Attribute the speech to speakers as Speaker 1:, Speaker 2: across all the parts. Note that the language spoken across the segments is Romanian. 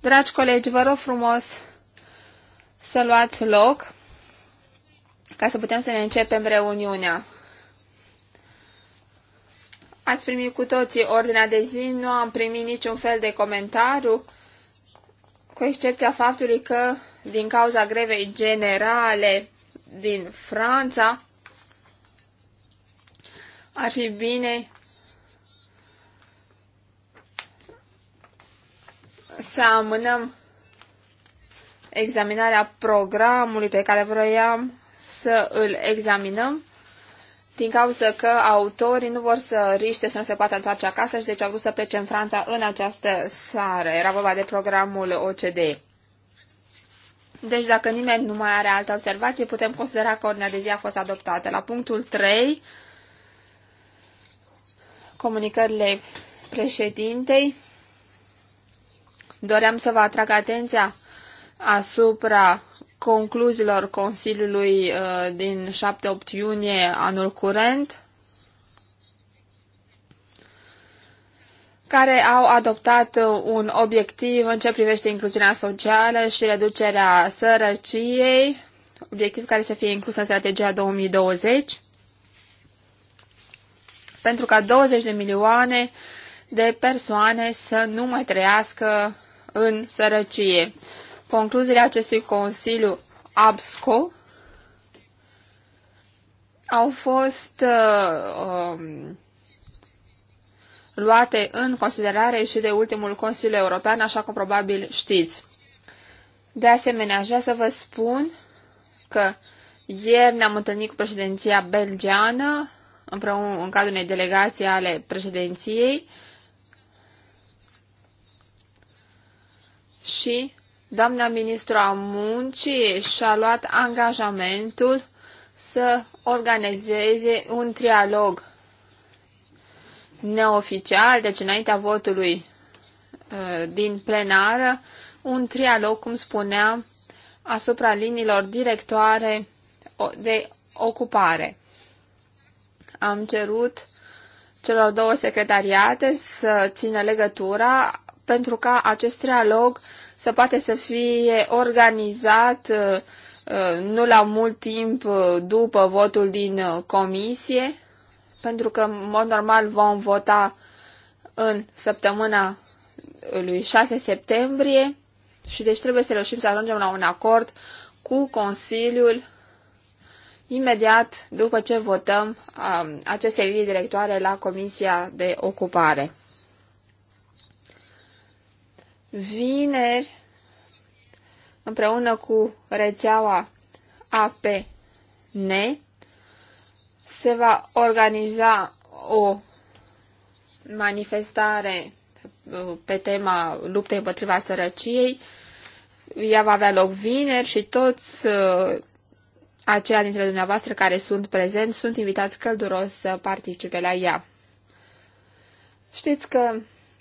Speaker 1: Dragi colegi, vă rog frumos să luați loc ca să putem să ne începem reuniunea. Ați primit cu toții ordinea de zi, nu am primit niciun fel de comentariu, cu excepția faptului că, din cauza grevei generale din Franța, ar fi bine să amânăm examinarea programului pe care vroiam să îl examinăm din cauza că autorii nu vor să riște să nu se poată întoarce acasă și deci au vrut să plece în Franța în această seară. Era vorba de programul OCD. Deci dacă nimeni nu mai are alte observații, putem considera că ordinea de zi a fost adoptată. La punctul 3, comunicările președintei, Doream să vă atrag atenția asupra concluziilor Consiliului uh, din 7-8 iunie anul curent, care au adoptat uh, un obiectiv în ce privește incluziunea socială și reducerea sărăciei, obiectiv care să fie inclus în strategia 2020, pentru ca 20 de milioane de persoane să nu mai trăiască în sărăcie. Concluziile acestui Consiliu ABSCO au fost uh, um, luate în considerare și de ultimul Consiliu European, așa cum probabil știți. De asemenea, aș vrea să vă spun că ieri ne-am întâlnit cu președinția belgeană împreună în cadrul unei delegații ale președinției și doamna ministru a muncii și-a luat angajamentul să organizeze un trialog neoficial, deci înaintea votului ă, din plenară, un trialog, cum spuneam, asupra liniilor directoare de ocupare. Am cerut celor două secretariate să țină legătura, pentru ca acest trialog să poate să fie organizat uh, uh, nu la mult timp uh, după votul din comisie, pentru că, în mod normal, vom vota în săptămâna lui 6 septembrie și deci trebuie să reușim să ajungem la un acord cu Consiliul imediat după ce votăm um, aceste linii directoare la Comisia de Ocupare vineri, împreună cu rețeaua APN, se va organiza o manifestare pe tema luptei împotriva sărăciei. Ea va avea loc vineri și toți uh, aceia dintre dumneavoastră care sunt prezenți sunt invitați călduros să participe la ea. Știți că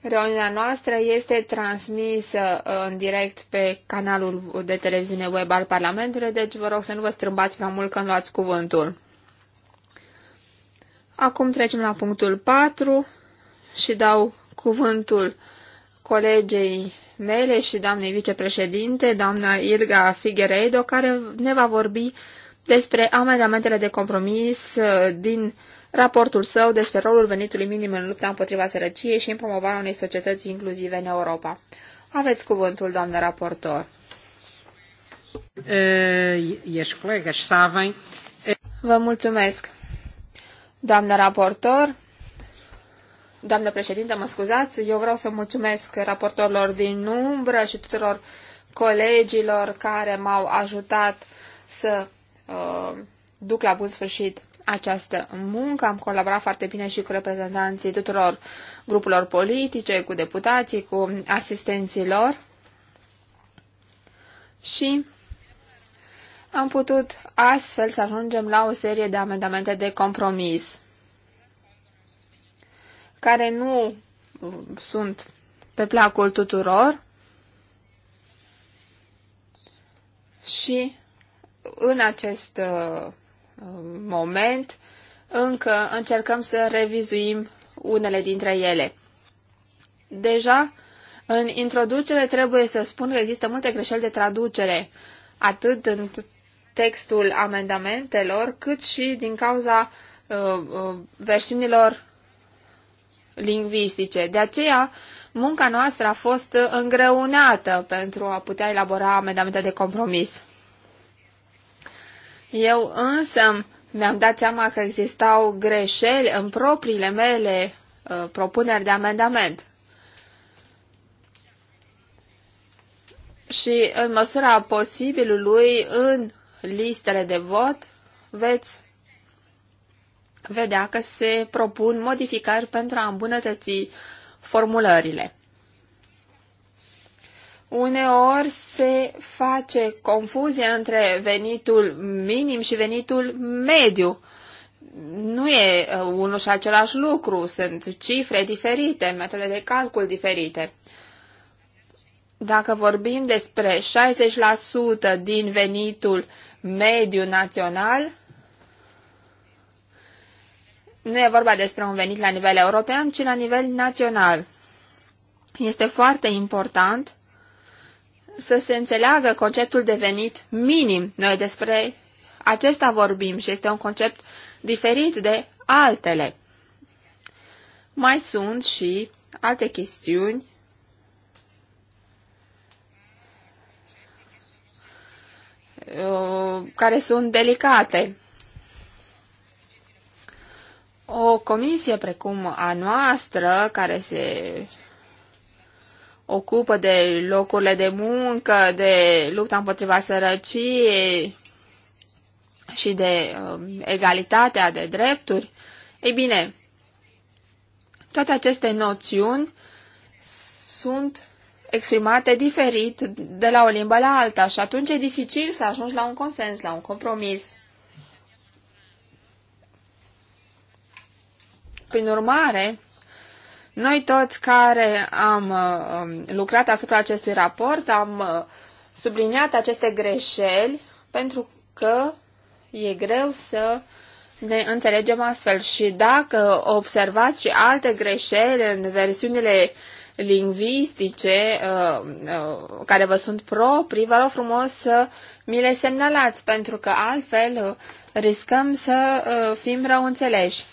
Speaker 1: Reuniunea noastră este transmisă uh, în direct pe canalul de televiziune web al Parlamentului, deci vă rog să nu vă strâmbați prea mult când luați cuvântul. Acum trecem la punctul 4 și dau cuvântul colegei mele și doamnei vicepreședinte, doamna Irga Figueiredo, care ne va vorbi despre amendamentele de compromis uh, din raportul său despre rolul venitului minim în lupta împotriva sărăciei și în promovarea unei societăți inclusive în Europa. Aveți cuvântul, doamnă raportor. Eh, Vă mulțumesc. Doamnă raportor, doamnă președintă, mă scuzați, eu vreau să mulțumesc raportorilor din umbră și tuturor colegilor care m-au ajutat să uh, duc la bun sfârșit această muncă. Am colaborat foarte bine și cu reprezentanții tuturor grupurilor politice, cu deputații, cu asistenții lor și am putut astfel să ajungem la o serie de amendamente de compromis care nu uh, sunt pe placul tuturor și în acest uh, moment încă încercăm să revizuim unele dintre ele. Deja, în introducere trebuie să spun că există multe greșeli de traducere, atât în textul amendamentelor, cât și din cauza uh, uh, versiunilor lingvistice. De aceea, munca noastră a fost îngreunată pentru a putea elabora amendamente de compromis. Eu însă mi-am dat seama că existau greșeli în propriile mele uh, propuneri de amendament. Și în măsura posibilului în listele de vot veți vedea că se propun modificări pentru a îmbunătăți formulările uneori se face confuzie între venitul minim și venitul mediu. Nu e uh, unul și același lucru, sunt cifre diferite, metode de calcul diferite. Dacă vorbim despre 60% din venitul mediu național, nu e vorba despre un venit la nivel european, ci la nivel național. Este foarte important să se înțeleagă conceptul de venit minim. Noi despre acesta vorbim și este un concept diferit de altele. Mai sunt și alte chestiuni uh, care sunt delicate. O comisie precum a noastră, care se ocupă de locurile de muncă, de lupta împotriva sărăciei și de uh, egalitatea de drepturi. Ei bine, toate aceste noțiuni sunt exprimate diferit de la o limbă la alta și atunci e dificil să ajungi la un consens, la un compromis. Prin urmare, noi toți care am uh, um, lucrat asupra acestui raport am uh, subliniat aceste greșeli pentru că e greu să ne înțelegem astfel și dacă observați și alte greșeli în versiunile lingvistice uh, uh, care vă sunt proprii, vă rog frumos să mi le semnalați, pentru că altfel uh, riscăm să uh, fim rău înțeleși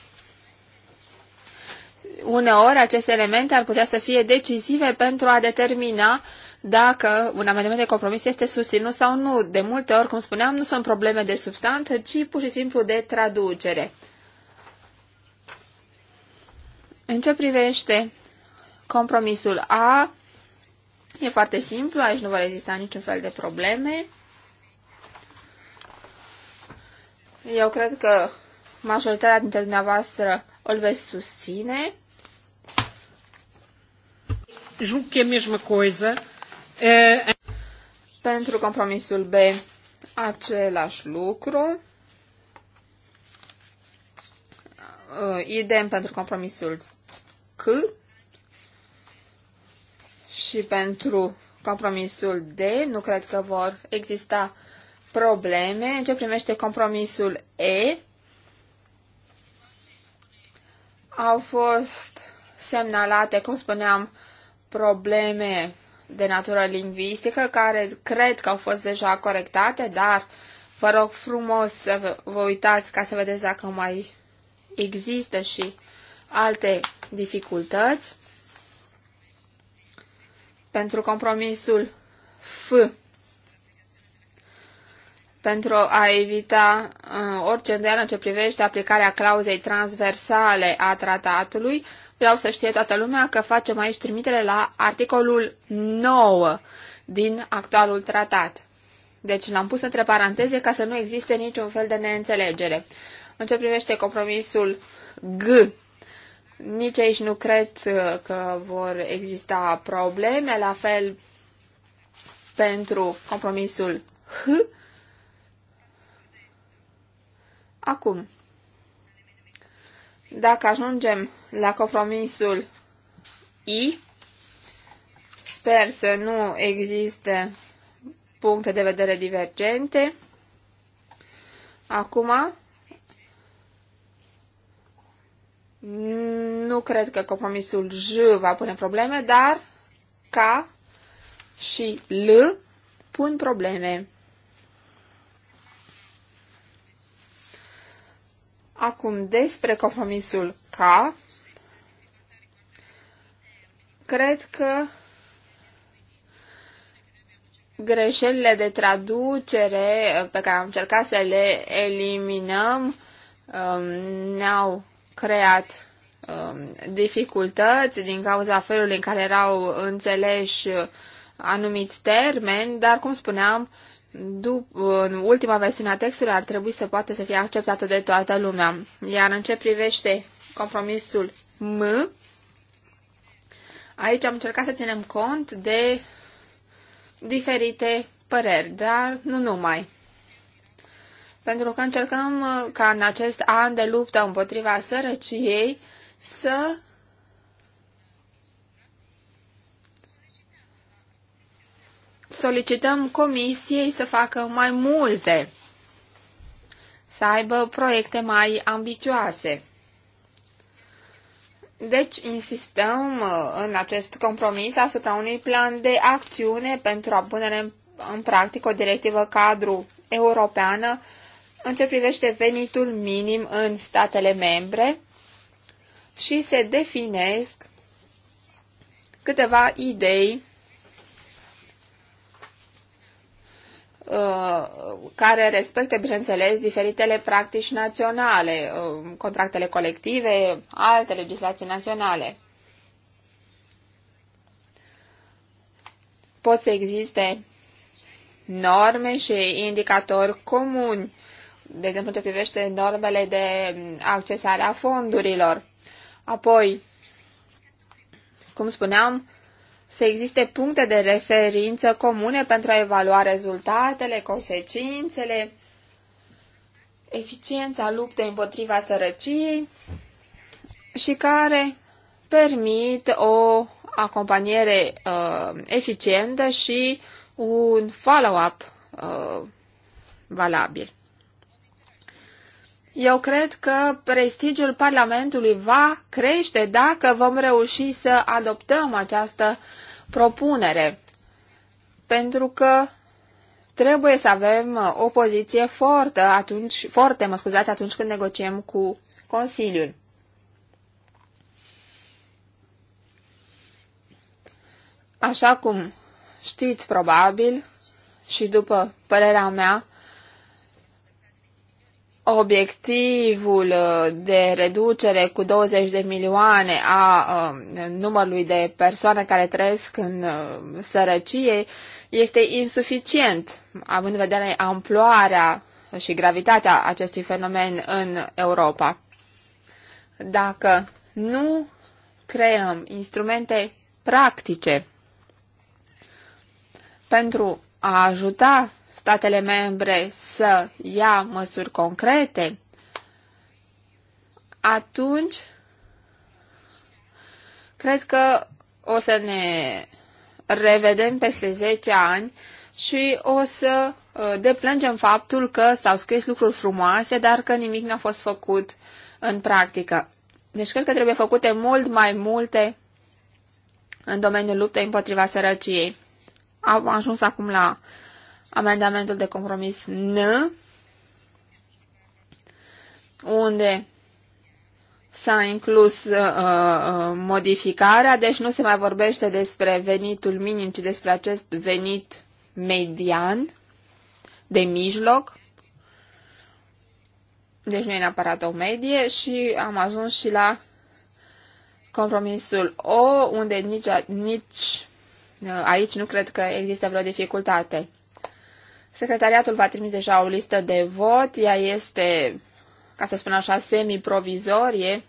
Speaker 1: uneori aceste elemente ar putea să fie decisive pentru a determina dacă un amendament de compromis este susținut sau nu. De multe ori, cum spuneam, nu sunt probleme de substanță, ci pur și simplu de traducere. În ce privește compromisul A, e foarte simplu, aici nu va exista niciun fel de probleme. Eu cred că majoritatea dintre dumneavoastră îl veți susține. Eh, pentru compromisul B, același lucru. Eh, idem pentru compromisul C și pentru compromisul D. Nu cred că vor exista probleme. În ce primește compromisul E, au fost semnalate, cum spuneam, probleme de natură lingvistică care cred că au fost deja corectate, dar vă rog frumos să vă uitați ca să vedeți dacă mai există și alte dificultăți. Pentru compromisul F, pentru a evita uh, orice îndoială în ce privește aplicarea clauzei transversale a tratatului, Vreau să știe toată lumea că facem aici trimitere la articolul 9 din actualul tratat. Deci l-am pus între paranteze ca să nu existe niciun fel de neînțelegere. În ce privește compromisul G, nici aici nu cred uh, că vor exista probleme, la fel pentru compromisul H. Acum, dacă ajungem la compromisul I. Sper să nu existe puncte de vedere divergente. Acum, nu cred că compromisul J va pune probleme, dar K și L pun probleme. Acum despre compromisul K, Cred că greșelile de traducere pe care am încercat să le eliminăm um, ne-au creat um, dificultăți din cauza felului în care erau înțeleși uh, anumiți termeni, dar, cum spuneam, după, în ultima versiune a textului ar trebui să poată să fie acceptată de toată lumea. Iar în ce privește compromisul M, Aici am încercat să ținem cont de diferite păreri, dar nu numai. Pentru că încercăm uh, ca în acest an de luptă împotriva sărăciei să solicităm comisiei să facă mai multe, să aibă proiecte mai ambițioase. Deci insistăm uh, în acest compromis asupra unui plan de acțiune pentru a pune în, în practică o directivă cadru europeană în ce privește venitul minim în statele membre și se definesc câteva idei Uh, care respecte, bineînțeles, diferitele practici naționale, uh, contractele colective, alte legislații naționale. Pot să existe norme și indicatori comuni, de exemplu ce privește normele de accesare a fondurilor. Apoi, cum spuneam, să existe puncte de referință comune pentru a evalua rezultatele, consecințele, eficiența luptei împotriva sărăciei și care permit o acompaniere uh, eficientă și un follow-up uh, valabil. Eu cred că prestigiul Parlamentului va crește dacă vom reuși să adoptăm această propunere, pentru că trebuie să avem o poziție foarte, atunci, foarte, mă scuzați, atunci când negociem cu Consiliul. Așa cum știți probabil și după părerea mea, obiectivul uh, de reducere cu 20 de milioane a uh, numărului de persoane care trăiesc în uh, sărăcie este insuficient, având în vedere amploarea și gravitatea acestui fenomen în Europa. Dacă nu creăm instrumente practice pentru a ajuta statele membre să ia măsuri concrete, atunci cred că o să ne revedem peste 10 ani și o să uh, deplângem faptul că s-au scris lucruri frumoase, dar că nimic n-a fost făcut în practică. Deci cred că trebuie făcute mult mai multe în domeniul luptei împotriva sărăciei. Am ajuns acum la amendamentul de compromis N, unde s-a inclus uh, uh, modificarea, deci nu se mai vorbește despre venitul minim, ci despre acest venit median de mijloc. Deci nu e neapărat o medie și am ajuns și la compromisul O, unde nici, nici uh, aici nu cred că există vreo dificultate. Secretariatul va trimite deja o listă de vot, ea este, ca să spun așa, semi-provizorie.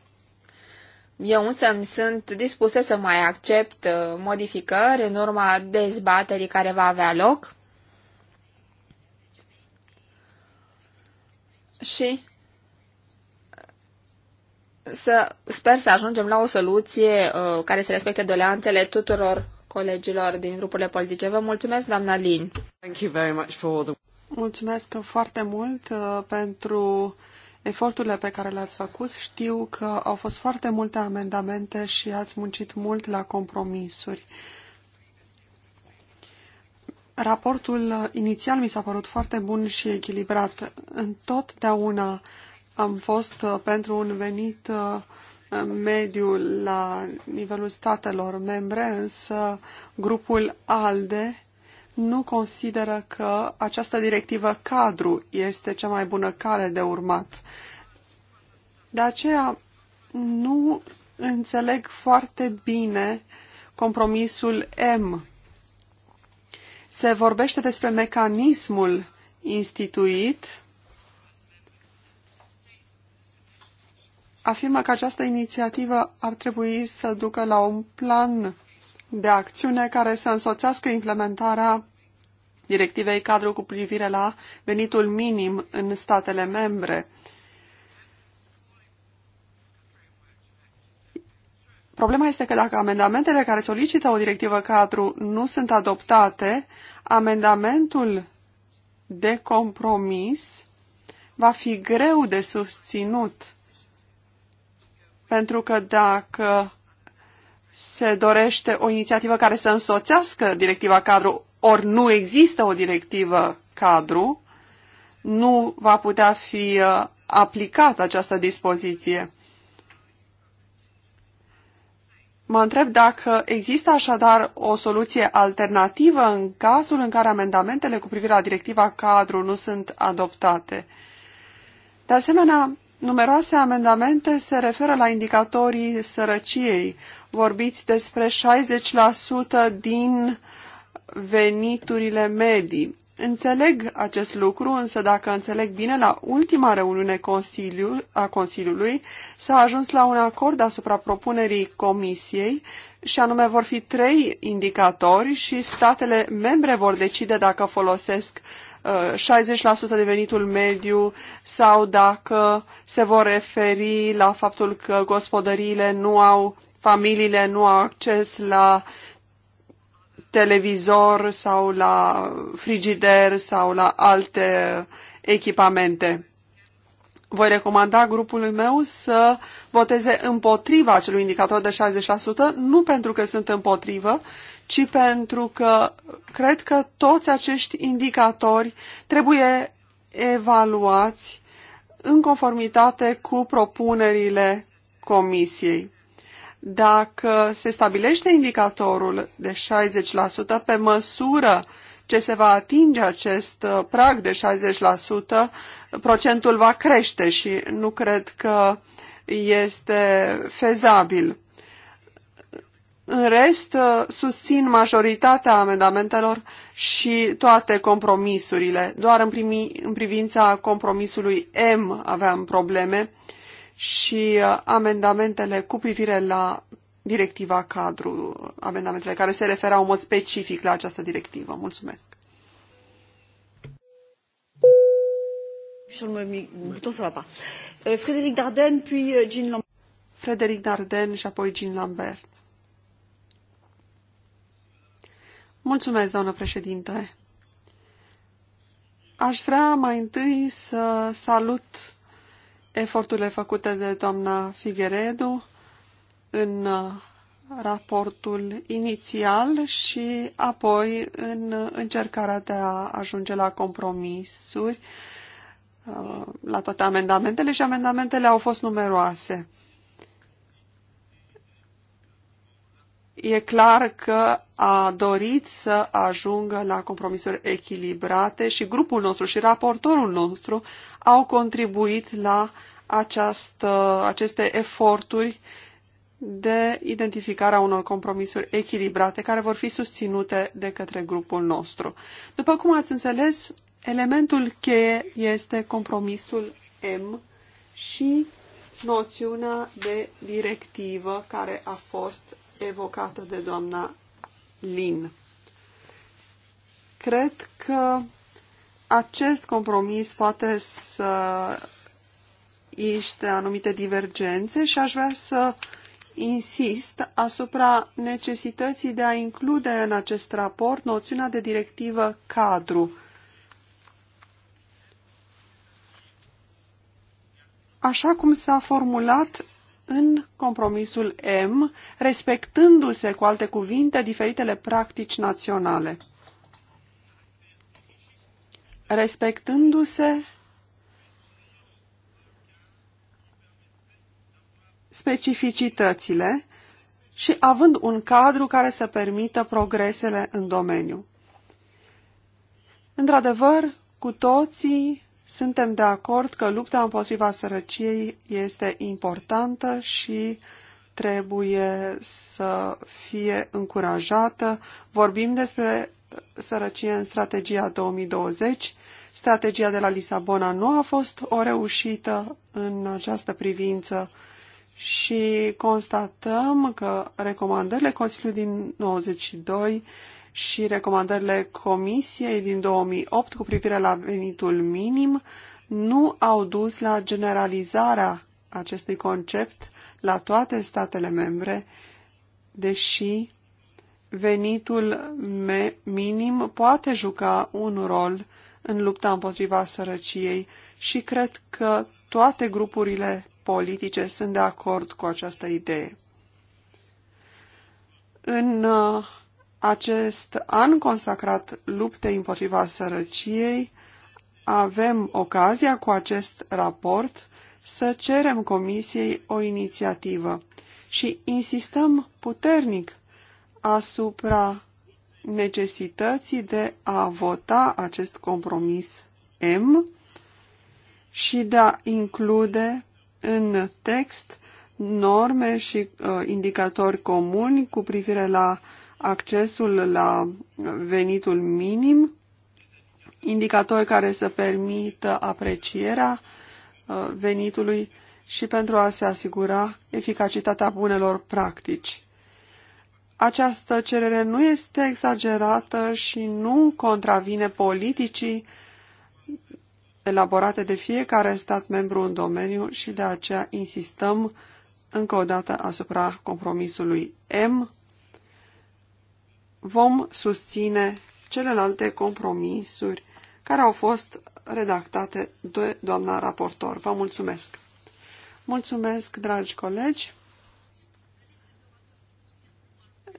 Speaker 1: Eu însă sunt dispusă să mai accept uh, modificări în urma dezbaterii care va avea loc. Și să sper să ajungem la o soluție uh, care să respecte doleanțele tuturor colegilor din grupurile politice. Vă mulțumesc, doamna Lin.
Speaker 2: Thank you very much for the...
Speaker 1: Mulțumesc foarte mult uh, pentru eforturile pe care le-ați făcut.
Speaker 2: Știu că au fost foarte multe amendamente și ați muncit mult la compromisuri. Raportul inițial mi s-a părut foarte bun și echilibrat. Întotdeauna am fost uh, pentru un venit uh, mediu la nivelul statelor membre, însă grupul ALDE nu consideră că această directivă cadru este cea mai bună cale de urmat. De aceea nu înțeleg foarte bine compromisul M. Se vorbește despre mecanismul instituit afirmă că această inițiativă ar trebui să ducă la un plan de acțiune care să însoțească implementarea directivei cadru cu privire la venitul minim în statele membre. Problema este că dacă amendamentele care solicită o directivă cadru nu sunt adoptate, amendamentul de compromis va fi greu de susținut pentru că dacă se dorește o inițiativă care să însoțească directiva cadru, ori nu există o directivă cadru, nu va putea fi uh, aplicată această dispoziție. Mă întreb dacă există așadar o soluție alternativă în cazul în care amendamentele cu privire la directiva cadru nu sunt adoptate. De asemenea, Numeroase amendamente se referă la indicatorii sărăciei. Vorbiți despre 60% din veniturile medii. Înțeleg acest lucru, însă dacă înțeleg bine, la ultima reuniune Consiliu, a Consiliului s-a ajuns la un acord asupra propunerii Comisiei și anume vor fi trei indicatori și statele membre vor decide dacă folosesc uh, 60% de venitul mediu sau dacă se vor referi la faptul că gospodăriile nu au, familiile nu au acces la televizor sau la frigider sau la alte echipamente. Voi recomanda grupului meu să voteze împotriva acelui indicator de 60%, nu pentru că sunt împotrivă, ci pentru că cred că toți acești indicatori trebuie evaluați în conformitate cu propunerile Comisiei. Dacă se stabilește indicatorul de 60% pe măsură ce se va atinge acest uh, prag de 60%, procentul va crește și nu cred că este fezabil. În rest, uh, susțin majoritatea amendamentelor și toate compromisurile. Doar în, primi, în privința compromisului M aveam probleme și uh, amendamentele cu privire la directiva cadru, amendamentele care se referau în mod specific la această directivă. Mulțumesc.
Speaker 1: Sur le euh, Frédéric Dardenne, puis
Speaker 2: euh, Jean Lambert. Frédéric și apoi Jean Lambert. Mulțumesc, doamnă președinte. Aș vrea mai întâi să salut eforturile făcute de doamna Figueredu în uh, raportul inițial și apoi în încercarea de a ajunge la compromisuri uh, la toate amendamentele și amendamentele au fost numeroase. E clar că a dorit să ajungă la compromisuri echilibrate și grupul nostru și raportorul nostru au contribuit la această, aceste eforturi de identificarea unor compromisuri echilibrate care vor fi susținute de către grupul nostru. După cum ați înțeles, elementul cheie este compromisul M și noțiunea de directivă care a fost evocată de doamna Lin. Cred că acest compromis poate să iște anumite divergențe și aș vrea să insist asupra necesității de a include în acest raport noțiunea de directivă cadru. Așa cum s-a formulat în compromisul M, respectându-se, cu alte cuvinte, diferitele practici naționale. Respectându-se specificitățile și având un cadru care să permită progresele în domeniu. Într-adevăr, cu toții suntem de acord că lupta împotriva sărăciei este importantă și trebuie să fie încurajată. Vorbim despre sărăcie în strategia 2020. Strategia de la Lisabona nu a fost o reușită în această privință și constatăm că recomandările Consiliului din 92 și recomandările Comisiei din 2008 cu privire la venitul minim nu au dus la generalizarea acestui concept la toate statele membre, deși venitul minim poate juca un rol în lupta împotriva sărăciei și cred că toate grupurile politice sunt de acord cu această idee. În uh, acest an consacrat luptei împotriva sărăciei, avem ocazia cu acest raport să cerem Comisiei o inițiativă și insistăm puternic asupra necesității de a vota acest compromis M și de a include în text norme și uh, indicatori comuni cu privire la uh, accesul la venitul minim, indicatori care să permită aprecierea uh, venitului și pentru a se asigura eficacitatea bunelor practici. Această cerere nu este exagerată și nu contravine politicii elaborate de fiecare stat membru în domeniu și de aceea insistăm încă o dată asupra compromisului M vom susține celelalte compromisuri care au fost redactate de doamna raportor. Vă mulțumesc! Mulțumesc, dragi colegi!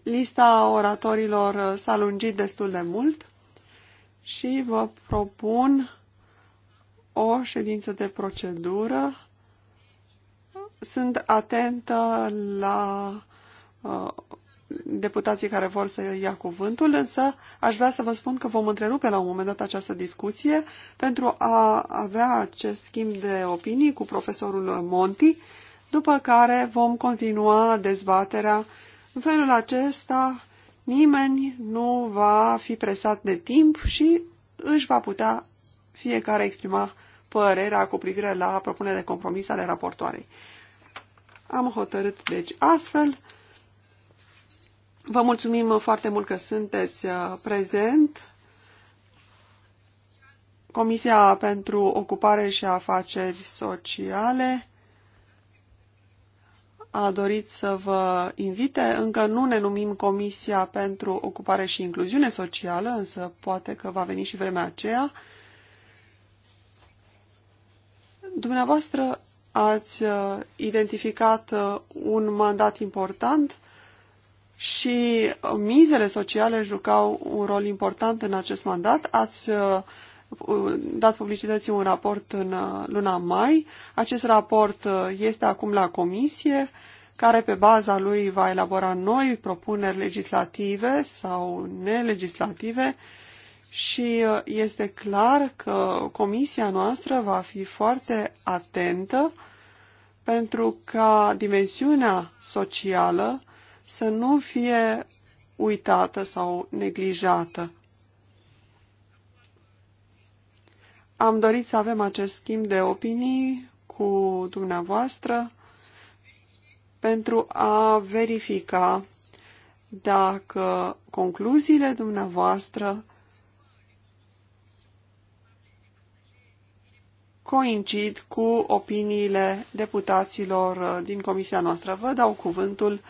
Speaker 2: Lista oratorilor s-a lungit destul de mult și vă propun o ședință de procedură. Sunt atentă la uh, deputații care vor să ia cuvântul, însă aș vrea să vă spun că vom întrerupe la un moment dat această discuție pentru a avea acest schimb de opinii cu profesorul Monti, după care vom continua dezbaterea. În felul acesta, nimeni nu va fi presat de timp și își va putea fiecare exprima părerea cu privire la propunerea de compromis ale raportoarei. Am hotărât, deci, astfel Vă mulțumim foarte mult că sunteți uh, prezent. Comisia pentru Ocupare și Afaceri Sociale a dorit să vă invite. Încă nu ne numim Comisia pentru Ocupare și Incluziune Socială, însă poate că va veni și vremea aceea. Dumneavoastră ați uh, identificat uh, un mandat important și uh, mizele sociale jucau un rol important în acest mandat. Ați uh, uh, dat publicității un raport în luna mai. Acest raport este acum la comisie, care pe baza lui va elabora noi propuneri legislative sau nelegislative și este clar că comisia noastră va fi foarte atentă pentru ca dimensiunea socială să nu fie uitată sau neglijată. Am dorit să avem acest schimb de opinii cu dumneavoastră pentru a verifica dacă concluziile dumneavoastră coincid cu opiniile deputaților din comisia noastră. Vă dau cuvântul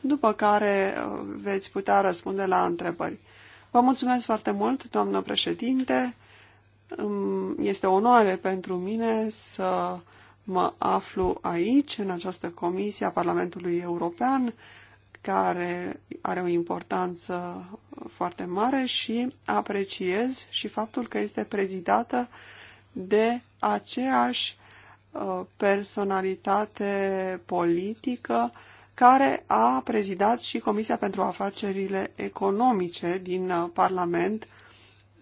Speaker 2: după care uh, veți putea răspunde la întrebări. Vă mulțumesc foarte mult, doamnă președinte. Este onoare pentru mine să mă aflu aici, în această comisie a Parlamentului European, care are o importanță foarte mare și apreciez și faptul că este prezidată de aceeași uh, personalitate politică care a prezidat și Comisia pentru Afacerile Economice din uh, Parlament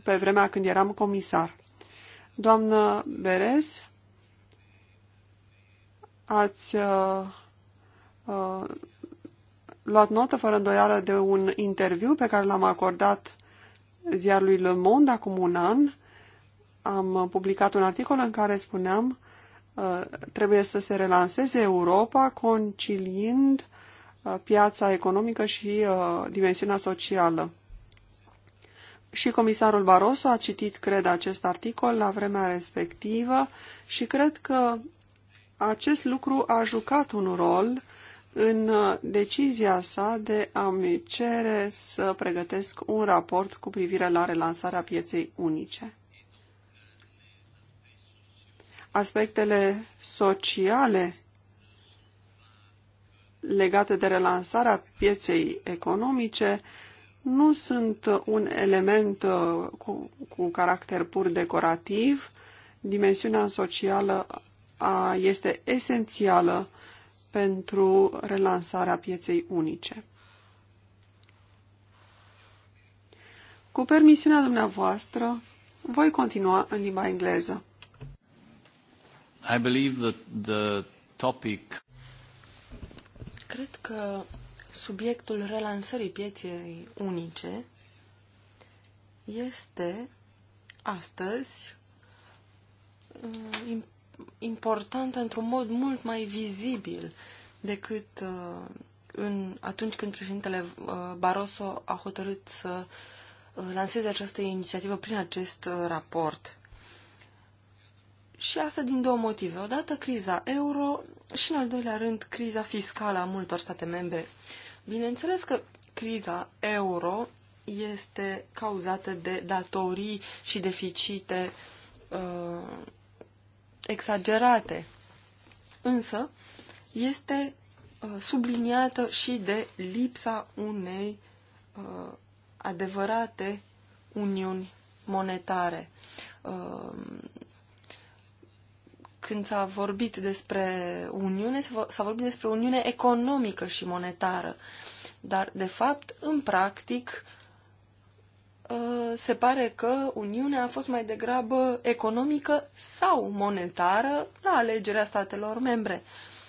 Speaker 2: pe vremea când eram comisar. Doamnă Beres, ați uh, uh, luat notă fără îndoială de un interviu pe care l-am acordat ziarului Le Monde acum un an. Am publicat un articol în care spuneam Uh, trebuie să se relanseze Europa conciliind uh, piața economică și uh, dimensiunea socială. Și comisarul Barroso a citit, cred, acest articol la vremea respectivă și cred că acest lucru a jucat un rol în decizia sa de a-mi cere să pregătesc un raport cu privire la relansarea pieței unice aspectele sociale legate de relansarea pieței economice nu sunt un element uh, cu, cu caracter pur decorativ. Dimensiunea socială a, este esențială pentru relansarea pieței unice. Cu permisiunea dumneavoastră, voi continua în limba
Speaker 1: engleză. I believe that the topic
Speaker 3: Cred că subiectul relansării pieței unice este astăzi mm, important într-un mod mult mai vizibil decât uh, în, atunci când președintele uh, Barroso a hotărât să uh, lanseze această inițiativă prin acest raport. Și asta din două motive. Odată criza euro și, în al doilea rând, criza fiscală a multor state membre. Bineînțeles că criza euro este cauzată de datorii și deficite uh, exagerate, însă este uh, subliniată și de lipsa unei uh, adevărate uniuni monetare. Uh, când s-a vorbit despre Uniune, s-a vorbit despre Uniune economică și monetară. Dar, de fapt, în practic, ă, se pare că Uniunea a fost mai degrabă economică sau monetară la alegerea statelor membre.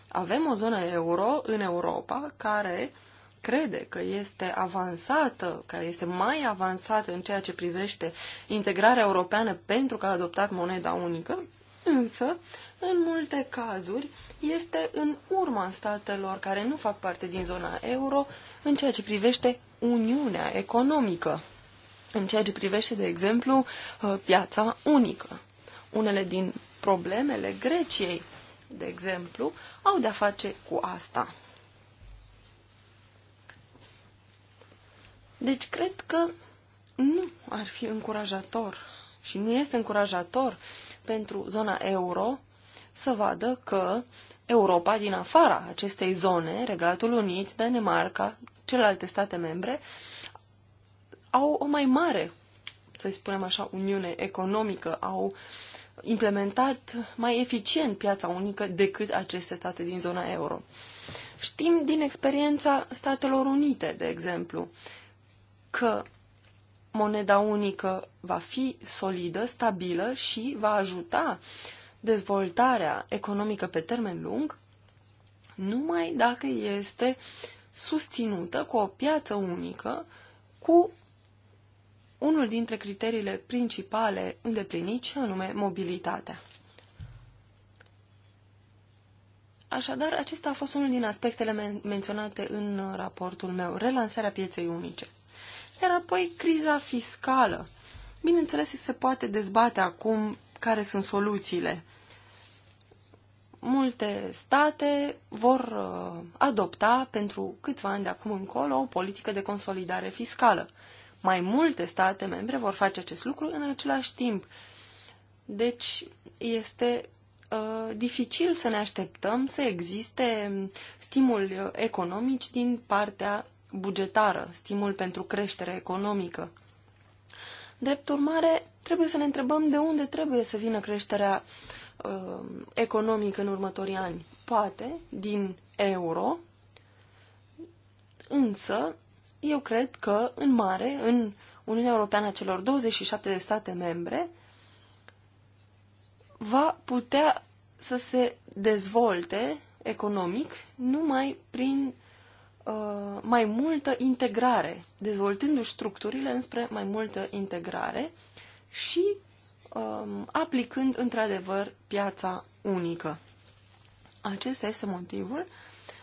Speaker 3: Avem o zonă euro în Europa care crede că este avansată, care este mai avansată în ceea ce privește integrarea europeană pentru că a adoptat moneda unică, însă în multe cazuri, este în urma statelor care nu fac parte din zona euro în ceea ce privește uniunea economică, în ceea ce privește, de exemplu, uh, piața unică. Unele din problemele Greciei, de exemplu, au de-a face cu asta. Deci cred că nu ar fi încurajator și nu este încurajator pentru zona euro să vadă că Europa din afara acestei zone, Regatul Unit, Danemarca, celelalte state membre, au o mai mare, să spunem așa, uniune economică, au implementat mai eficient piața unică decât aceste state din zona euro. Știm din experiența Statelor Unite, de exemplu, că moneda unică va fi solidă, stabilă și va ajuta dezvoltarea economică pe termen lung numai dacă este susținută cu o piață unică, cu unul dintre criteriile principale îndeplinit, și anume mobilitatea. Așadar, acesta a fost unul din aspectele men menționate în raportul meu, relansarea pieței unice. Iar apoi, criza fiscală. Bineînțeles, se poate dezbate acum care sunt soluțiile. Multe state vor uh, adopta pentru câțiva ani de acum încolo o politică de consolidare fiscală. Mai multe state membre vor face acest lucru în același timp. Deci este uh, dificil să ne așteptăm să existe stimul uh, economici din partea bugetară, stimul pentru creștere economică. Drept urmare, trebuie să ne întrebăm de unde trebuie să vină creșterea uh, economică în următorii ani. Poate din euro, însă eu cred că în mare, în Uniunea Europeană a celor 27 de state membre, va putea să se dezvolte economic numai prin uh, mai multă integrare dezvoltându-și structurile înspre mai multă integrare și um, aplicând într-adevăr piața unică. Acesta este motivul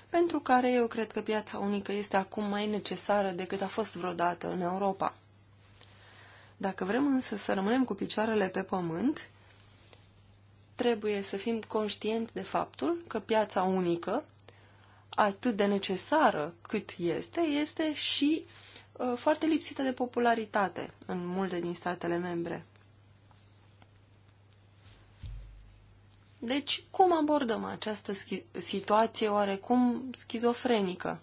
Speaker 3: pentru care eu cred că piața unică este acum mai necesară decât a fost vreodată în Europa. Dacă vrem însă să rămânem cu picioarele pe pământ, trebuie să fim conștienți de faptul că piața unică, atât de necesară cât este, este și Uh, foarte lipsită de popularitate în multe din statele membre. Deci, cum abordăm această situație oarecum schizofrenică?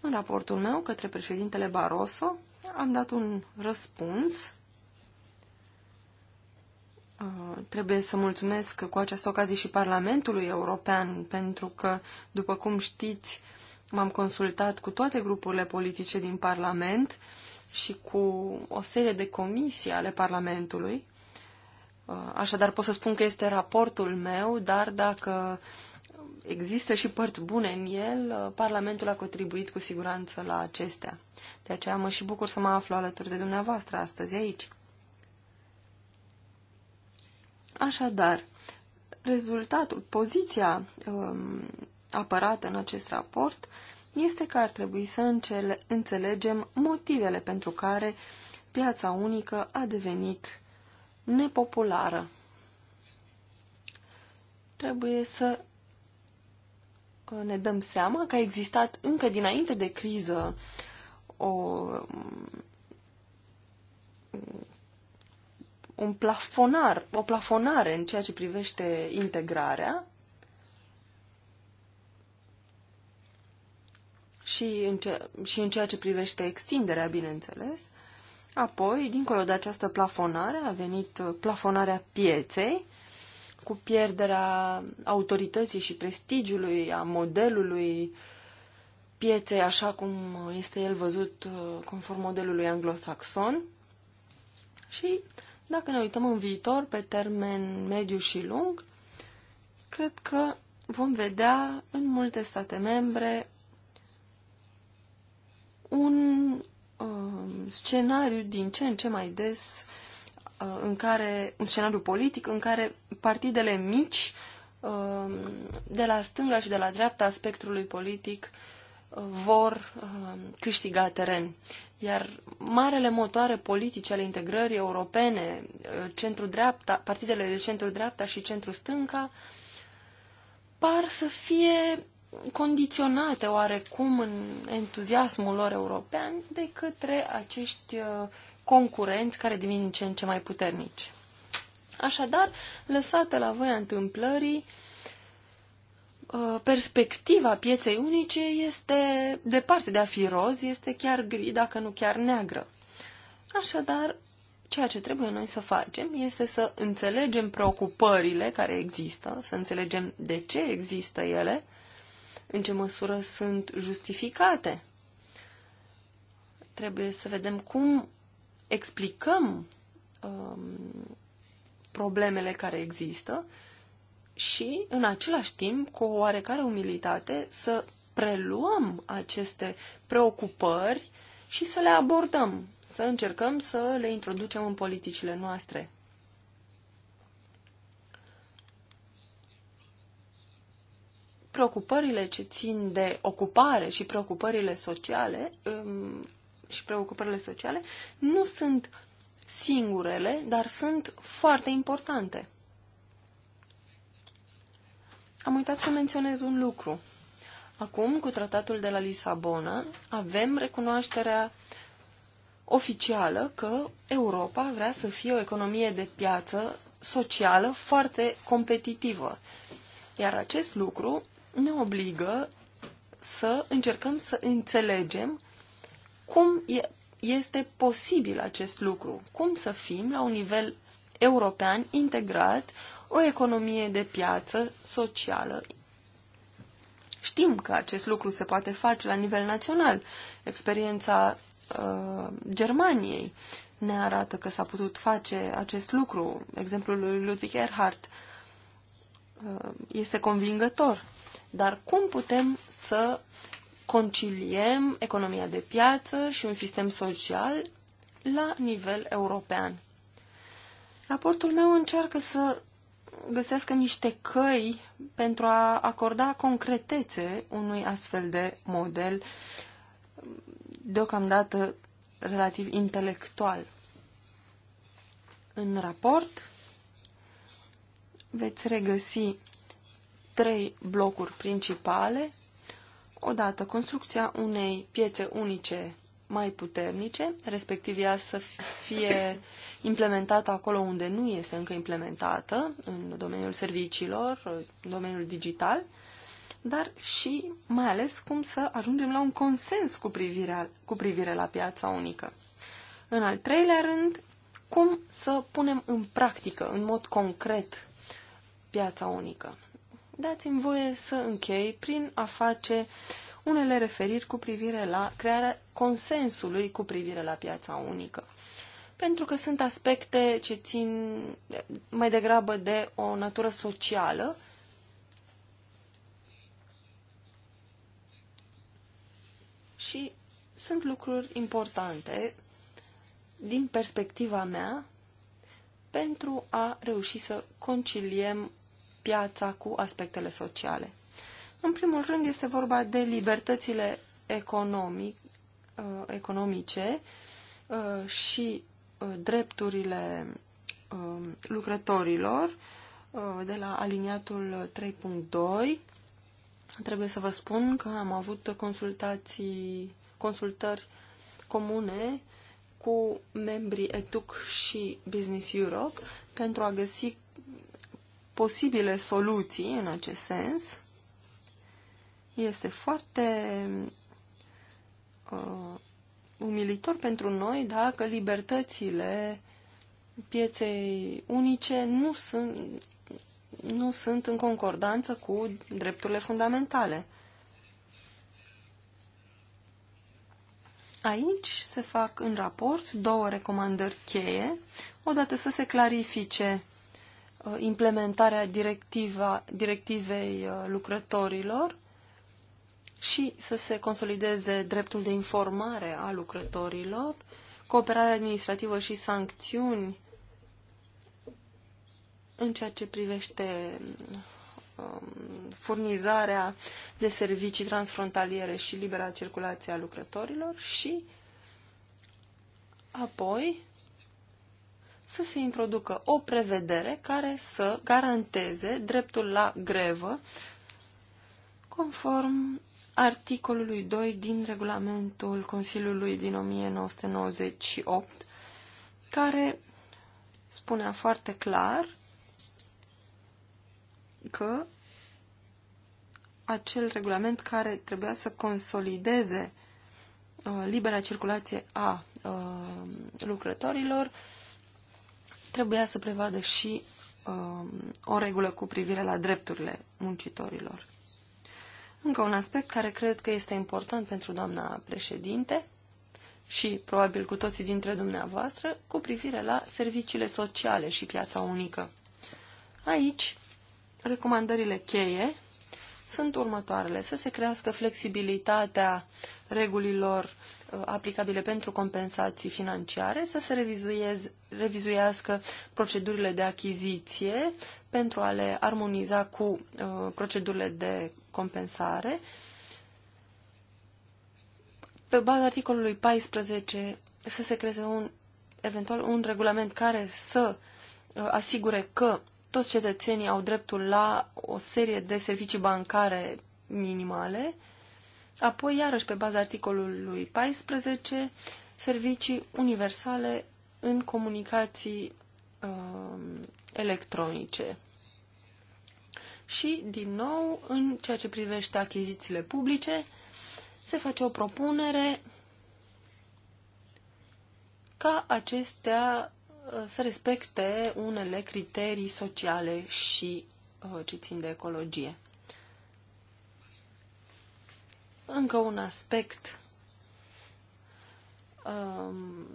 Speaker 3: În raportul meu către președintele Barroso am dat un răspuns. Uh, trebuie să mulțumesc cu această ocazie și Parlamentului European, pentru că, după cum știți, M-am consultat cu toate grupurile politice din Parlament și cu o serie de comisii ale Parlamentului. Uh, așadar pot să spun că este raportul meu, dar dacă există și părți bune în el, uh, Parlamentul a contribuit cu siguranță la acestea. De aceea mă și bucur să mă aflu alături de dumneavoastră astăzi aici. Așadar, rezultatul, poziția um, apărată în acest raport este că ar trebui să înțelegem motivele pentru care piața unică a devenit nepopulară. Trebuie să uh, ne dăm seama că a existat încă dinainte de criză o, mm, un plafonar, o plafonare în ceea ce privește integrarea și în, ce, și în ceea ce privește extinderea, bineînțeles. Apoi, dincolo de această plafonare, a venit uh, plafonarea pieței, cu pierderea autorității și prestigiului, a modelului pieței, așa cum este el văzut uh, conform modelului anglosaxon. Și dacă ne uităm în viitor, pe termen mediu și lung, cred că vom vedea în multe state membre un uh, scenariu din ce în ce mai des uh, în care, un scenariu politic în care partidele mici uh, de la stânga și de la dreapta spectrului politic uh, vor um, câștiga teren. Iar marele motoare politice ale integrării europene, uh, centru-dreapta, partidele de centru-dreapta și centru-stânca, par să fie condiționate oarecum în entuziasmul lor european de către acești uh, concurenți care devin din ce în ce mai puternici. Așadar, lăsată la voia întâmplării, uh, perspectiva pieței unice este departe de a fi roz, este chiar gri, dacă nu chiar neagră. Așadar, ceea ce trebuie noi să facem este să înțelegem preocupările care există, să înțelegem de ce există ele, în ce măsură sunt justificate. Trebuie să vedem cum explicăm um, problemele care există și, în același timp, cu o oarecare umilitate, să preluăm aceste preocupări și să le abordăm, să încercăm să le introducem în politicile noastre. preocupările ce țin de ocupare și preocupările sociale um, și preocupările sociale nu sunt singurele, dar sunt foarte importante. Am uitat să menționez un lucru. Acum, cu tratatul de la Lisabona, avem recunoașterea oficială că Europa vrea să fie o economie de piață socială foarte competitivă. Iar acest lucru ne obligă să încercăm să înțelegem cum e este posibil acest lucru, cum să fim la un nivel european integrat o economie de piață socială. Știm că acest lucru se poate face la nivel național. Experiența uh, Germaniei ne arată că s-a putut face acest lucru. Exemplul lui Ludwig Erhard uh, este convingător. Dar cum putem să conciliem economia de piață și un sistem social la nivel european? Raportul meu încearcă să găsească niște căi pentru a acorda concretețe unui astfel de model deocamdată relativ intelectual. În raport veți regăsi trei blocuri principale. Odată, construcția unei piețe unice mai puternice, respectiv ea să fie implementată acolo unde nu este încă implementată, în domeniul serviciilor, în domeniul digital, dar și mai ales cum să ajungem la un consens cu privire, cu privire la piața unică. În al treilea rând, cum să punem în practică, în mod concret, piața unică dați-mi voie să închei prin a face unele referiri cu privire la crearea consensului cu privire la piața unică. Pentru că sunt aspecte ce țin mai degrabă de o natură socială și sunt lucruri importante din perspectiva mea pentru a reuși să conciliem piața cu aspectele sociale. În primul rând este vorba de libertățile economic, uh, economice uh, și uh, drepturile lucrătorilor de la aliniatul 3.2. Trebuie să vă spun că am avut consultații, consultări comune cu membrii ETUC și Business Europe pentru a găsi posibile soluții în acest sens. Este foarte uh, umilitor pentru noi dacă libertățile pieței unice nu sunt, nu sunt în concordanță cu drepturile fundamentale. Aici se fac în raport două recomandări cheie. Odată să se clarifice Uh, implementarea directiva, directivei uh, lucrătorilor și să se consolideze dreptul de informare a lucrătorilor, cooperarea administrativă și sancțiuni în ceea ce privește um, furnizarea de servicii transfrontaliere și libera circulație a lucrătorilor și apoi să se introducă o prevedere care să garanteze dreptul la grevă conform articolului 2 din regulamentul Consiliului din 1998, care spunea foarte clar că acel regulament care trebuia să consolideze uh, libera circulație a uh, lucrătorilor trebuia să prevadă și uh, o regulă cu privire la drepturile muncitorilor. Încă un aspect care cred că este important pentru doamna președinte și probabil cu toții dintre dumneavoastră cu privire la serviciile sociale și piața unică. Aici, recomandările cheie sunt următoarele. Să se crească flexibilitatea regulilor Uh, aplicabile pentru compensații financiare, să se revizuiască procedurile de achiziție pentru a le armoniza cu uh, procedurile de compensare. Pe baza articolului 14 să se creeze un, eventual un regulament care să uh, asigure că toți cetățenii au dreptul la o serie de servicii bancare minimale, Apoi, iarăși pe baza articolului 14, servicii universale în comunicații uh, electronice. Și, din nou, în ceea ce privește achizițiile publice, se face o propunere ca acestea uh, să respecte unele criterii sociale și uh, ce țin de ecologie. Încă un aspect um,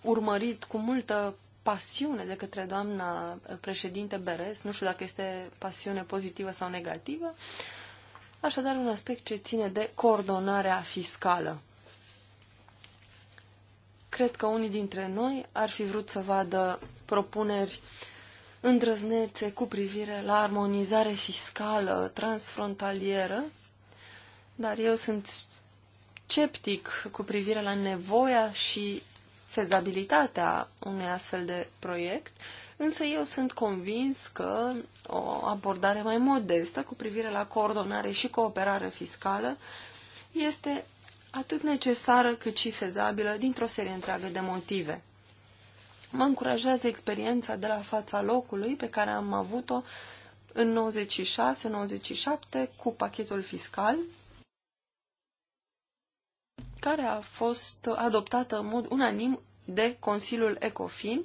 Speaker 3: urmărit cu multă pasiune de către doamna președinte Beres, nu știu dacă este pasiune pozitivă sau negativă, așadar un aspect ce ține de coordonarea fiscală. Cred că unii dintre noi ar fi vrut să vadă propuneri îndrăznețe cu privire la armonizare fiscală transfrontalieră, dar eu sunt sceptic cu privire la nevoia și fezabilitatea unui astfel de proiect, însă eu sunt convins că o abordare mai modestă cu privire la coordonare și cooperare fiscală este atât necesară cât și fezabilă dintr-o serie întreagă de motive. Mă încurajează experiența de la fața locului pe care am avut-o în 96-97 cu pachetul fiscal care a fost adoptată în mod unanim de Consiliul ECOFIN.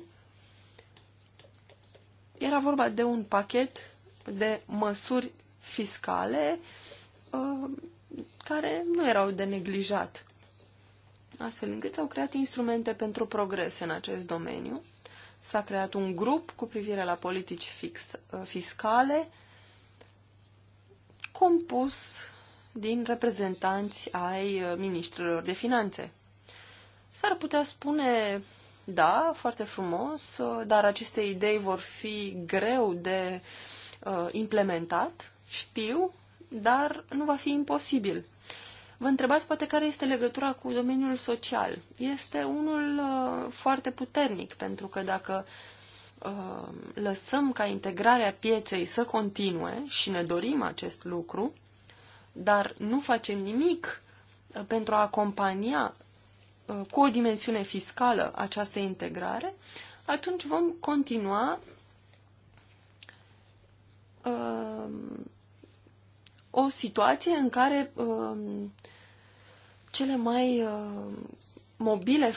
Speaker 3: Era vorba de un pachet de măsuri fiscale uh, care nu erau de neglijat, astfel încât s-au creat instrumente pentru progres în acest domeniu. S-a creat un grup cu privire la politici fix, uh, fiscale, compus din reprezentanți ai uh, ministrilor de finanțe. S-ar putea spune, da, foarte frumos, uh, dar aceste idei vor fi greu de uh, implementat, știu, dar nu va fi imposibil. Vă întrebați poate care este legătura cu domeniul social. Este unul uh, foarte puternic, pentru că dacă uh, lăsăm ca integrarea pieței să continue și ne dorim acest lucru, dar nu facem nimic uh, pentru a acompania uh, cu o dimensiune fiscală această integrare, atunci vom continua uh, o situație în care cele mai mobile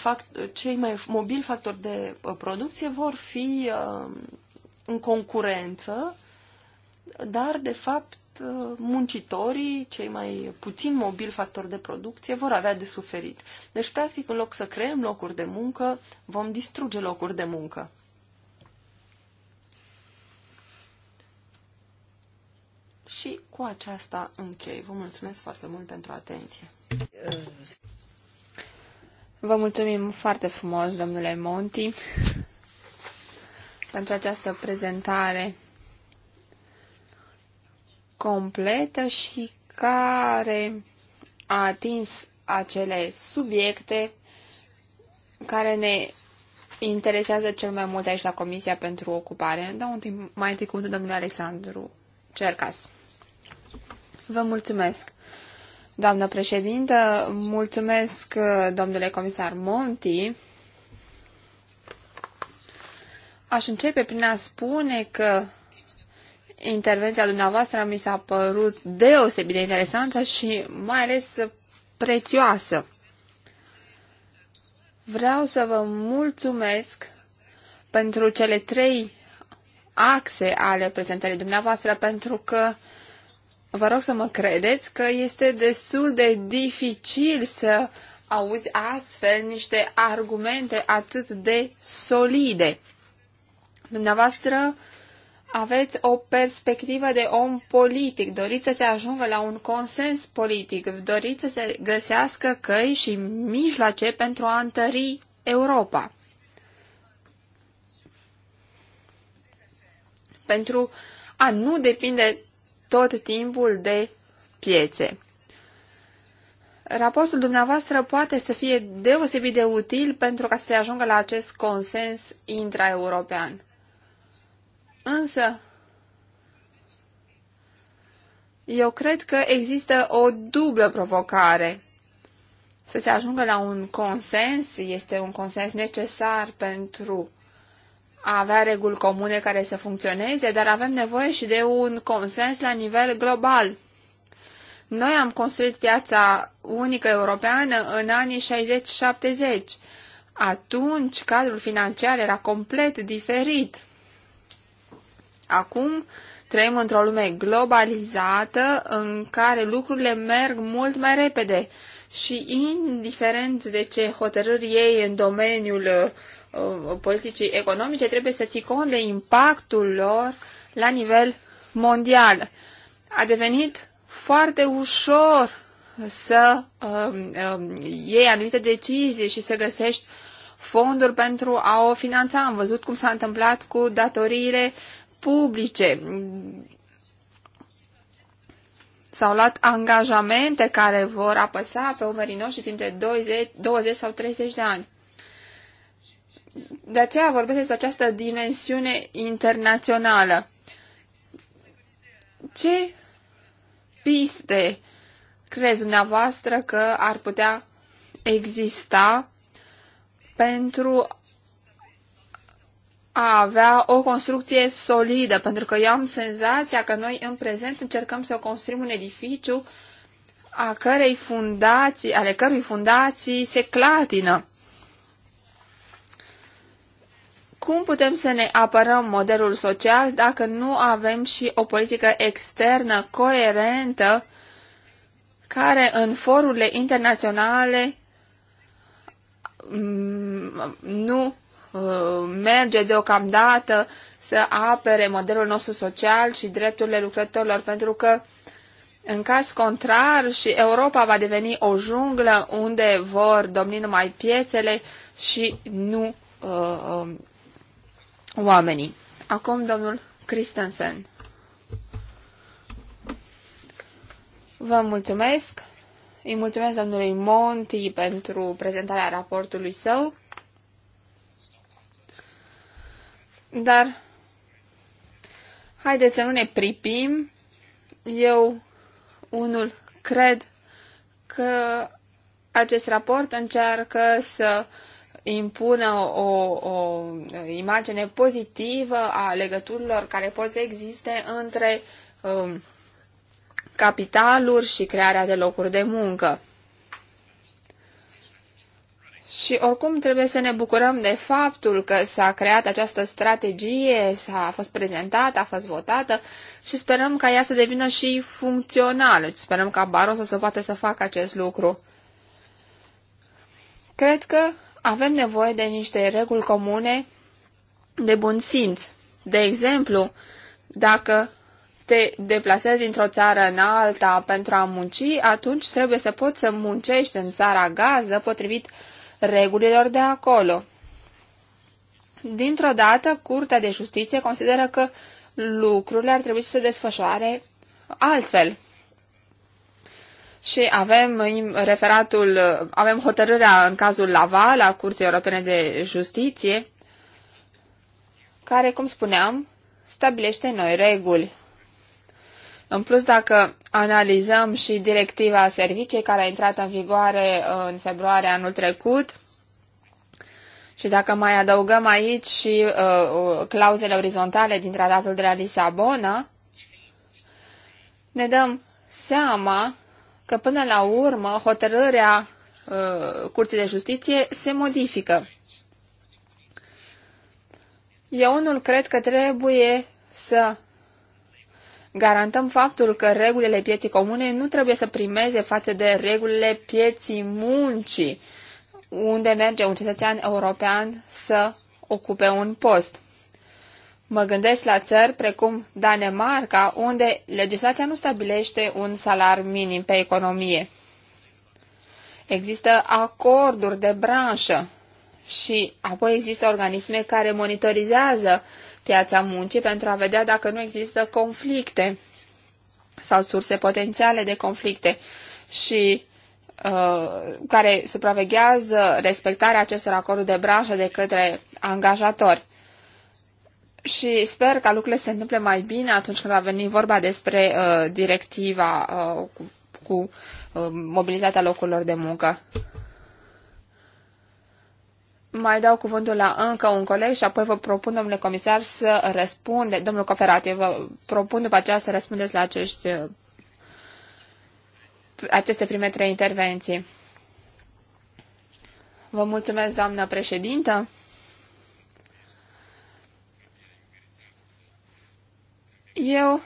Speaker 3: cei mai mobili factori de producție vor fi în concurență, dar de fapt Uh, muncitorii, cei mai puțin mobili factori de producție, vor avea de suferit. Deci, practic, în loc să creăm locuri de muncă, vom distruge locuri de muncă. Și cu aceasta închei. Vă
Speaker 1: mulțumesc foarte mult pentru atenție. Vă mulțumim foarte frumos, domnule Monti, pentru această prezentare completă și care a atins acele subiecte care ne interesează cel mai mult aici la Comisia pentru Ocupare. Dau un mai întâi cuvântul domnului Alexandru Cercas. Vă mulțumesc, doamnă președintă, mulțumesc, domnule comisar Monti. Aș începe prin a spune că intervenția dumneavoastră mi s-a părut deosebit de interesantă și mai ales prețioasă. Vreau să vă mulțumesc pentru cele trei axe ale prezentării dumneavoastră, pentru că vă rog să mă credeți că este destul de dificil să auzi astfel niște argumente atât de solide. Dumneavoastră aveți o perspectivă de om politic, doriți să se ajungă la un consens politic, doriți să se găsească căi și mijloace pentru a întări Europa. Pentru a nu depinde tot timpul de piețe. Raportul dumneavoastră poate să fie deosebit de util pentru ca să se ajungă la acest consens intraeuropean. Însă, eu cred că există o dublă provocare. Să se ajungă la un consens este un consens necesar pentru a avea reguli comune care să funcționeze, dar avem nevoie și de un consens la nivel global. Noi am construit piața unică europeană în anii 60-70. Atunci cadrul financiar era complet diferit. Acum trăim într-o lume globalizată în care lucrurile merg mult mai repede și indiferent de ce hotărâri ei în domeniul uh, politicii economice, trebuie să ții cont de impactul lor la nivel mondial. A devenit foarte ușor să um, um, iei anumite decizii și să găsești fonduri pentru a o finanța. Am văzut cum s-a întâmplat cu datoriile publice. S-au luat angajamente care vor apăsa pe umerii noștri timp de 20, 20 sau 30 de ani. De aceea vorbesc despre această dimensiune internațională. Ce piste crezi dumneavoastră că ar putea exista pentru a avea o construcție solidă, pentru că eu am senzația că noi în prezent încercăm să construim un edificiu a cărei fundații, ale cărui fundații se clatină. Cum putem să ne apărăm modelul social dacă nu avem și o politică externă coerentă care în forurile internaționale mm, nu Uh, merge deocamdată să apere modelul nostru social și drepturile lucrătorilor, pentru că în caz contrar și Europa va deveni o junglă unde vor domni numai piețele și nu uh, um, oamenii. Acum domnul Christensen. Vă mulțumesc. Îi mulțumesc domnului Monti pentru prezentarea raportului său. Dar haideți să nu ne pripim. Eu, unul, cred că acest raport încearcă să impună o, o imagine pozitivă a legăturilor care pot să existe între um, capitaluri și crearea de locuri de muncă. Și oricum trebuie să ne bucurăm de faptul că s-a creat această strategie, s-a fost prezentată, a fost votată și sperăm ca ea să devină și funcțională. Sperăm ca Barroso să poată să facă acest lucru. Cred că avem nevoie de niște reguli comune de bun simț. De exemplu, dacă te deplasezi dintr-o țară în alta pentru a munci, atunci trebuie să poți să muncești în țara gază potrivit regulilor de acolo. Dintr-o dată, Curtea de Justiție consideră că lucrurile ar trebui să se desfășoare altfel. Și avem referatul, avem hotărârea în cazul Laval a Curții Europene de Justiție, care, cum spuneam, stabilește noi reguli. În plus, dacă analizăm și directiva servicii care a intrat în vigoare uh, în februarie anul trecut, și dacă mai adăugăm aici și uh, uh, clauzele orizontale din tratatul de la Lisabona, ne dăm seama că până la urmă hotărârea uh, Curții de Justiție se modifică. Eu unul cred că trebuie să garantăm faptul că regulile pieții comune nu trebuie să primeze față de regulile pieții muncii, unde merge un cetățean european să ocupe un post. Mă gândesc la țări precum Danemarca, unde legislația nu stabilește un salar minim pe economie. Există acorduri de branșă și apoi există organisme care monitorizează uh, piața muncii pentru a vedea dacă nu există conflicte sau surse potențiale de conflicte și uh, care supraveghează respectarea acestor acorduri de branșă de către angajatori. Și sper ca lucrurile să se întâmple mai bine atunci când va veni vorba despre uh, directiva uh, cu, cu uh, mobilitatea locurilor de muncă. Mai dau cuvântul la încă un coleg și apoi vă propun, domnule comisar, să răspunde, domnul cooperativ, vă propun după aceea să răspundeți la acești, aceste prime trei intervenții. Vă mulțumesc, doamnă președintă. Eu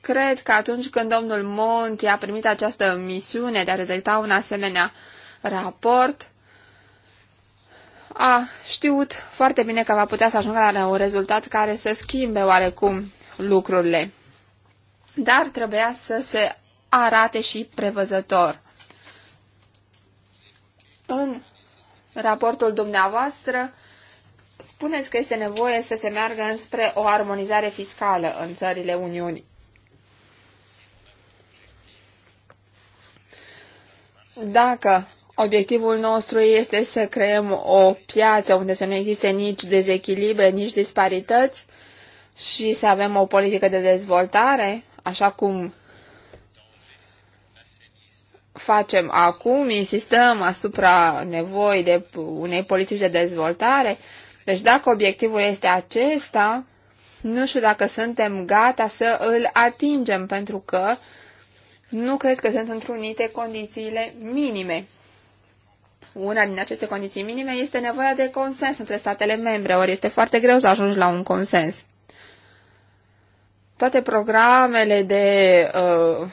Speaker 1: cred că atunci când domnul Monti a primit această misiune de a redacta un asemenea raport, a știut foarte bine că va putea să ajungă la un rezultat care să schimbe oarecum lucrurile. Dar trebuia să se arate și prevăzător. În raportul dumneavoastră, spuneți că este nevoie să se meargă înspre o armonizare fiscală în țările Uniunii. Dacă Obiectivul nostru este să creăm o piață unde să nu existe nici dezechilibre, nici disparități și să avem o politică de dezvoltare, așa cum facem acum, insistăm asupra nevoii de unei politici de dezvoltare. Deci dacă obiectivul este acesta, nu știu dacă suntem gata să îl atingem, pentru că nu cred că sunt întrunite condițiile minime una din aceste condiții minime este nevoia de consens între statele membre, ori este foarte greu să ajungi la un consens. Toate programele de uh,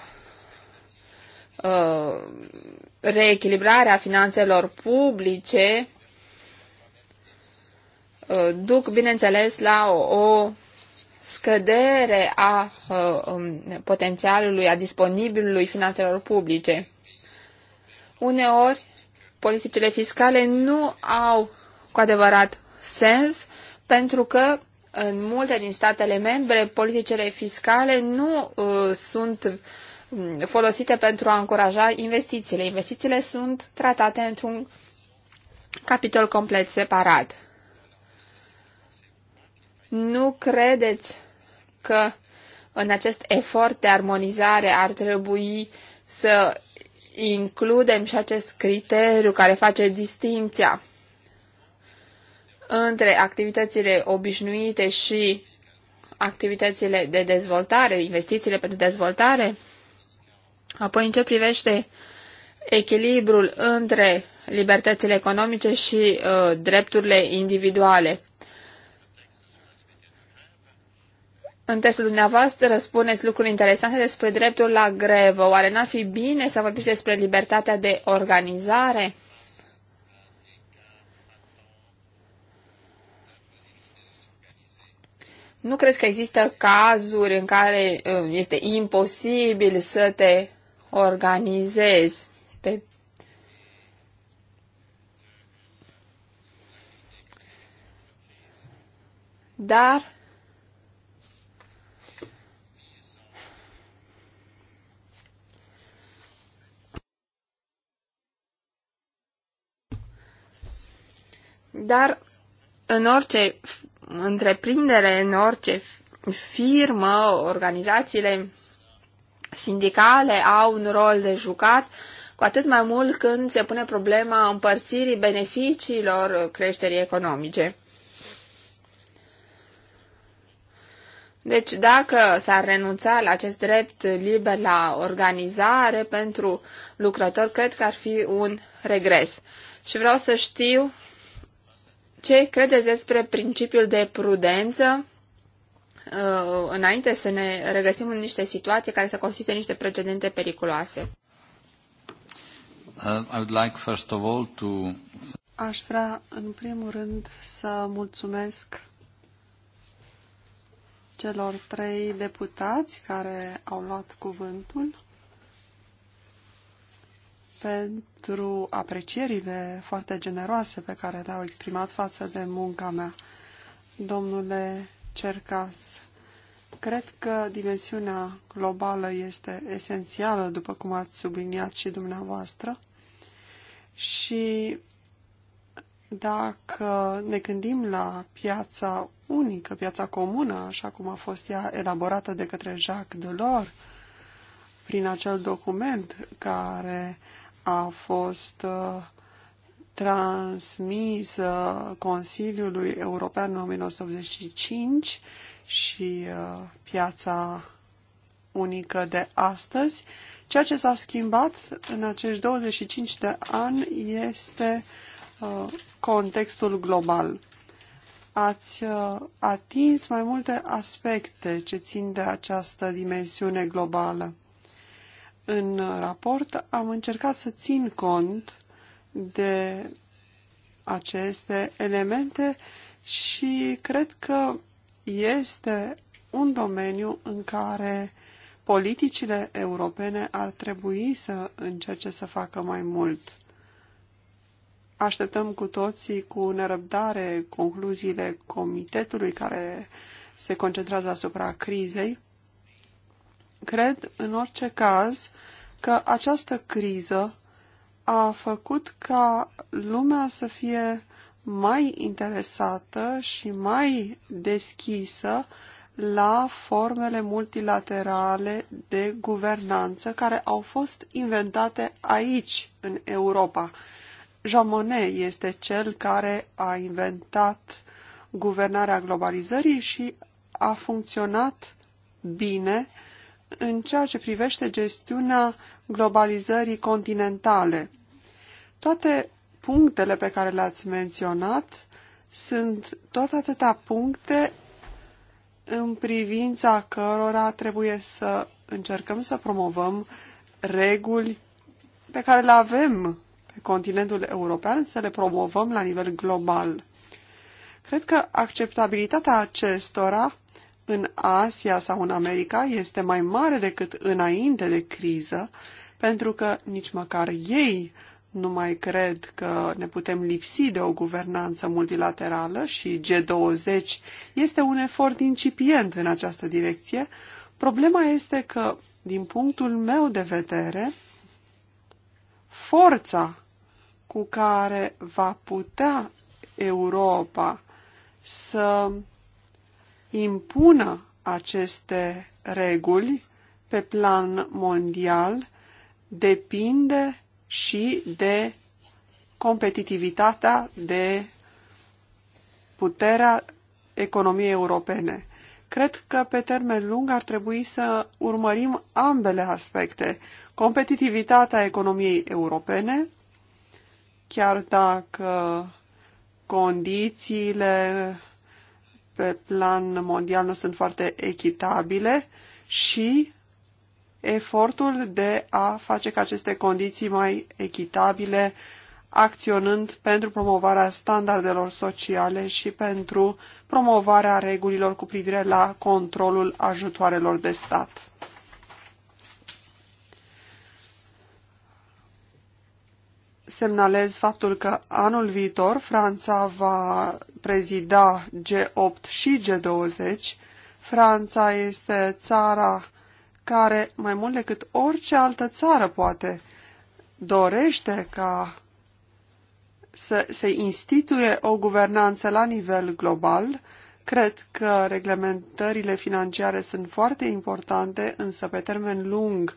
Speaker 1: uh, reechilibrare a finanțelor publice uh, duc, bineînțeles, la o, o scădere a uh, um, potențialului, a disponibilului finanțelor publice. Uneori, politicile fiscale nu au cu adevărat sens pentru că în multe din statele membre politicile fiscale nu uh, sunt mm, folosite pentru a încuraja investițiile. Investițiile sunt tratate într-un capitol complet separat. Nu credeți că în acest efort de armonizare ar trebui să includem și acest criteriu care face distinția între activitățile obișnuite și activitățile de dezvoltare, investițiile pentru dezvoltare. Apoi, în ce privește echilibrul între libertățile economice și uh, drepturile individuale. În testul dumneavoastră răspuneți lucruri interesante despre dreptul la grevă. Oare n-ar fi bine să vorbiți despre libertatea de organizare? Nu cred că există cazuri în care uh, este imposibil să te organizezi pe Dar Dar în orice întreprindere, în orice firmă, organizațiile sindicale au un rol de jucat, cu atât mai mult când se pune problema împărțirii beneficiilor creșterii economice. Deci dacă s-ar renunța la acest drept liber la organizare pentru lucrători, cred că ar fi un regres. Și vreau să știu ce credeți despre principiul de prudență uh, înainte să ne regăsim în niște situații care să constituie niște precedente periculoase? Uh, I would like first of all to...
Speaker 2: Aș vrea, în primul rând, să mulțumesc celor trei deputați care au luat cuvântul pentru aprecierile foarte generoase pe care le-au exprimat față de munca mea. Domnule Cercas, cred că dimensiunea globală este esențială, după cum ați subliniat și dumneavoastră, și dacă ne gândim la piața unică, piața comună, așa cum a fost ea elaborată de către Jacques Delors, prin acel document care a fost uh, transmisă Consiliului European în 1985 și uh, piața unică de astăzi. Ceea ce s-a schimbat în acești 25 de ani este uh, contextul global. Ați atins mai multe aspecte ce țin de această dimensiune globală. În raport am încercat să țin cont de aceste elemente și cred că este un domeniu în care politicile europene ar trebui să încerce să facă mai mult. Așteptăm cu toții cu nerăbdare concluziile comitetului care se concentrează asupra crizei Cred, în orice caz, că această criză a făcut ca lumea să fie mai interesată și mai deschisă la formele multilaterale de guvernanță care au fost inventate aici, în Europa. Jean Monnet este cel care a inventat guvernarea globalizării și a funcționat bine uh, în ceea ce privește gestiunea globalizării continentale. Toate punctele pe care le-ați menționat sunt tot atâta puncte în privința cărora trebuie să încercăm să promovăm reguli pe care le avem pe continentul european, să le promovăm la nivel global. Cred că acceptabilitatea acestora în Asia sau în America este mai mare decât înainte de criză, pentru că nici măcar ei nu mai cred că ne putem lipsi de o guvernanță multilaterală și G20 este un efort incipient în această direcție. Problema este că, din punctul meu de vedere, forța cu care va putea Europa să impună aceste reguli pe plan mondial depinde și de competitivitatea, de puterea economiei europene. Cred că pe termen lung ar trebui să urmărim ambele aspecte. Competitivitatea economiei europene, chiar dacă condițiile pe plan mondial nu sunt foarte echitabile și efortul de a face ca aceste condiții mai echitabile, acționând pentru promovarea standardelor sociale și pentru promovarea regulilor cu privire la controlul ajutoarelor de stat. semnalez faptul că anul viitor Franța va prezida G8 și G20. Franța este țara care, mai mult decât orice altă țară poate, dorește ca să se instituie o guvernanță la nivel global. Cred că reglementările financiare sunt foarte importante, însă pe termen lung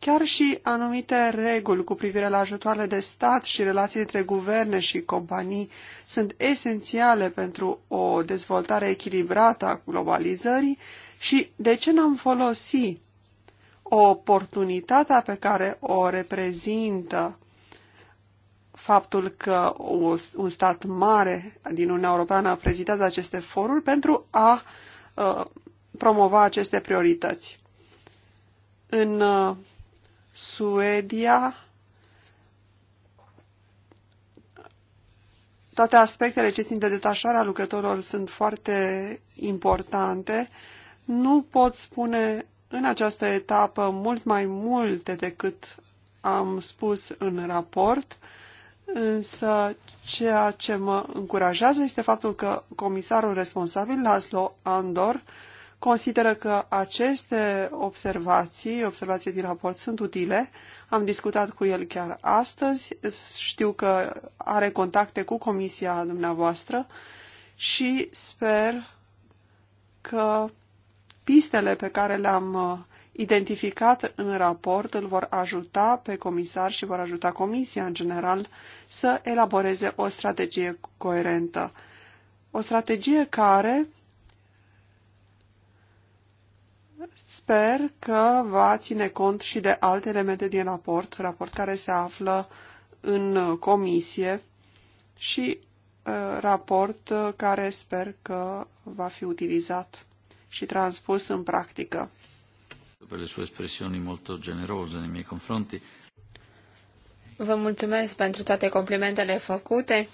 Speaker 2: Chiar și anumite reguli cu privire la ajutoarele de stat și relații între guverne și companii sunt esențiale pentru o dezvoltare echilibrată a globalizării și de ce n-am o oportunitatea pe care o reprezintă faptul că un stat mare din Uniunea Europeană prezidează aceste foruri pentru a uh, promova aceste priorități. În uh, Suedia, toate aspectele ce țin de detașarea lucrătorilor sunt foarte importante. Nu pot spune în această etapă mult mai multe decât am spus în raport, însă ceea ce mă încurajează este faptul că comisarul responsabil, Laszlo Andor, consideră că aceste observații, observații din raport, sunt utile. Am discutat cu el chiar astăzi. Știu că are contacte cu comisia dumneavoastră și sper că pistele pe care le-am uh, identificat în raport îl vor ajuta pe comisar și vor ajuta comisia în general să elaboreze o strategie coerentă. O strategie care Sper că va ține cont și de alte elemente din raport, raport care se află în comisie și uh, raport care sper că va fi utilizat și transpus în practică.
Speaker 1: Pentru sue expresiuni molto generose nei miei confronti. Vă mulțumesc pentru toate complimentele făcute.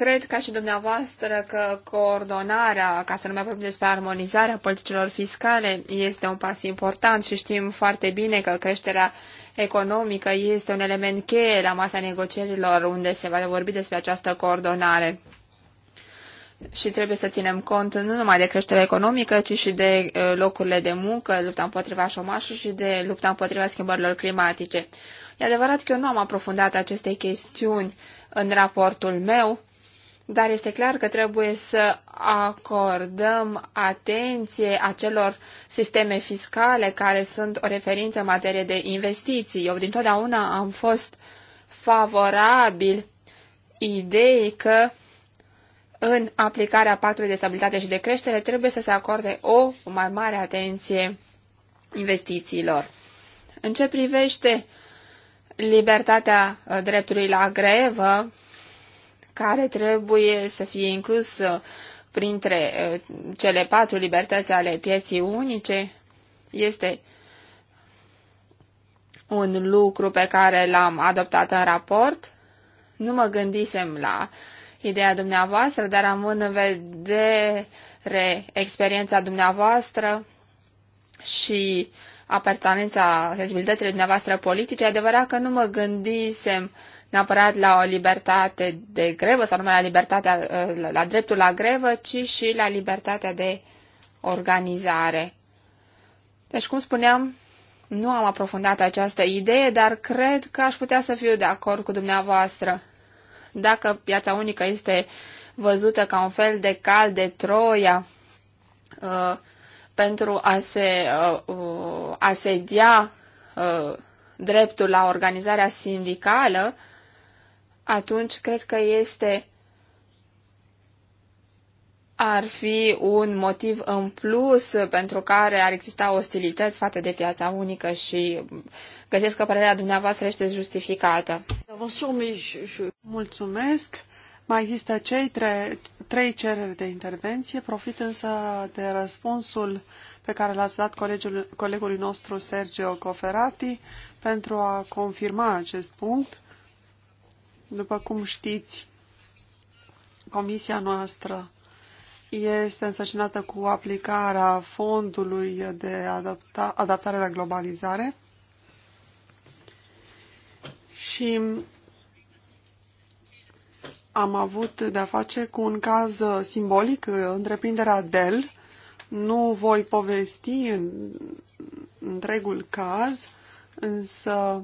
Speaker 1: Cred ca și dumneavoastră că coordonarea, ca să nu mai vorbim despre armonizarea politicilor fiscale, este un pas important și știm foarte bine că creșterea economică este un element cheie la masa negocierilor unde se va vorbi despre această coordonare. Și trebuie să ținem cont nu numai de creșterea economică, ci și de uh, locurile de muncă, lupta împotriva șomașului și de lupta împotriva schimbărilor climatice. E adevărat că eu nu am aprofundat aceste chestiuni în raportul meu, dar este clar că trebuie să acordăm atenție acelor sisteme fiscale care sunt o referință în materie de investiții. Eu dintotdeauna am fost favorabil ideii că în aplicarea pactului de stabilitate și de creștere trebuie să se acorde o mai mare atenție investițiilor. În ce privește libertatea dreptului la grevă, care trebuie să fie inclus uh, printre uh, cele patru libertăți ale pieții unice este un lucru pe care l-am adoptat în raport. Nu mă gândisem la ideea dumneavoastră, dar am în vedere experiența dumneavoastră și apartenența sensibilitățile dumneavoastră politice. E adevărat că nu mă gândisem uh, neapărat la o libertate de grevă sau numai la libertatea, la dreptul la grevă, ci și la libertatea de organizare. Deci, cum spuneam, nu am aprofundat această idee, dar cred că aș putea să fiu de acord cu dumneavoastră. Dacă piața unică este văzută ca un fel de cal de Troia uh, pentru a se uh, uh asedia uh, dreptul la organizarea sindicală, atunci cred că este ar fi un motiv în plus pentru care ar exista ostilități față de piața unică și găsesc că părerea dumneavoastră este justificată.
Speaker 2: Mulțumesc. Mai există cei tre- trei cereri de intervenție. Profit însă de răspunsul pe care l-ați dat colegul, colegului nostru Sergio Coferati pentru a confirma acest punct. După cum știți, comisia noastră este însăcinată cu aplicarea fondului de adapta, adaptare la globalizare și am avut de-a face cu un caz simbolic, întreprinderea Dell. Nu voi povesti în, întregul caz, însă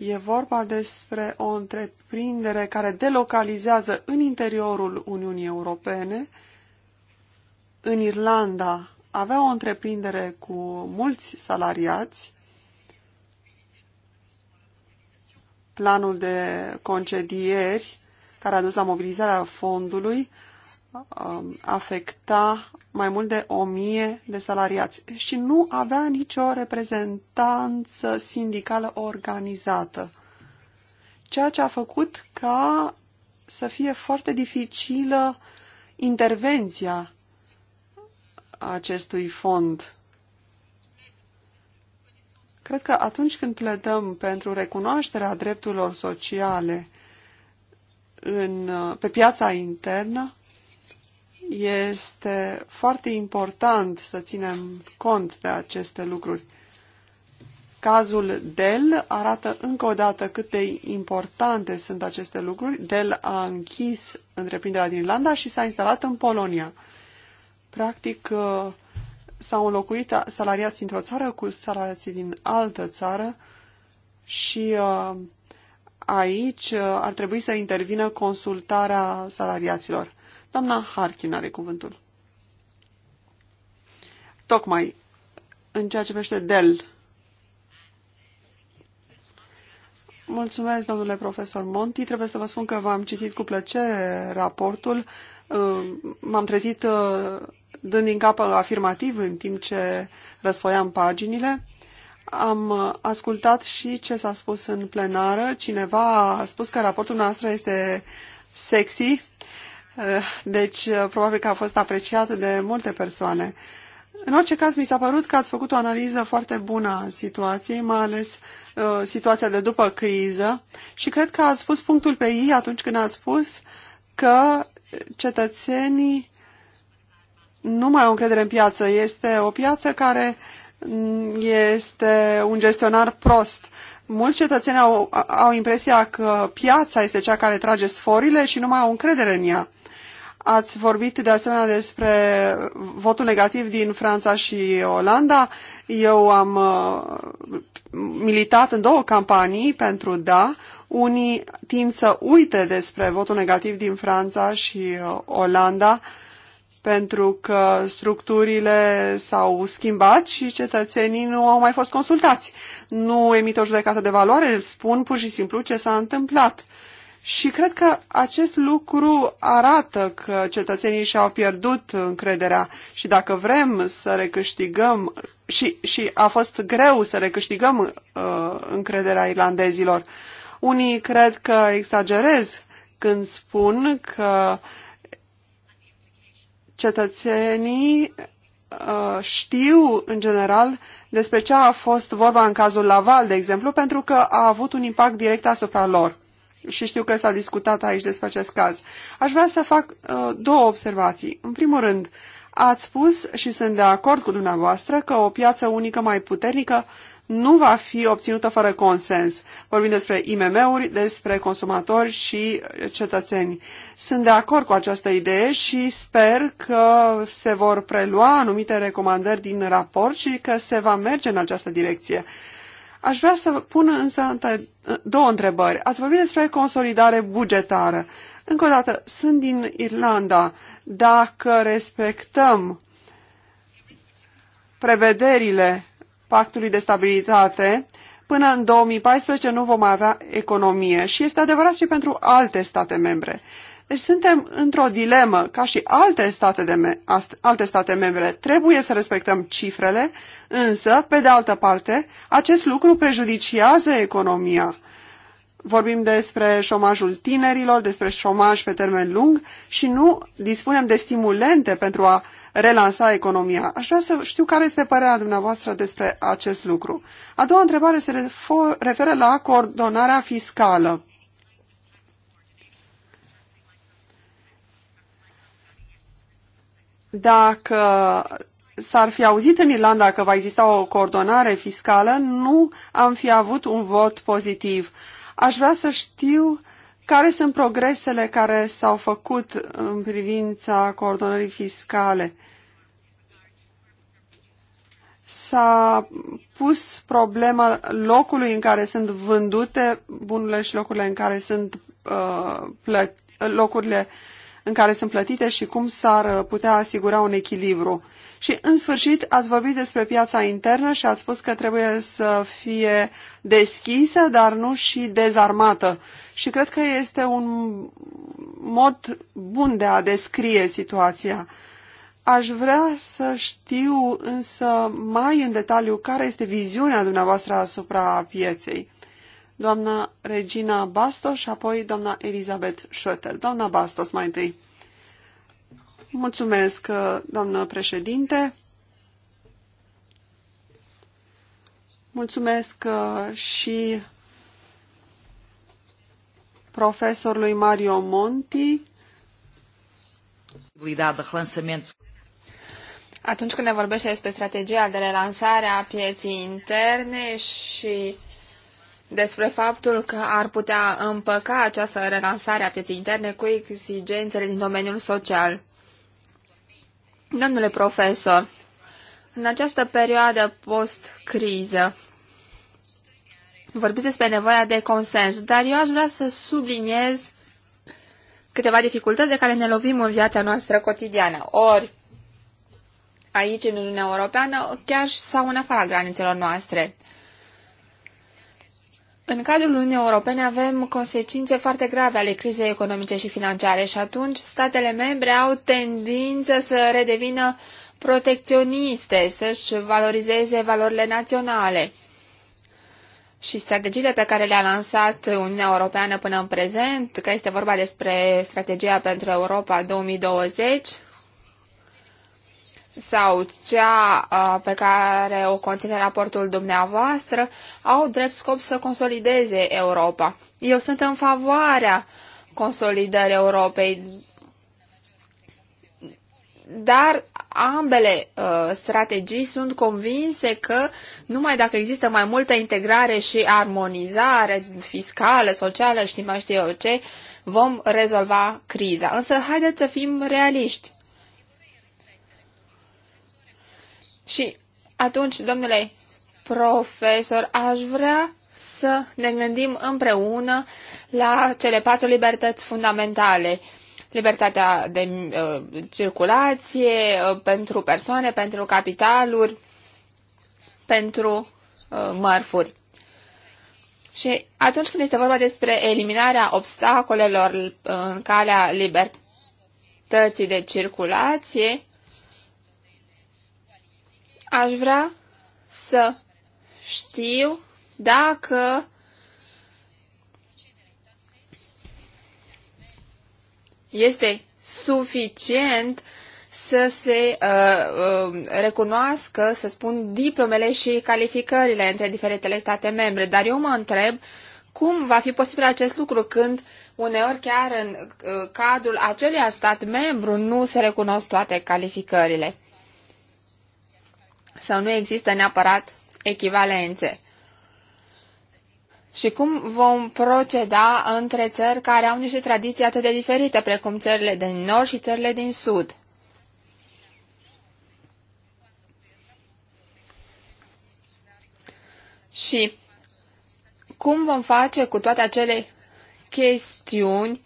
Speaker 2: E vorba despre o întreprindere care delocalizează în interiorul Uniunii Europene. În Irlanda avea o întreprindere cu mulți salariați. Planul de concedieri care a dus la mobilizarea fondului Um, afecta mai mult de o mie de salariați și nu avea nicio reprezentanță sindicală organizată. Ceea ce a făcut ca să fie foarte dificilă intervenția acestui fond. Cred că atunci când pledăm pentru recunoașterea drepturilor sociale în, pe piața internă, este foarte important să ținem cont de aceste lucruri. Cazul Dell arată încă o dată cât de importante sunt aceste lucruri. Dell a închis întreprinderea din Irlanda și s-a instalat în Polonia. Practic, uh, s-au înlocuit salariați într-o țară cu salariații din altă țară și uh, aici uh, ar trebui să intervină consultarea salariaților. Doamna Harkin are cuvântul. Tocmai în ceea ce vește Dell. Mulțumesc, domnule profesor Monti. Trebuie să vă spun că v-am citit cu plăcere raportul. Uh, m-am trezit uh, dând din cap afirmativ în timp ce răsfoiam paginile. Am uh, ascultat și ce s-a spus în plenară. Cineva a spus că raportul nostru este sexy. Eh, deci, eh, probabil că a fost apreciat de multe persoane. În orice caz, mi s-a părut că ați făcut o analiză foarte bună a situației, mai ales uh, situația de după criză și cred că ați spus punctul pe ei atunci când ați spus că cetățenii nu mai au încredere în piață. Este o piață care mm, este un gestionar prost. Mulți cetățeni au, au impresia că piața este cea care trage sforile și nu mai au încredere în ea. Ați vorbit de asemenea despre votul negativ din Franța și Olanda. Eu am uh, militat în două campanii pentru da. Unii tind să uite despre votul negativ din Franța și uh, Olanda pentru că structurile s-au schimbat și cetățenii nu au mai fost consultați. Nu emit o judecată de valoare, spun pur și simplu ce s-a întâmplat. Uh, și cred că acest lucru arată că cetățenii și-au pierdut încrederea și dacă vrem să recâștigăm și, și a fost greu să recâștigăm uh, încrederea irlandezilor. Unii cred că exagerez când spun că cetățenii uh, știu în general despre ce a fost vorba în cazul Laval, de exemplu, pentru că a avut un impact direct asupra lor și știu că s-a discutat aici despre acest caz. Aș vrea să fac uh, două observații. În primul rând, ați spus și sunt de acord cu dumneavoastră că o piață unică mai puternică nu va fi obținută fără consens. Vorbim despre IMM-uri, despre consumatori și cetățeni. Sunt de acord cu această idee și sper că se vor prelua anumite recomandări din raport și că se va merge în această direcție. Aș vrea să pun însă două întrebări. Ați vorbit despre consolidare bugetară. Încă o dată, sunt din Irlanda. Dacă respectăm prevederile pactului de stabilitate, până în 2014 nu vom avea economie și este adevărat și pentru alte state membre. Deci suntem într-o dilemă, ca și alte state, de alte state membre. Trebuie să respectăm cifrele, însă, pe de altă parte, acest lucru prejudiciază economia. Vorbim despre șomajul tinerilor, despre șomaj pe termen lung și nu dispunem de stimulente pentru a relansa economia. Aș vrea să știu care este părerea dumneavoastră despre acest lucru. A doua întrebare se referă la coordonarea fiscală. Dacă s-ar fi auzit în Irlanda că va exista o coordonare fiscală, nu am fi avut un vot pozitiv. Aș vrea să știu care sunt progresele care s-au făcut în privința coordonării fiscale. S-a pus problema locului în care sunt vândute bunurile și locurile în care sunt uh, plăt- locurile uh, în care sunt plătite și cum s-ar uh, putea asigura un echilibru. Și, în sfârșit, ați vorbit despre piața internă și ați spus că trebuie să fie deschisă, dar nu și dezarmată. Și cred că este un mod bun de a descrie situația. Aș vrea să știu însă mai în detaliu care este viziunea dumneavoastră asupra pieței doamna Regina Bastos și apoi doamna Elizabeth Schroeter. Doamna Bastos, mai întâi. Mulțumesc, uh, doamnă președinte. Mulțumesc uh, și profesorului Mario Monti.
Speaker 1: Atunci când ne vorbește despre strategia de relansare a pieții interne și despre faptul că ar putea împăca această relansare a pieței interne cu exigențele din domeniul social. Domnule profesor, în această perioadă post-criză, vorbiți despre nevoia de consens, dar eu aș vrea să subliniez câteva dificultăți de care ne lovim în viața noastră cotidiană. Ori, aici, în Uniunea Europeană, chiar sau în afara granițelor noastre. În cadrul Uniunii Europene avem consecințe foarte grave ale crizei economice și financiare și atunci statele membre au tendință să redevină protecționiste, să-și valorizeze valorile naționale. Și strategiile pe care le-a lansat Uniunea Europeană până în prezent, că este vorba despre strategia pentru Europa 2020, sau cea pe care o conține raportul dumneavoastră au drept scop să consolideze Europa. Eu sunt în favoarea consolidării Europei, dar ambele uh, strategii sunt convinse că numai dacă există mai multă integrare și armonizare fiscală, socială și mai știu eu ce, vom rezolva criza. Însă haideți să fim realiști. Și atunci, domnule profesor, aș vrea să ne gândim împreună la cele patru libertăți fundamentale. Libertatea de uh, circulație uh, pentru persoane, pentru capitaluri, pentru uh, mărfuri. Și atunci când este vorba despre eliminarea obstacolelor uh, în calea libertății de circulație, Aș vrea să știu dacă este suficient să se uh, uh, recunoască, să spun, diplomele și calificările între diferitele state membre. Dar eu mă întreb cum va fi posibil acest lucru când uneori chiar în uh, cadrul acelui stat membru nu se recunosc toate calificările sau nu există neapărat echivalențe. Și cum vom proceda între țări care au niște tradiții atât de diferite, precum țările din nord și țările din sud? Și cum vom face cu toate acele chestiuni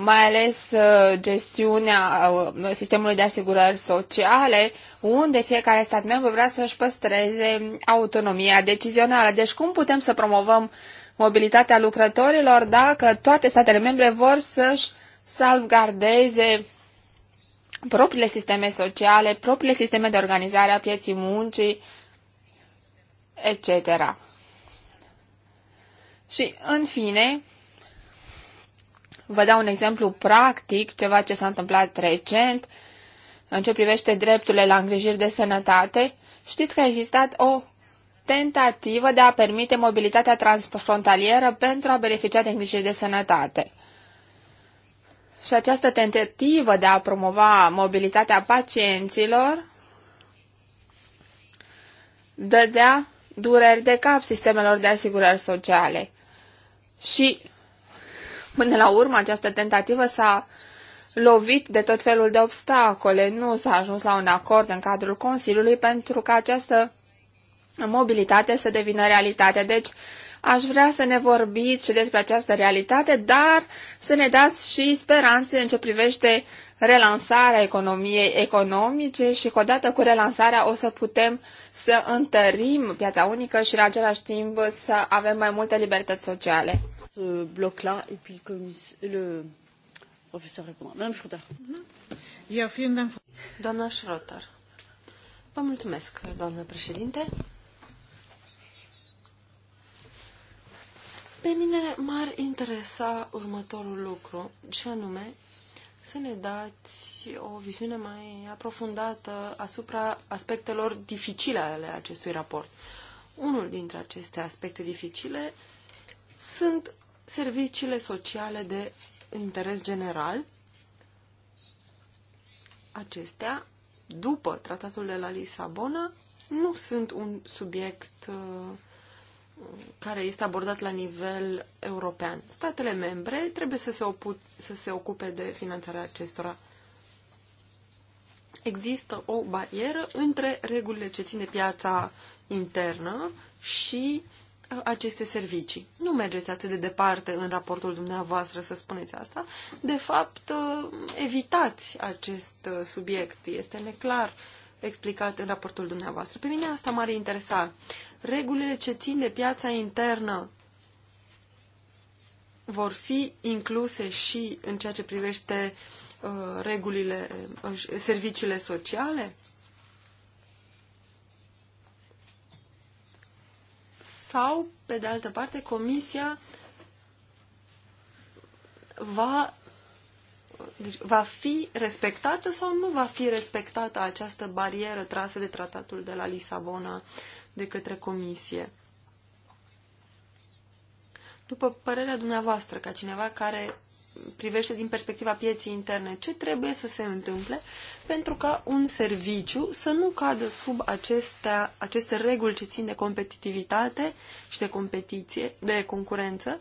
Speaker 1: mai ales uh, gestiunea uh, sistemului de asigurări sociale, unde fiecare stat membru vrea să-și păstreze autonomia decizională. Deci cum putem să promovăm mobilitatea lucrătorilor dacă toate statele membre vor să-și salvgardeze propriile sisteme sociale, propriile sisteme de organizare a pieții muncii, etc. Și, în fine, Vă dau un exemplu practic, ceva ce s-a întâmplat recent, în ce privește drepturile la îngrijiri de sănătate. Știți că a existat o tentativă de a permite mobilitatea transfrontalieră pentru a beneficia de îngrijiri de sănătate. Și această tentativă de a promova mobilitatea pacienților dădea dureri de cap sistemelor de asigurări sociale. Și Până la urmă, această tentativă s-a lovit de tot felul de obstacole. Nu s-a ajuns la un acord în cadrul Consiliului pentru că această mobilitate să devină realitate. Deci, aș vrea să ne vorbiți și despre această realitate, dar să ne dați și speranțe în ce privește relansarea economiei economice și că odată cu relansarea o să putem să întărim piața unică și în același timp să avem mai multe libertăți sociale
Speaker 3: ce euh, bloc-là, et puis le, le professeur répondra. Madame Schroeder. Doamna Schroeder. Vă mulțumesc, doamnă președinte. Pe mine m-ar interesa următorul lucru, și anume să ne dați o viziune mai aprofundată asupra aspectelor dificile ale acestui raport. Unul dintre aceste aspecte dificile sunt serviciile sociale de interes general. Acestea, după tratatul de la Lisabona, nu sunt un subiect uh, care este abordat la nivel european. Statele membre trebuie să se, să se ocupe de finanțarea acestora. Există o barieră între regulile ce ține piața internă și uh, aceste servicii. Nu mergeți atât de departe în raportul dumneavoastră să spuneți asta. De fapt, uh, evitați acest uh, subiect. Este neclar explicat în raportul dumneavoastră. Pe mine asta m-ar interesa. Regulile ce țin de piața internă vor fi incluse și în ceea ce privește uh, regulile, serviciile sociale? sau, pe de altă parte, Comisia va, deci, va fi respectată sau nu va fi respectată această barieră trasă de tratatul de la Lisabona de către Comisie. După părerea dumneavoastră, ca cineva care privește din perspectiva pieții interne ce trebuie să se întâmple pentru ca un serviciu să nu cadă sub aceste aceste reguli ce țin de competitivitate și de competiție, de concurență,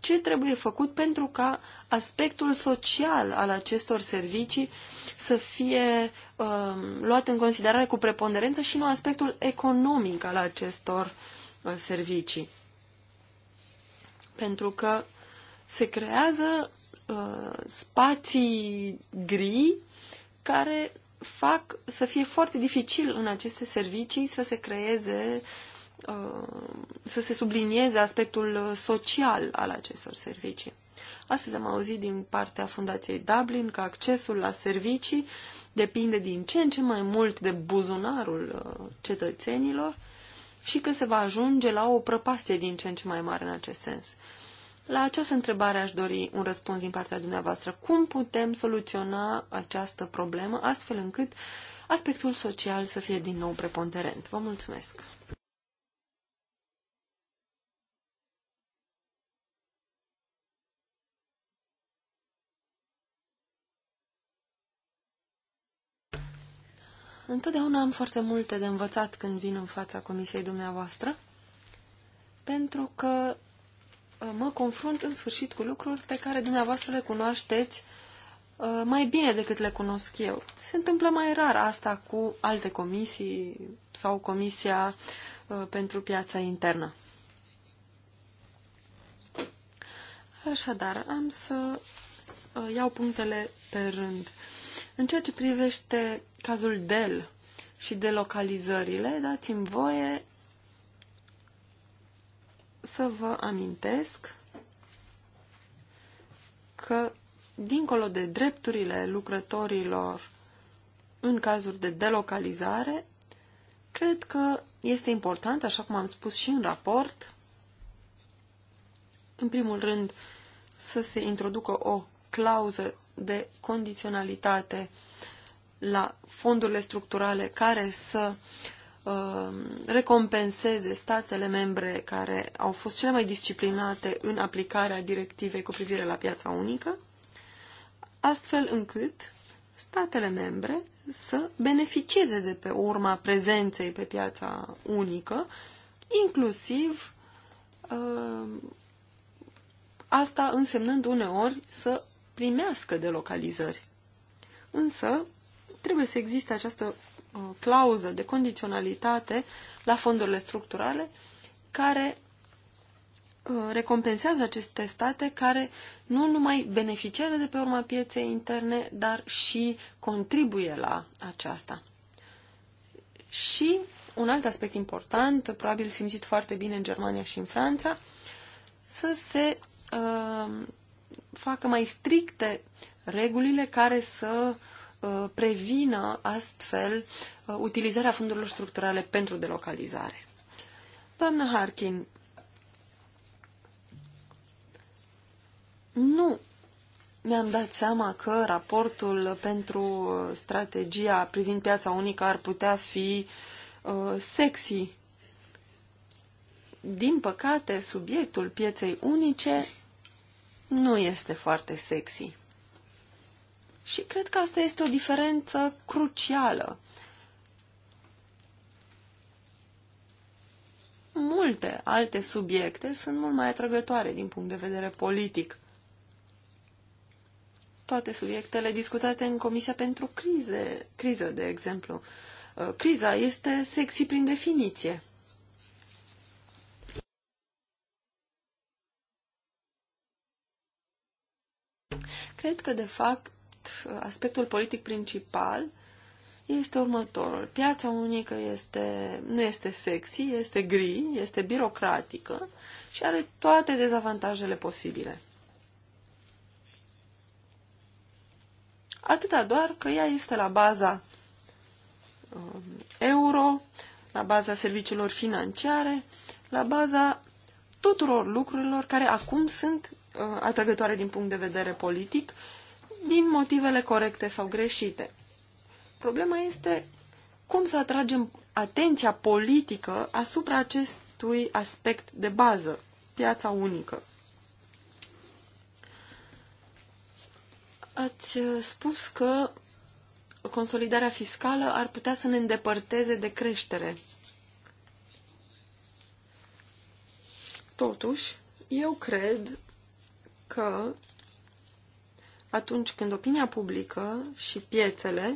Speaker 3: ce trebuie făcut pentru ca aspectul social al acestor servicii să fie uh, luat în considerare cu preponderență și nu aspectul economic al acestor uh, servicii. Pentru că se creează Uh, spații gri care fac să fie foarte dificil în aceste servicii să se creeze, uh, să se sublinieze aspectul social al acestor servicii. Astăzi am auzit din partea Fundației Dublin că accesul la servicii depinde din ce în ce mai mult de buzunarul uh, cetățenilor și că se va ajunge la o prăpastie din ce în ce mai mare în acest sens. La această întrebare aș dori un răspuns din partea dumneavoastră. Cum putem soluționa această problemă astfel încât aspectul social să fie din nou preponderent? Vă mulțumesc! Întotdeauna am foarte multe de învățat când vin în fața comisiei dumneavoastră, pentru că Uh, mă confrunt în sfârșit cu lucruri pe care dumneavoastră le cunoașteți uh, mai bine decât le cunosc eu. Se întâmplă mai rar asta cu alte comisii sau Comisia uh, pentru Piața Internă. Așadar, am să iau punctele pe rând. În ceea ce privește cazul Dell și de localizările, dați-mi voie să vă amintesc că, dincolo de drepturile lucrătorilor în cazuri de delocalizare, cred că este important, așa cum am spus și în raport, în primul rând, să se introducă o clauză de condiționalitate la fondurile structurale care să uh, Um, recompenseze statele membre care au fost cele mai disciplinate în aplicarea directivei cu privire la piața unică, astfel încât statele membre să beneficieze de pe urma prezenței pe piața unică, inclusiv um, asta însemnând uneori să primească delocalizări. Însă, trebuie să existe această clauză de condiționalitate la fondurile structurale care uh, recompensează aceste state care nu numai beneficiază de pe urma pieței interne, dar și contribuie la aceasta. Și un alt aspect important, probabil simțit foarte bine în Germania și în Franța, să se uh, facă mai stricte regulile care să uh, Uh, prevină astfel uh, utilizarea fondurilor structurale pentru delocalizare. Doamnă Harkin, nu mi-am dat seama că raportul pentru strategia privind piața unică ar putea fi uh, sexy. Din păcate, subiectul pieței unice nu este foarte sexy. Și cred că asta este o diferență crucială. Multe alte subiecte sunt mult mai atrăgătoare din punct de vedere politic. Toate subiectele discutate în Comisia pentru crize, Criză, de exemplu. Uh, criza este sexy prin definiție. Cred că, de fapt, aspectul politic principal este următorul. Piața unică este, nu este sexy, este gri, este birocratică și are toate dezavantajele posibile. Atâta doar că ea este la baza um, euro, la baza serviciilor financiare, la baza tuturor lucrurilor care acum sunt uh, atrăgătoare din punct de vedere politic din motivele corecte sau greșite. Problema este cum să atragem atenția politică asupra acestui aspect de bază, piața unică. Ați uh, spus că consolidarea fiscală ar putea să ne îndepărteze de creștere. Totuși, eu cred că atunci când opinia publică și piețele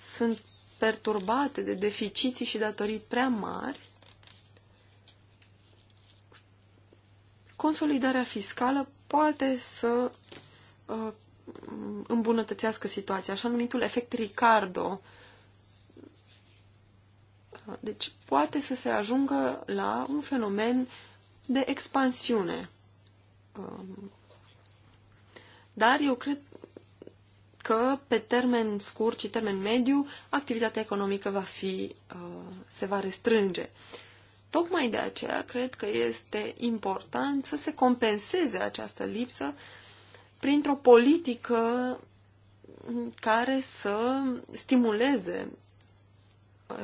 Speaker 3: sunt perturbate de deficiții și datorii prea mari, consolidarea fiscală poate să uh, îmbunătățească situația, așa numitul efect Ricardo. Deci poate să se ajungă la un fenomen de expansiune um, dar eu cred că pe termen scurt și termen mediu activitatea economică va fi, uh, se va restrânge. Tocmai de aceea cred că este important să se compenseze această lipsă printr-o politică care să stimuleze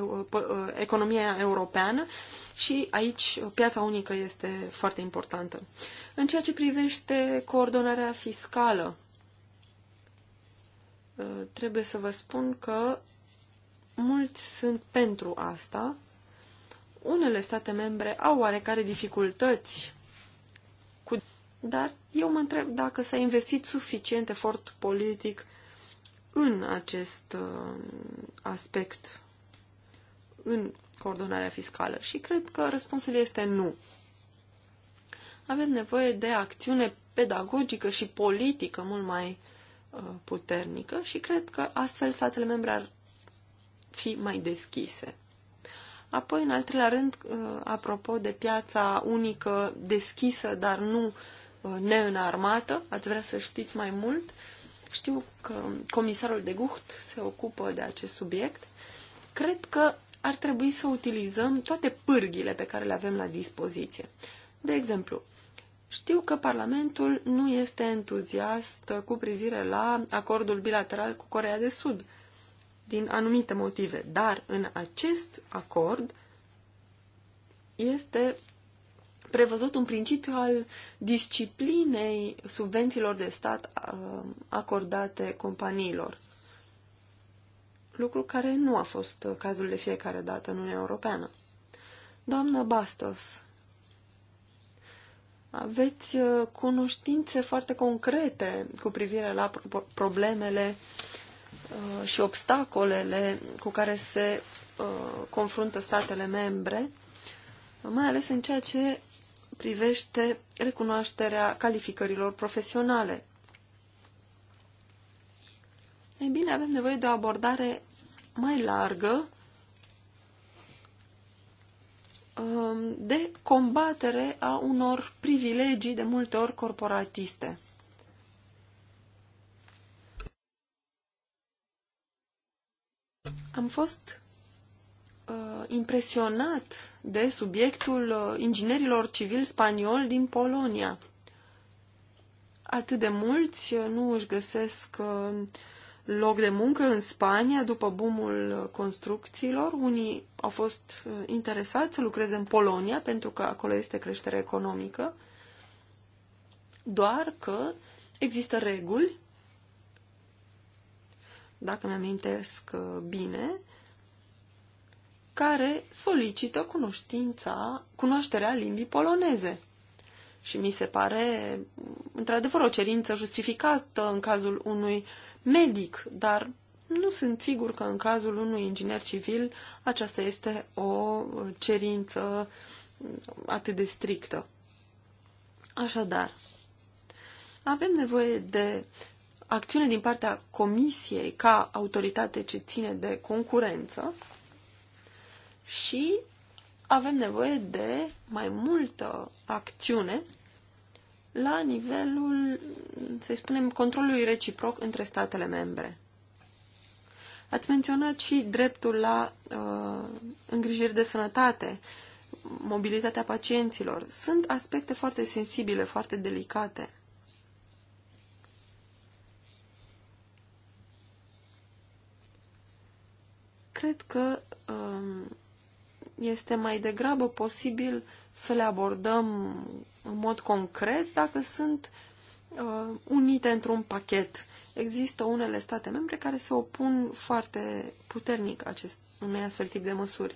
Speaker 3: uh, economia europeană și aici piața unică este foarte importantă. În ceea ce privește coordonarea fiscală, uh, trebuie să vă spun că mulți sunt pentru asta. Unele state membre au oarecare dificultăți, cu... dar eu mă întreb dacă s-a investit suficient efort politic în acest uh, aspect, în coordonarea fiscală? Și cred că răspunsul este nu. Avem nevoie de acțiune pedagogică și politică mult mai uh, puternică și cred că astfel statele membre ar fi mai deschise. Apoi, în al treilea rând, uh, apropo de piața unică deschisă, dar nu uh, neînarmată, ați vrea să știți mai mult, știu că comisarul de Gucht se ocupă de acest subiect. Cred că ar trebui să utilizăm toate pârghile pe care le avem la dispoziție. De exemplu, știu că Parlamentul nu este entuziast cu privire la acordul bilateral cu Corea de Sud, din anumite motive, dar în acest acord este prevăzut un principiu al disciplinei subvențiilor de stat uh, acordate companiilor lucru care nu a fost uh, cazul de fiecare dată în Uniunea Europeană. Doamnă Bastos, aveți uh, cunoștințe foarte concrete cu privire la problemele uh, și obstacolele cu care se confruntă statele membre, mai ales în ceea ce privește recunoașterea calificărilor profesionale. Ei bine, avem nevoie de o abordare mai largă um, de combatere a unor privilegii de multe ori corporatiste. Am fost uh, impresionat de subiectul uh, inginerilor civili spanioli din Polonia. Atât de mulți uh, nu își găsesc uh, loc de muncă în Spania după boomul construcțiilor. Unii au fost uh, interesați să lucreze în Polonia pentru că acolo este creștere economică, doar că există reguli, dacă mi-amintesc uh, bine, care solicită cunoștința, cunoașterea limbii poloneze. Și mi se pare, într-adevăr, o cerință justificată în cazul unui medic, dar nu sunt sigur că în cazul unui inginer civil aceasta este o cerință atât de strictă. Așadar, avem nevoie de acțiune din partea Comisiei ca autoritate ce ține de concurență și avem nevoie de mai multă acțiune la nivelul, să spunem, controlului reciproc între statele membre. Ați menționat și dreptul la uh, îngrijiri de sănătate, mobilitatea pacienților. Sunt aspecte foarte sensibile, foarte delicate. Cred că uh, este mai degrabă posibil uh, să le abordăm în mod concret dacă sunt uh, unite într-un pachet. Există unele state membre care se opun foarte puternic acest, unui astfel tip de măsuri.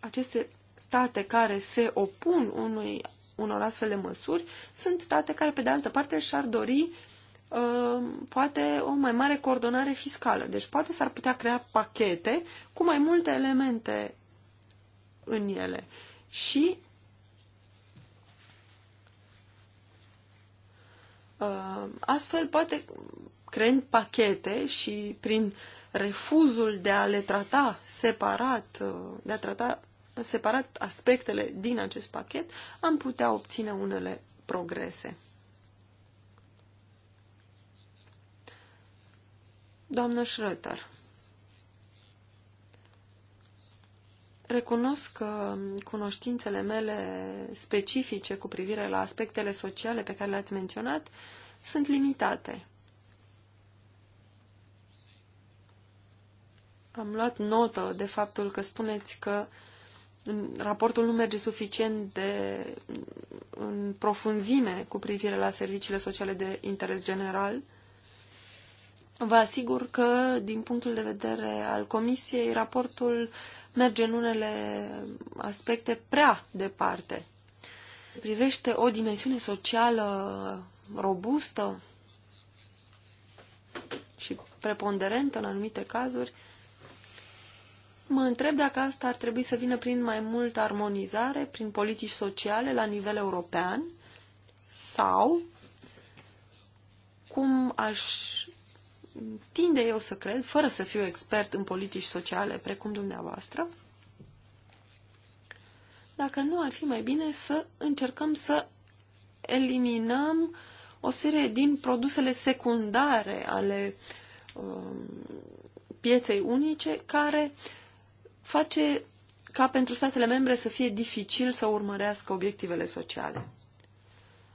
Speaker 3: Aceste state care se opun unui, unor astfel de măsuri sunt state care, pe de altă parte, și-ar dori uh, poate o mai mare coordonare fiscală. Deci poate s-ar putea crea pachete cu mai multe elemente în ele și uh, astfel poate creând pachete și prin refuzul de a le trata separat, uh, de a trata separat aspectele din acest pachet, am putea obține unele progrese. Doamnă Schröter, Recunosc că um, cunoștințele mele specifice cu privire la aspectele sociale pe care le-ați menționat sunt limitate. Am luat notă de faptul că spuneți că raportul nu merge suficient de în profunzime cu privire la serviciile sociale de interes general Vă asigur că, din punctul de vedere al Comisiei, raportul merge în unele aspecte prea departe. Privește o dimensiune socială robustă și preponderentă în anumite cazuri, mă întreb dacă asta ar trebui să vină prin mai multă armonizare, prin politici sociale la nivel european sau cum aș tinde eu să cred, fără să fiu expert în politici sociale precum dumneavoastră, dacă nu ar fi mai bine să încercăm să eliminăm o serie din produsele secundare ale um, pieței unice care face ca pentru statele membre să fie dificil să urmărească obiectivele sociale.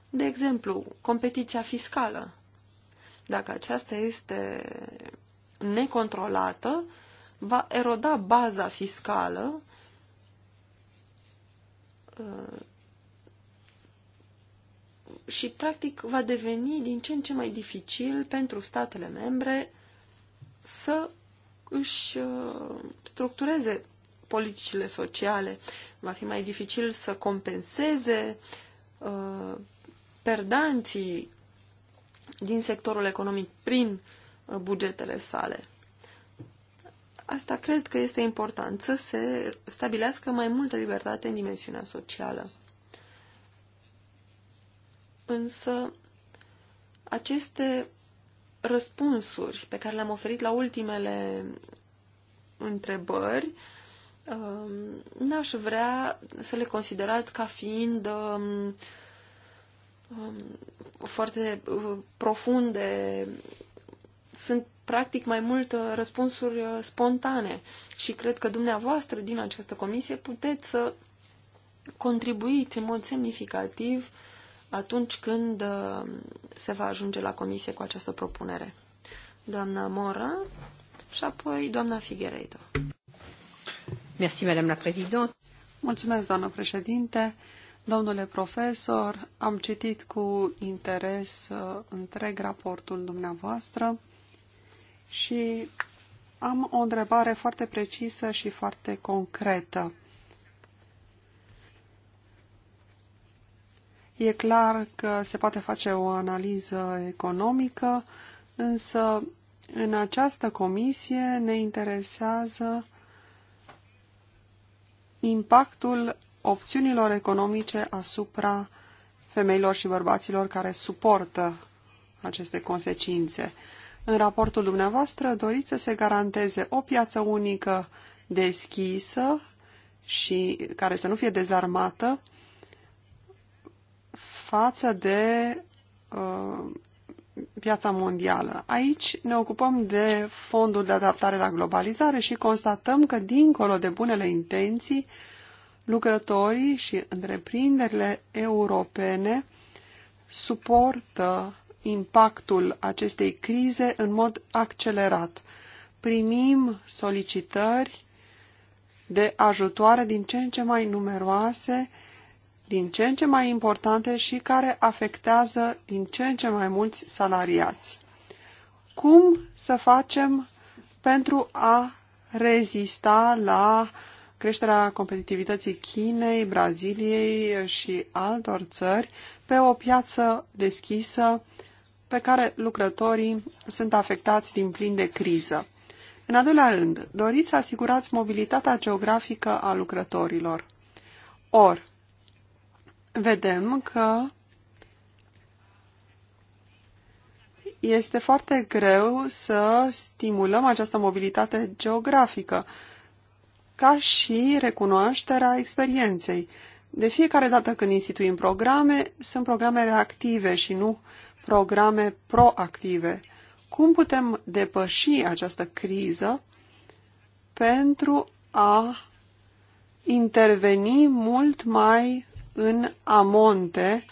Speaker 3: De exemplu, competiția fiscală. Dacă aceasta este necontrolată, va eroda baza fiscală uh, și, practic, va deveni din ce în ce mai dificil pentru statele membre să își uh, structureze politicile sociale. Va fi mai dificil să compenseze uh, perdanții din sectorul economic prin uh, bugetele sale. Asta cred că este important, să se stabilească mai multă libertate în dimensiunea socială. Însă, aceste răspunsuri pe care le-am oferit la ultimele întrebări, um, n-aș vrea să le considerați ca fiind um, Um, foarte uh, profunde. Sunt practic mai mult uh, răspunsuri uh, spontane și cred că dumneavoastră din această comisie puteți să contribuiți în mod semnificativ atunci când se va ajunge la comisie cu această propunere. Doamna Mora și apoi doamna Figueiredo. Mulțumesc, doamnă președinte. Domnule profesor,
Speaker 2: am citit cu interes uh, întreg raportul dumneavoastră și am o întrebare foarte precisă și foarte concretă. E clar că se poate face o analiză economică, însă în această comisie ne interesează impactul opțiunilor economice asupra femeilor și bărbaților care suportă aceste consecințe. În raportul dumneavoastră doriți să se garanteze o piață unică deschisă și care să nu fie dezarmată față de uh, piața mondială. Aici ne ocupăm de fondul de adaptare la globalizare și constatăm că, dincolo de bunele intenții, uh, lucrătorii și întreprinderile europene suportă impactul acestei crize în mod accelerat. Primim solicitări de ajutoare din ce în ce mai numeroase, din ce în ce mai importante și care afectează din ce în ce mai mulți salariați. Cum să facem pentru a rezista la uh, creșterea competitivității Chinei, Braziliei și altor țări pe o piață deschisă pe care lucrătorii sunt afectați din plin de criză. În al doilea rând, doriți să asigurați mobilitatea geografică a lucrătorilor. Or, vedem că este foarte greu să stimulăm această mobilitate geografică ca și recunoașterea experienței. De fiecare dată când instituim programe, sunt programe reactive și nu programe proactive. Cum putem depăși această criză pentru a interveni mult mai în amonte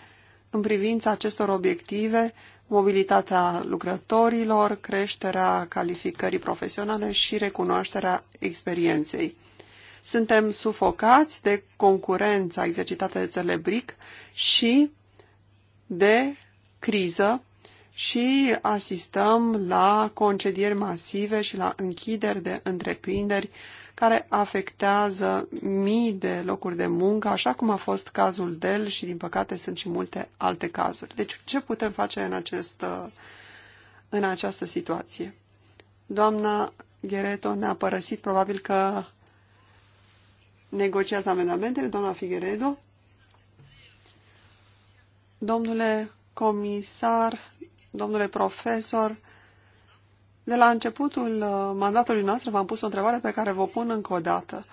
Speaker 2: în privința acestor obiective, mobilitatea lucrătorilor, creșterea calificării profesionale și recunoașterea experienței. Suntem sufocați de concurența exercitată de țările BRIC și de criză și asistăm la concedieri masive și la închideri de întreprinderi care afectează mii de locuri de muncă, așa cum a fost cazul Dell și, din păcate, sunt și multe alte cazuri. Deci, ce putem face în, acest, în această situație? Doamna Ghereto ne-a părăsit, probabil că negociază amendamentele, doamna Figueredo. Domnule comisar, domnule profesor, de la începutul uh, mandatului nostru v-am pus o întrebare pe care vă pun încă o dată.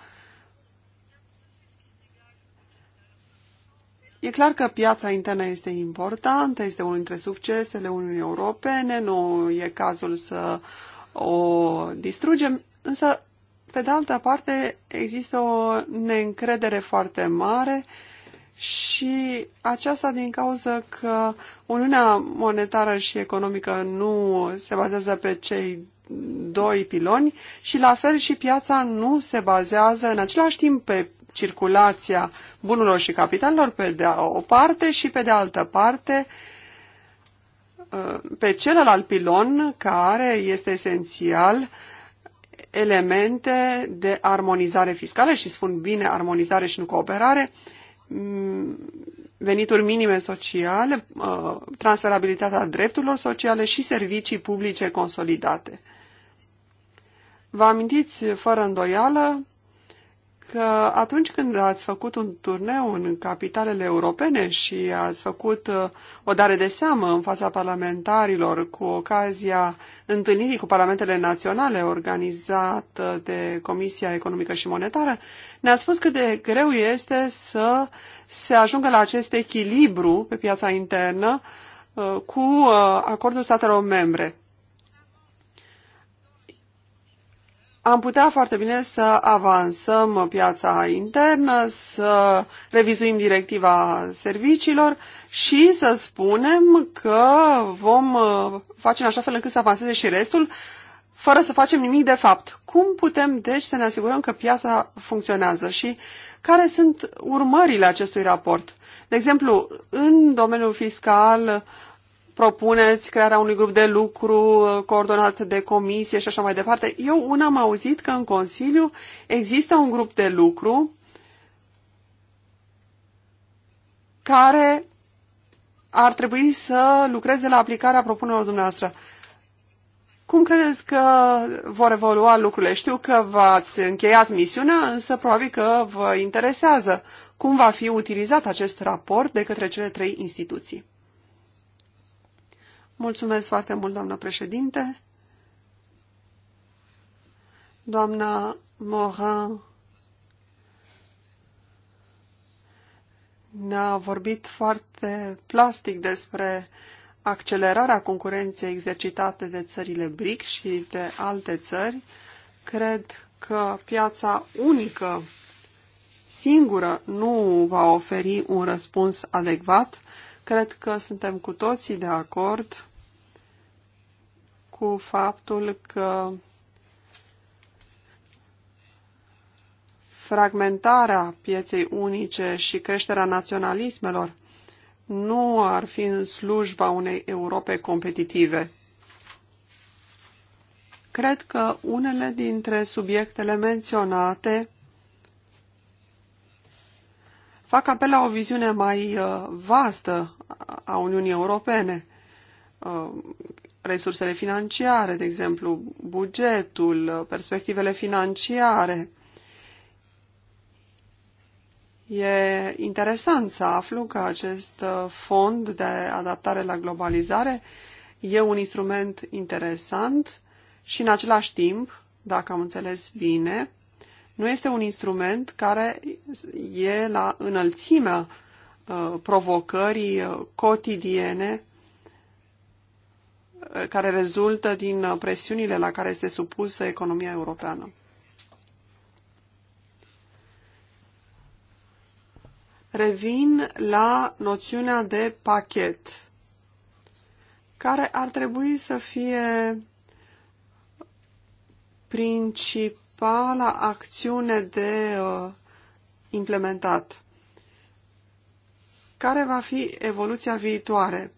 Speaker 2: E clar că piața internă este importantă, este unul dintre succesele Uniunii Europene, nu e cazul să o distrugem, însă pe de altă parte, există o neîncredere foarte mare și aceasta din cauza că Uniunea Monetară și Economică nu se bazează pe cei doi piloni și la fel și piața nu se bazează în același timp pe circulația bunurilor și capitalelor pe de o parte și pe de altă parte uh, pe celălalt pilon care este esențial uh, elemente de armonizare fiscală și spun bine armonizare și nu cooperare, venituri minime sociale, uh, transferabilitatea drepturilor sociale și servicii publice consolidate. Vă amintiți fără îndoială că atunci când ați făcut un turneu în capitalele europene și ați făcut uh, o dare de seamă în fața parlamentarilor cu ocazia întâlnirii cu parlamentele naționale organizată de Comisia Economică și Monetară, ne-ați spus cât de greu este să se ajungă la acest echilibru pe piața internă uh, cu uh, acordul statelor membre. am putea foarte bine să avansăm piața internă, să revizuim directiva serviciilor și să spunem că vom uh, face în așa fel încât să avanseze și restul, fără să facem nimic de fapt. Cum putem, deci, să ne asigurăm că piața funcționează și care sunt urmările acestui raport? De exemplu, în domeniul fiscal, propuneți crearea unui grup de lucru uh, coordonat de comisie și așa mai departe. Eu una am auzit că în Consiliu există un grup de lucru care ar trebui să lucreze la aplicarea propunerilor dumneavoastră. Cum credeți că vor evolua lucrurile? Știu că v-ați încheiat misiunea, însă probabil că vă interesează cum va fi utilizat acest raport de către cele trei instituții. Mulțumesc foarte mult, doamnă președinte. Doamna Morin ne-a vorbit foarte plastic despre accelerarea concurenței exercitate de țările BRIC și de alte țări. Cred că piața unică singură nu va oferi un răspuns adecvat. Cred că suntem cu toții de acord cu faptul că fragmentarea pieței unice și creșterea naționalismelor nu ar fi în slujba unei Europe competitive. Cred că unele dintre subiectele menționate fac apel la o viziune mai uh, vastă a Uniunii Europene. Uh, resursele financiare, de exemplu, bugetul, uh, perspectivele financiare. E interesant să aflu că acest fond de adaptare la globalizare e un instrument interesant și în același timp, dacă am înțeles bine, nu este un instrument care e la înălțimea uh, provocării uh, cotidiene uh, care rezultă din presiunile la care este supusă economia europeană. Revin la noțiunea de pachet, care ar trebui să fie princip principala acțiune de uh, implementat? Care va fi evoluția viitoare?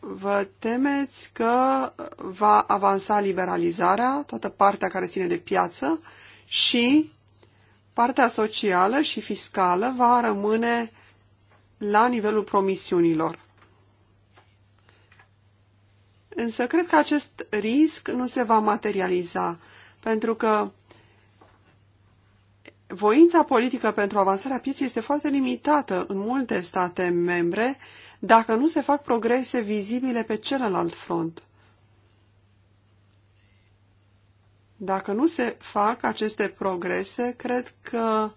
Speaker 2: Vă temeți că va avansa liberalizarea, toată partea care ține de piață și partea socială și fiscală va rămâne la nivelul promisiunilor. Însă cred că acest risc nu se va materializa pentru că voința politică pentru avansarea pieței este foarte limitată în multe state membre dacă nu se fac progrese vizibile pe celălalt front. Dacă nu se fac aceste progrese, cred că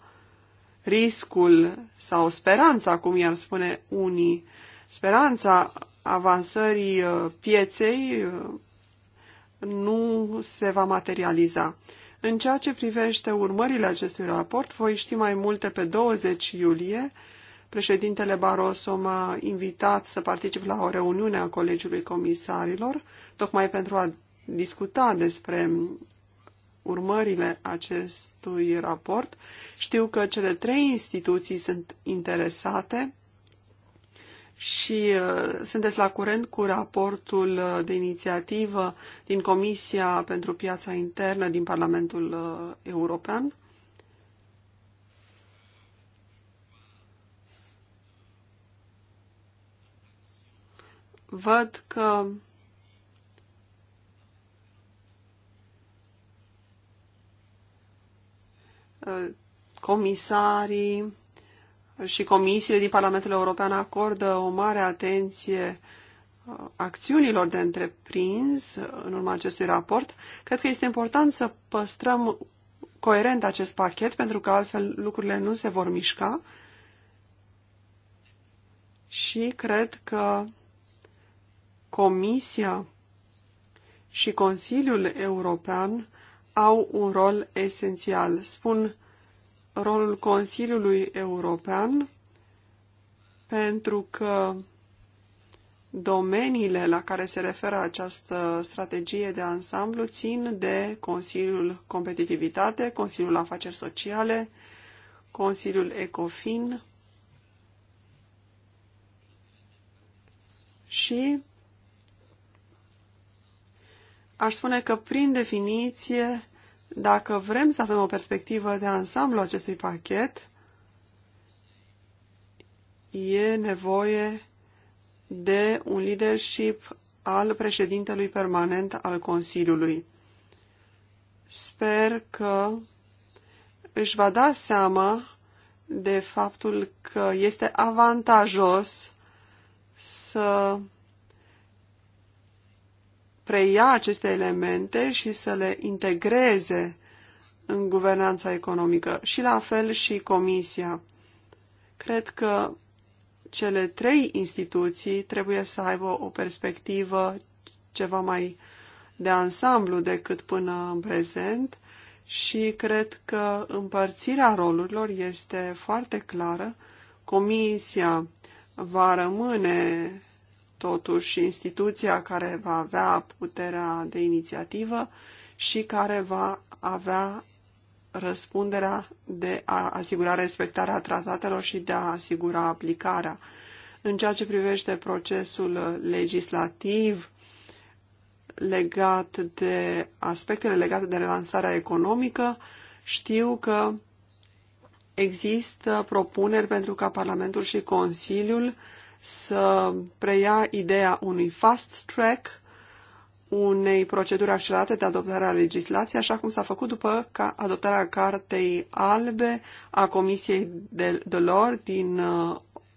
Speaker 2: riscul sau speranța, cum i-ar spune unii, speranța avansării uh, pieței uh, nu se va materializa. În ceea ce privește urmările acestui raport, voi ști mai multe pe 20 iulie. Președintele Barroso m-a invitat să particip la o reuniune a Colegiului Comisarilor, tocmai pentru a discuta despre urmările acestui raport. Știu că cele trei instituții sunt interesate și uh, sunteți la curent cu raportul uh, de inițiativă din Comisia pentru Piața Internă din Parlamentul uh, European? Văd că comisarii și comisiile din Parlamentul European acordă o mare atenție uh, acțiunilor de întreprins uh, în urma acestui raport, cred că este important să păstrăm coerent acest pachet, pentru că altfel lucrurile nu se vor mișca și cred că Comisia și Consiliul European au un rol esențial. Spun rolul Consiliului European pentru că domeniile la care se referă această strategie de ansamblu țin de Consiliul Competitivitate, Consiliul Afaceri Sociale, Consiliul Ecofin și aș spune că prin definiție dacă vrem să avem o perspectivă de ansamblu acestui pachet, e nevoie de un leadership al președintelui permanent al Consiliului. Sper că își va da seama de faptul că este avantajos să preia aceste elemente și să le integreze în guvernanța economică și la fel și Comisia. Cred că cele trei instituții trebuie să aibă o perspectivă ceva mai de ansamblu decât până în prezent și cred că împărțirea rolurilor este foarte clară. Comisia va rămâne totuși instituția care va avea puterea de inițiativă și care va avea răspunderea de a asigura respectarea tratatelor și de a asigura aplicarea. În ceea ce privește procesul legislativ legat de aspectele legate de relansarea economică, știu că există propuneri pentru ca Parlamentul și Consiliul să preia ideea unui fast track, unei proceduri accelerate de adoptare a legislației, așa cum s-a făcut după adoptarea Cartei Albe a Comisiei de, de lor din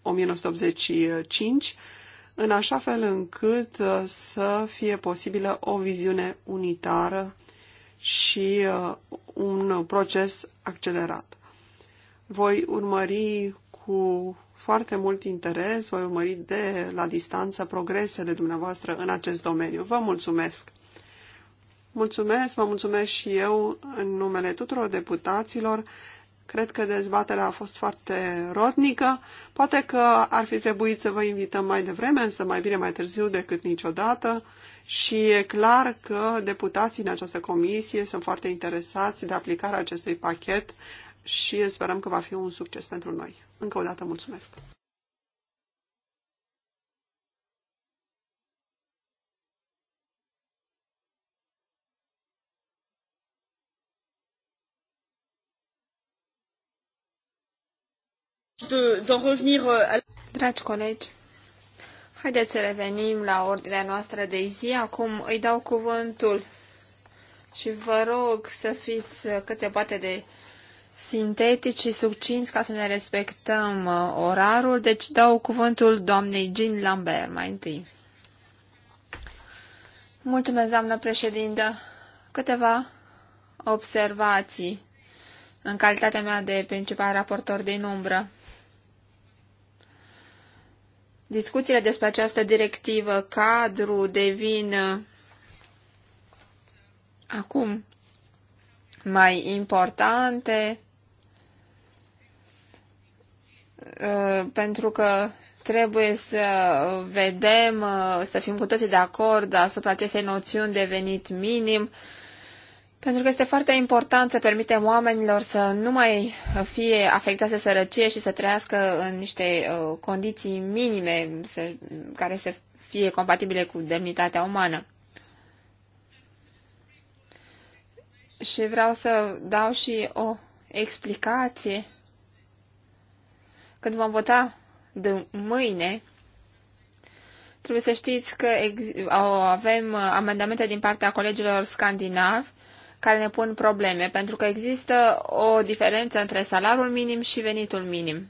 Speaker 2: 1985, uh, în așa fel încât uh, să fie posibilă o viziune unitară și uh, un proces accelerat. Voi urmări cu foarte mult interes, voi urmări de la distanță progresele dumneavoastră în acest domeniu. Vă mulțumesc! Mulțumesc, vă mulțumesc și eu în numele tuturor deputaților. Cred că dezbaterea a fost foarte rotnică. Poate că ar fi trebuit să vă invităm mai devreme, însă mai bine mai târziu decât niciodată. Și e clar că deputații în această comisie sunt foarte interesați de aplicarea acestui pachet și sperăm că va fi un succes pentru noi. Încă o dată mulțumesc!
Speaker 1: d'en revenir uh, à... Dragi colegi, haideți să revenim la ordinea noastră de zi. Acum îi dau cuvântul și vă rog să fiți cât se poate de sintetici și succinți ca să ne respectăm uh, orarul, deci dau cuvântul doamnei Jean Lambert mai întâi. Mulțumesc, doamnă președintă. Câteva observații în calitatea mea de principal raportor din umbră. Discuțiile despre această directivă cadru devin uh, acum mai importante Uh, pentru că trebuie să vedem, uh, să fim cu toții de acord asupra acestei noțiuni de venit minim, pentru că este foarte important să permitem oamenilor să nu mai fie afectați de sărăcie și să trăiască în niște uh, condiții minime care să fie compatibile cu demnitatea umană. Și vreau să dau și o explicație când vom vota de mâine, trebuie să știți că avem uh, amendamente din partea colegilor scandinavi care ne pun probleme, pentru că există o diferență între salariul minim și venitul minim.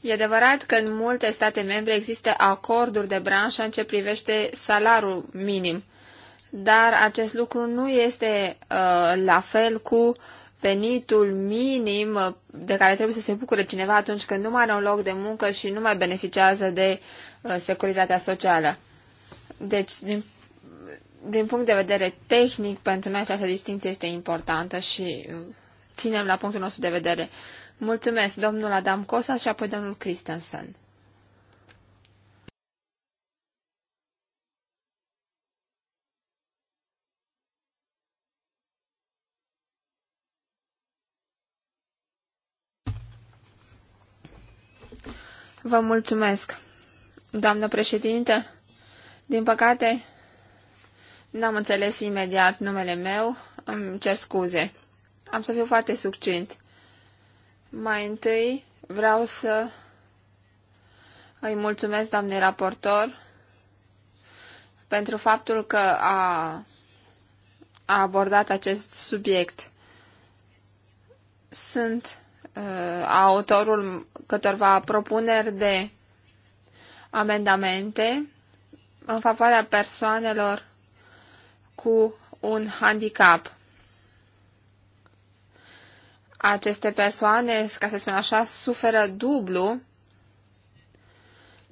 Speaker 1: E adevărat că în multe state membre există acorduri de branșă în ce privește salariul minim, dar acest lucru nu este uh, la fel cu venitul minim uh, de care trebuie să se bucure cineva atunci când nu mai are un loc de muncă și nu mai beneficiază de uh, securitatea socială. Deci, din, din punct de vedere tehnic, pentru noi această distinție este importantă și uh, ținem la punctul nostru de vedere. Mulțumesc, domnul Adam Cosa și apoi domnul Christensen. Vă mulțumesc, doamnă președinte. Din păcate, n-am înțeles imediat numele meu. Îmi cer scuze. Am să fiu foarte succint. Mai întâi vreau să îi mulțumesc, doamnei raportor, pentru faptul că a, a abordat acest subiect. Sunt Uh, autorul câtorva propuneri de amendamente în favoarea persoanelor cu un handicap. Aceste persoane, ca să spun așa, suferă dublu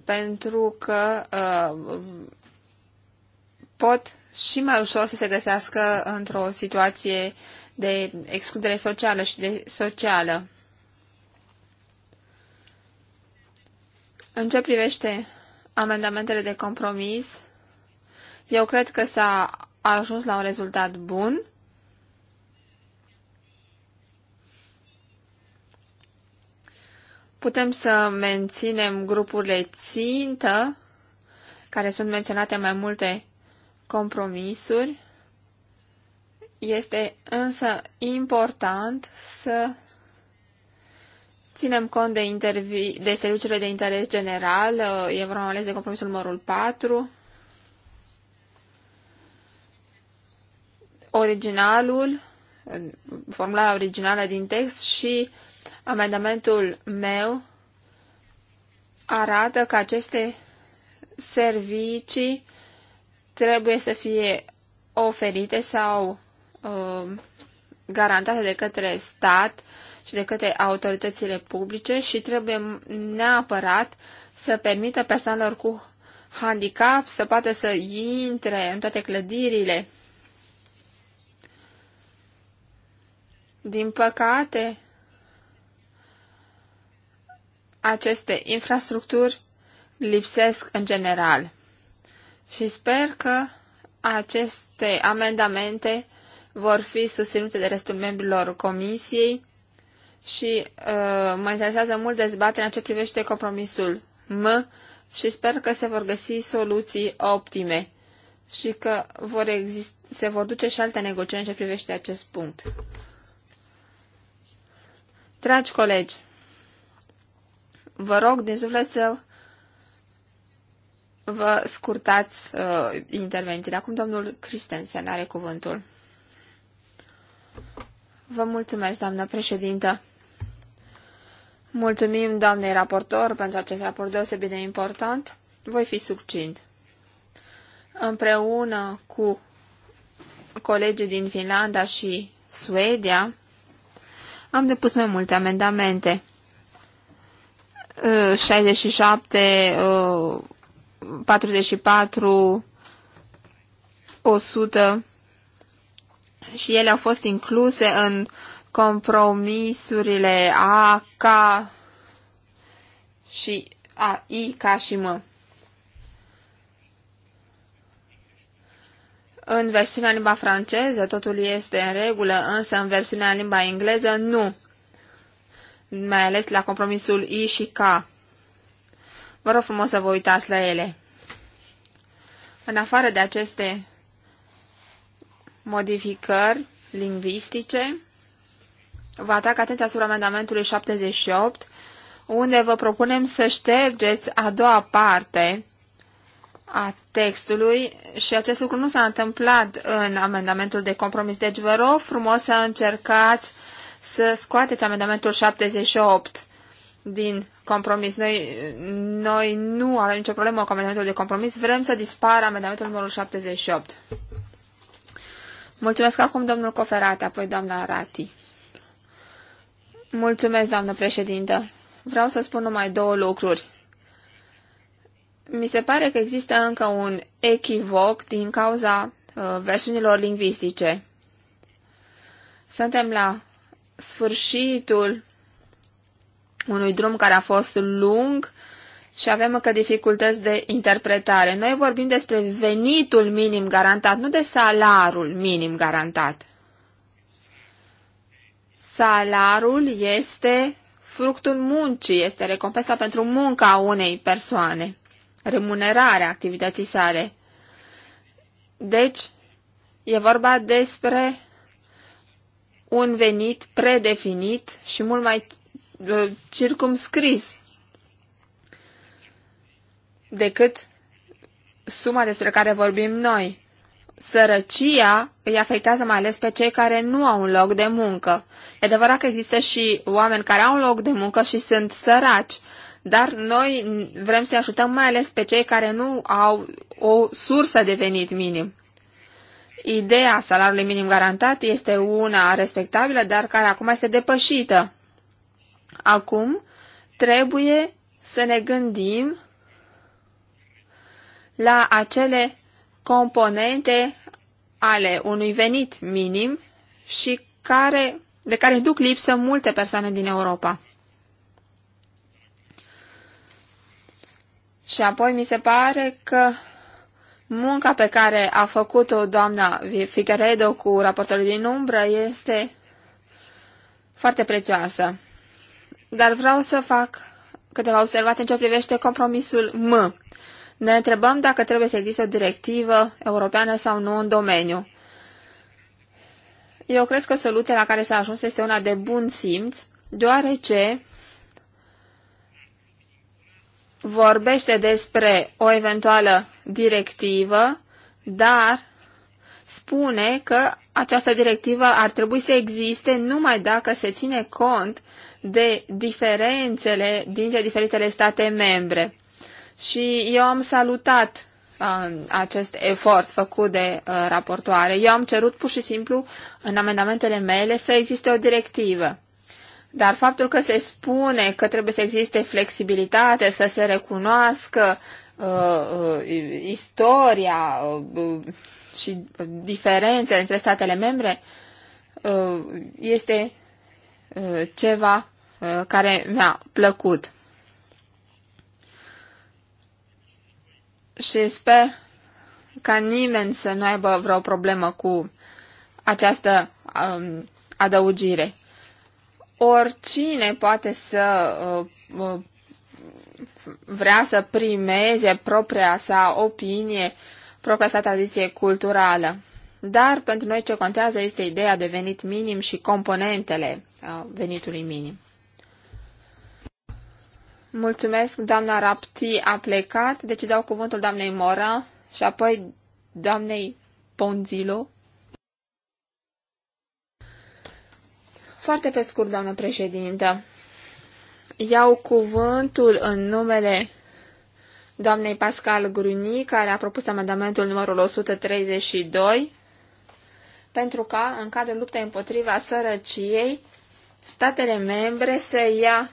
Speaker 1: pentru că uh, pot și mai ușor să se găsească într-o situație de excludere socială și de socială. În ce privește amendamentele de compromis, eu cred că s-a ajuns la un rezultat bun. Putem să menținem grupurile țintă, care sunt menționate mai multe compromisuri. Este însă important să Ținem cont de, intervi- de serviciile de interes general, e vorba ales de compromisul numărul 4. Originalul, formularea originală din text și amendamentul meu arată că aceste servicii trebuie să fie oferite sau uh, garantate de către stat uh, și de către autoritățile publice și trebuie neapărat să permită persoanelor cu handicap să poată să intre în toate clădirile. Din păcate, aceste infrastructuri lipsesc în general. Și sper că aceste amendamente vor fi susținute de restul membrilor comisiei și uh, mă interesează mult dezbaterea ce privește compromisul M și sper că se vor găsi soluții optime și că vor exist- se vor duce și alte negocieri în ce privește acest punct. Dragi colegi, vă rog din suflet să vă scurtați uh, intervențiile. Acum domnul Christensen are cuvântul. Vă mulțumesc, doamnă președintă. Mulțumim doamnei raportor pentru acest raport deosebit de important. Voi fi succint. Împreună cu colegii din Finlanda și Suedia, am depus mai multe amendamente. 67, 44, 100 și ele au fost incluse în uh, compromisurile A, K și A, I, K și M. În versiunea limba franceză totul este în regulă, însă în versiunea limba engleză nu. Mai ales la compromisul I și K. Vă rog frumos să vă uitați la ele. În afară de aceste modificări lingvistice, vă atrag atenția asupra amendamentului 78, unde vă propunem să ștergeți a doua parte a textului și acest lucru nu s-a întâmplat în amendamentul de compromis. Deci vă rog frumos să încercați să scoateți amendamentul 78 din compromis. Noi, noi nu avem nicio problemă cu amendamentul de compromis, vrem să dispară amendamentul numărul 78. Mulțumesc acum domnul Coferate, apoi doamna Rati. Mulțumesc, doamnă președintă. Vreau să spun numai două lucruri. Mi se pare că există încă un echivoc din cauza uh, versiunilor lingvistice. Suntem la sfârșitul unui drum care a fost lung și avem încă dificultăți de interpretare. Noi vorbim despre venitul minim garantat, nu de salarul minim garantat. Salarul este fructul muncii, este recompensa pentru munca unei persoane, remunerarea activității sale. Deci, e vorba despre un venit predefinit și mult mai uh, circumscris decât suma despre care vorbim noi sărăcia îi afectează mai ales pe cei care nu au un loc de muncă. E adevărat că există și oameni care au un loc de muncă și sunt săraci, dar noi vrem să-i ajutăm mai ales pe cei care nu au o sursă de venit minim. Ideea salariului minim garantat este una respectabilă, dar care acum este depășită. Acum trebuie să ne gândim la acele componente ale unui venit minim și care, de care duc lipsă multe persoane din Europa. Și apoi mi se pare că munca pe care a făcut-o doamna Figueredo cu raportul din umbră este foarte prețioasă. Dar vreau să fac câteva observații în ce privește compromisul M. Ne întrebăm dacă trebuie să existe o directivă europeană sau nu în domeniu. Eu cred că soluția la care s-a ajuns este una de bun simț, deoarece vorbește despre o eventuală directivă, dar spune că această directivă ar trebui să existe numai dacă se ține cont de diferențele dintre diferitele state membre și eu am salutat uh, acest efort făcut de uh, raportoare. Eu am cerut pur și simplu în amendamentele mele să existe o directivă. Dar faptul că se spune că trebuie să existe flexibilitate, să se recunoască uh, uh, istoria uh, uh și diferențe între statele membre uh, este uh, ceva uh, care mi-a plăcut. și sper ca nimeni să nu aibă vreo problemă cu această um, adăugire. Oricine poate să uh, uh, vrea să primeze propria sa opinie, propria sa tradiție culturală. Dar pentru noi ce contează este ideea de venit minim și componentele uh, venitului minim. Mulțumesc, doamna Rapti a plecat, deci dau cuvântul doamnei Mora și apoi doamnei Ponzilo. Foarte pe scurt, doamnă președintă. Iau cuvântul în numele doamnei Pascal Gruni, care a propus amendamentul numărul 132, pentru ca, în cadrul luptei împotriva sărăciei, statele membre să ia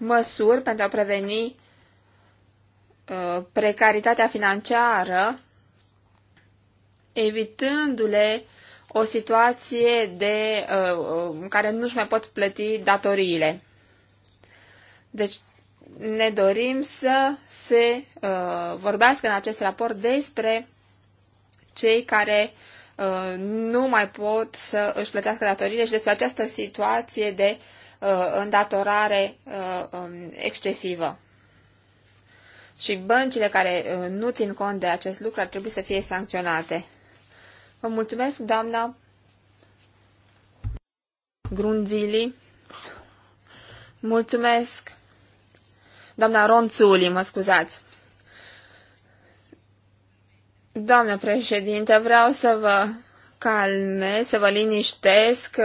Speaker 1: măsuri pentru a preveni uh, precaritatea financiară, evitându-le o situație de, uh, în care nu-și mai pot plăti datoriile. Deci ne dorim să se uh, vorbească în acest raport despre cei care uh, nu mai pot să își plătească datoriile și despre această situație de uh, Uh, îndatorare uh, um, excesivă. Și băncile care uh, nu țin cont de acest lucru ar trebui să fie sancționate. Vă mulțumesc, doamna Grunzili. Mulțumesc. Doamna Ronțuli, mă scuzați. Doamnă președinte, vreau să vă calmez, să vă liniștesc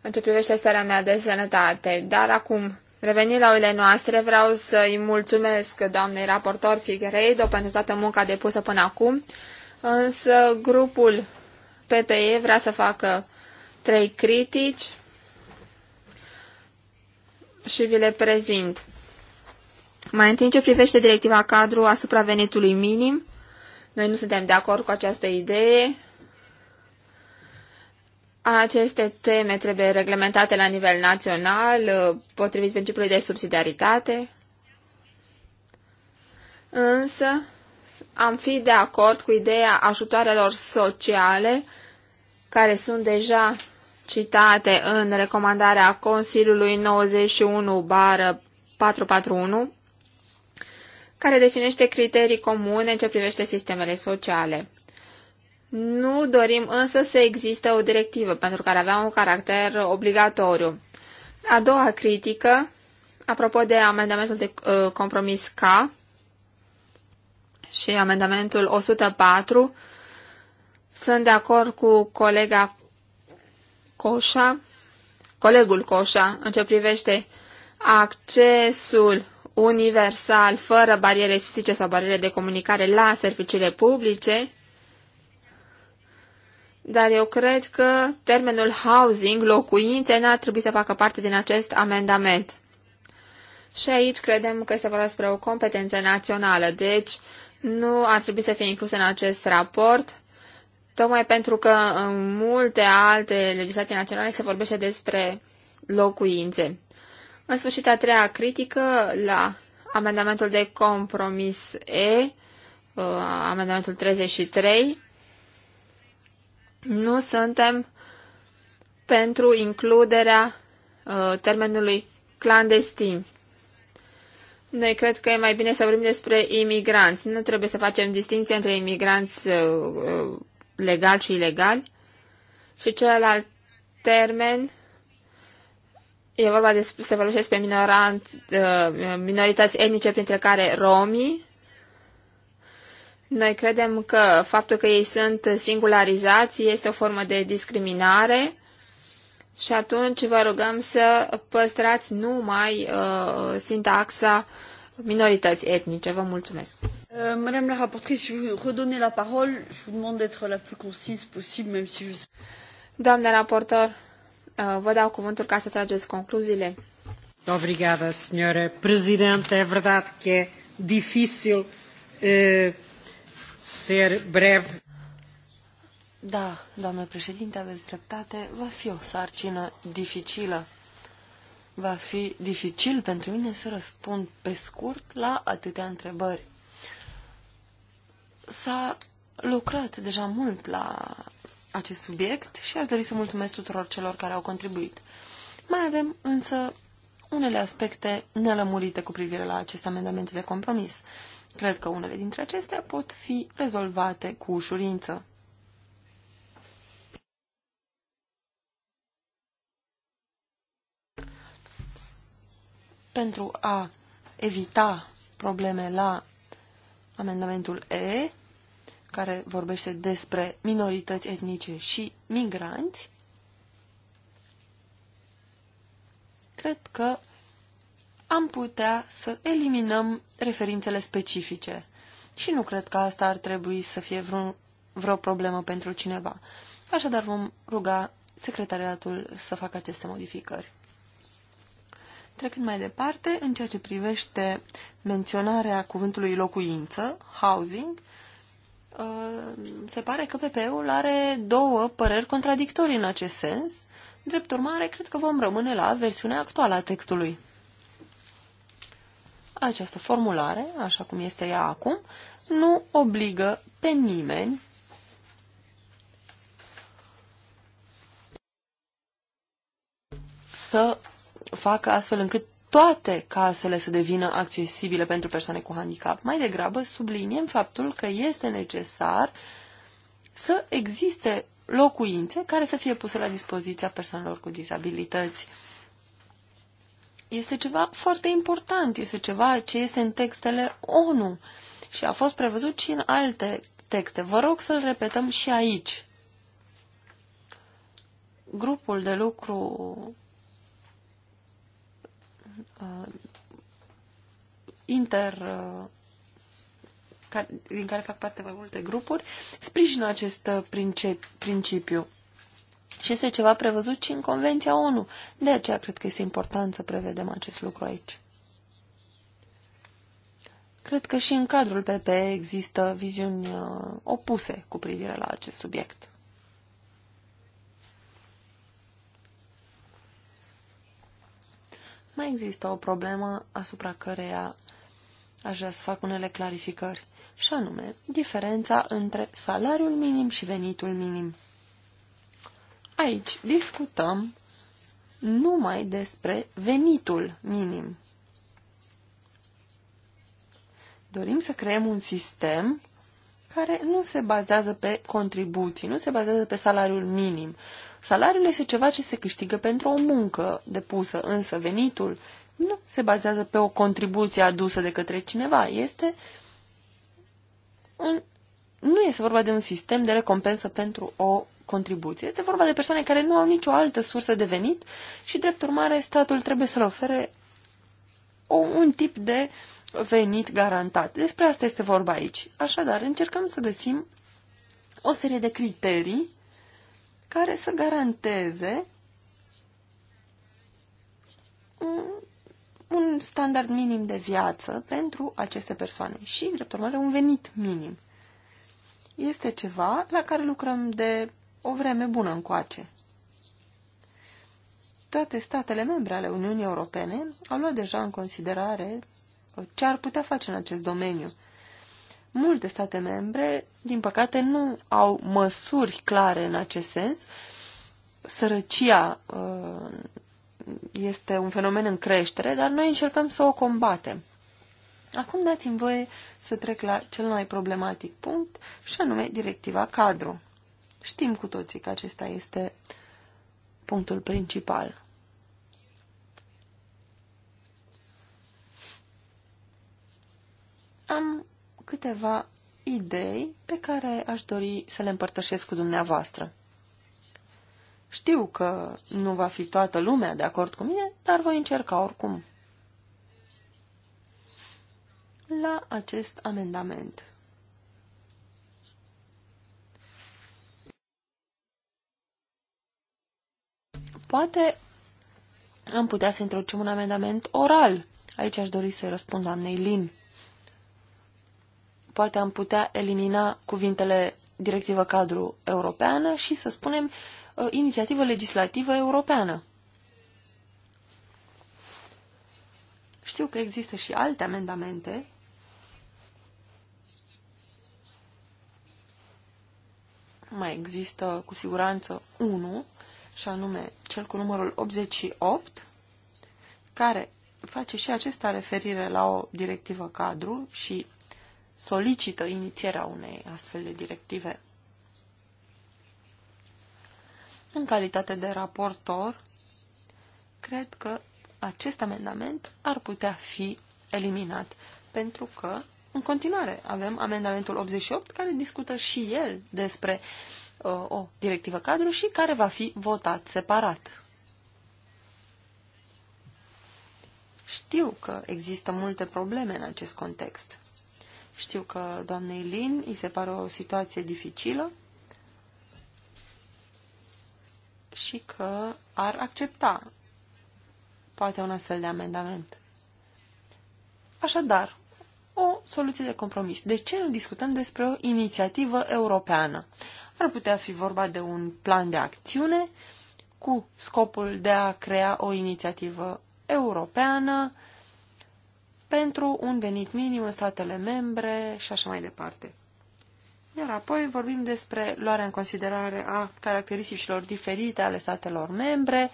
Speaker 1: în ce privește starea mea de sănătate. Dar acum, revenind la oile noastre, vreau să-i mulțumesc doamnei raportor Figueiredo pentru toată munca depusă până acum, însă grupul PPE vrea să facă trei critici și vi le prezint. Mai întâi ce privește directiva cadru asupra venitului minim, noi nu suntem de acord cu această idee, aceste teme trebuie reglementate la nivel național, uh, potrivit principiului de subsidiaritate. Însă, am fi de acord cu ideea ajutoarelor sociale, care sunt deja citate în recomandarea Consiliului 91 441, care definește criterii comune în ce privește sistemele sociale. Nu dorim însă să existe o directivă pentru care avea un caracter obligatoriu. A doua critică, apropo de amendamentul de uh, compromis K și amendamentul 104, sunt de acord cu colega Coșa, colegul Coșa, în ce privește accesul universal, fără bariere fizice sau bariere de comunicare la serviciile publice, dar eu cred că termenul housing, locuințe, n-ar trebui să facă parte din acest amendament. Și aici credem că este vorba despre o competență națională, deci nu ar trebui să fie inclus în acest raport, tocmai pentru că în multe alte legislații naționale se vorbește despre locuințe. În sfârșit, a treia critică la amendamentul de compromis E, uh, amendamentul 33, nu suntem pentru includerea uh, termenului clandestin. Noi cred că e mai bine să vorbim despre imigranți. Nu trebuie să facem distinție între imigranți uh, uh, legali și ilegali. Și celălalt termen e vorba despre, se vorbește despre uh, minorități etnice, printre care romii, noi credem că faptul că ei sunt singularizați este o formă de discriminare și atunci vă rugăm să păstrați numai uh, sintaxa minorități etnice. Vă mulțumesc. Uh,
Speaker 2: Madame la rapportrice, je redonner la parole. Je vous demande d'être la plus concise possible, même si je...
Speaker 1: Doamna raportor, uh, vă dau cuvântul ca să trageți concluziile. Obrigada,
Speaker 2: senhora Presidente. É verdade que é difícil eh, ser brev.
Speaker 3: Da, doamnă președinte, aveți dreptate. Va fi o sarcină dificilă. Va fi dificil pentru mine să răspund pe scurt la atâtea întrebări. S-a lucrat deja mult la acest subiect și aș dori să mulțumesc tuturor celor care au contribuit. Mai avem însă unele aspecte nelămurite cu privire la acest amendament de compromis. Cred că unele dintre acestea pot fi rezolvate cu ușurință. Pentru a evita probleme la amendamentul E, care vorbește despre minorități etnice și migranți, cred că am putea să eliminăm referințele specifice. Și nu cred că asta ar trebui să fie vreun, vreo problemă pentru cineva. Așadar vom ruga secretariatul să facă aceste modificări. Trecând mai departe, în ceea ce privește menționarea cuvântului locuință, housing, uh, se pare că PP-ul are două păreri contradictorii în acest sens. Drept urmare, cred că vom rămâne la versiunea actuală a textului. Această formulare, așa cum este ea acum, nu obligă pe nimeni să facă astfel încât toate casele să devină accesibile pentru persoane cu handicap. Mai degrabă subliniem faptul că este necesar să existe locuințe care să fie puse la dispoziția persoanelor cu dizabilități este ceva foarte important, este ceva ce este în textele ONU și a fost prevăzut și în alte texte. Vă rog să-l repetăm și aici. Grupul de lucru uh, inter uh, care, din care fac parte mai multe grupuri sprijină acest uh, princip, principiu. Și este ceva prevăzut și în Convenția ONU. De aceea cred că este important să prevedem acest lucru aici. Cred că și în cadrul PP există viziuni uh, opuse cu privire la acest subiect. Mai există o problemă asupra căreia aș vrea să fac unele clarificări, și anume diferența între salariul minim și venitul minim. Aici discutăm numai despre venitul minim. Dorim să creăm un sistem care nu se bazează pe contribuții, nu se bazează pe salariul minim. Salariul este ceva ce se câștigă pentru o muncă depusă, însă venitul nu se bazează pe o contribuție adusă de către cineva. Este un, nu este vorba de un sistem de recompensă pentru o contribuție. Este vorba de persoane care nu au nicio altă sursă de venit și, drept urmare, statul trebuie să le ofere o, un tip de venit garantat. Despre asta este vorba aici. Așadar, încercăm să găsim o serie de criterii care să garanteze un, un standard minim de viață pentru aceste persoane și, drept urmare, un venit minim. Este ceva la care lucrăm de o vreme bună încoace. Toate statele membre ale Uniunii Europene au luat deja în considerare uh, ce ar putea face în acest domeniu. Multe state membre, din păcate, nu au măsuri clare în acest sens. Sărăcia uh, este un fenomen în creștere, dar noi încercăm să o combatem. Acum dați-mi voie să trec la cel mai problematic punct, și anume directiva cadru. Știm cu toții că acesta este punctul principal. Am câteva idei pe care aș dori să le împărtășesc cu dumneavoastră. Știu că nu va fi toată lumea de acord cu mine, dar voi încerca oricum. La acest amendament. Poate am putea să introducem un amendament oral. Aici aș dori să-i răspund doamnei Lin. Poate am putea elimina cuvintele directivă cadru europeană și să spunem uh, inițiativă legislativă europeană. Știu că există și alte amendamente mai există cu siguranță unul și anume cel cu numărul 88, care face și acesta referire la o directivă cadru și solicită inițierea unei astfel de directive. În calitate de raportor, cred că acest amendament ar putea fi eliminat, pentru că, în continuare, avem amendamentul 88, care discută și el despre uh, Uh, o directivă cadru și care va fi votat separat. Știu că există multe probleme în acest context. Știu că doamnei Lin îi se pare o situație dificilă și că ar accepta poate un astfel de amendament. Așadar, o soluție de compromis. De ce nu discutăm despre o inițiativă europeană? Ar putea fi vorba de un plan de acțiune cu scopul de a crea o inițiativă europeană pentru un venit minim în statele membre și așa mai departe. Iar apoi vorbim despre luarea în considerare a caracteristicilor diferite ale statelor membre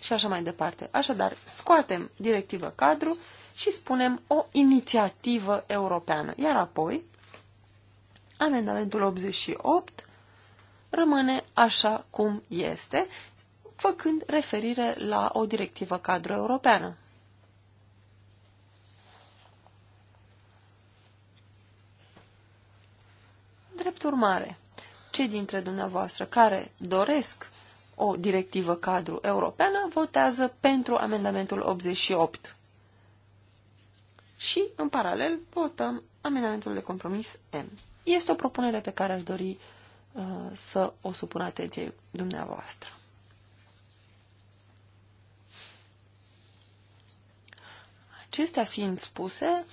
Speaker 3: și așa mai departe. Așadar, scoatem directivă cadru și spunem o inițiativă europeană. Iar apoi, amendamentul 88 rămâne așa cum este, făcând referire la o directivă cadru europeană. Drept urmare, cei dintre dumneavoastră care doresc o directivă cadru europeană votează pentru amendamentul 88 și, în paralel, votăm amendamentul de compromis M. Este o propunere pe care aș dori uh, să o supun atenției dumneavoastră. Acestea fiind spuse,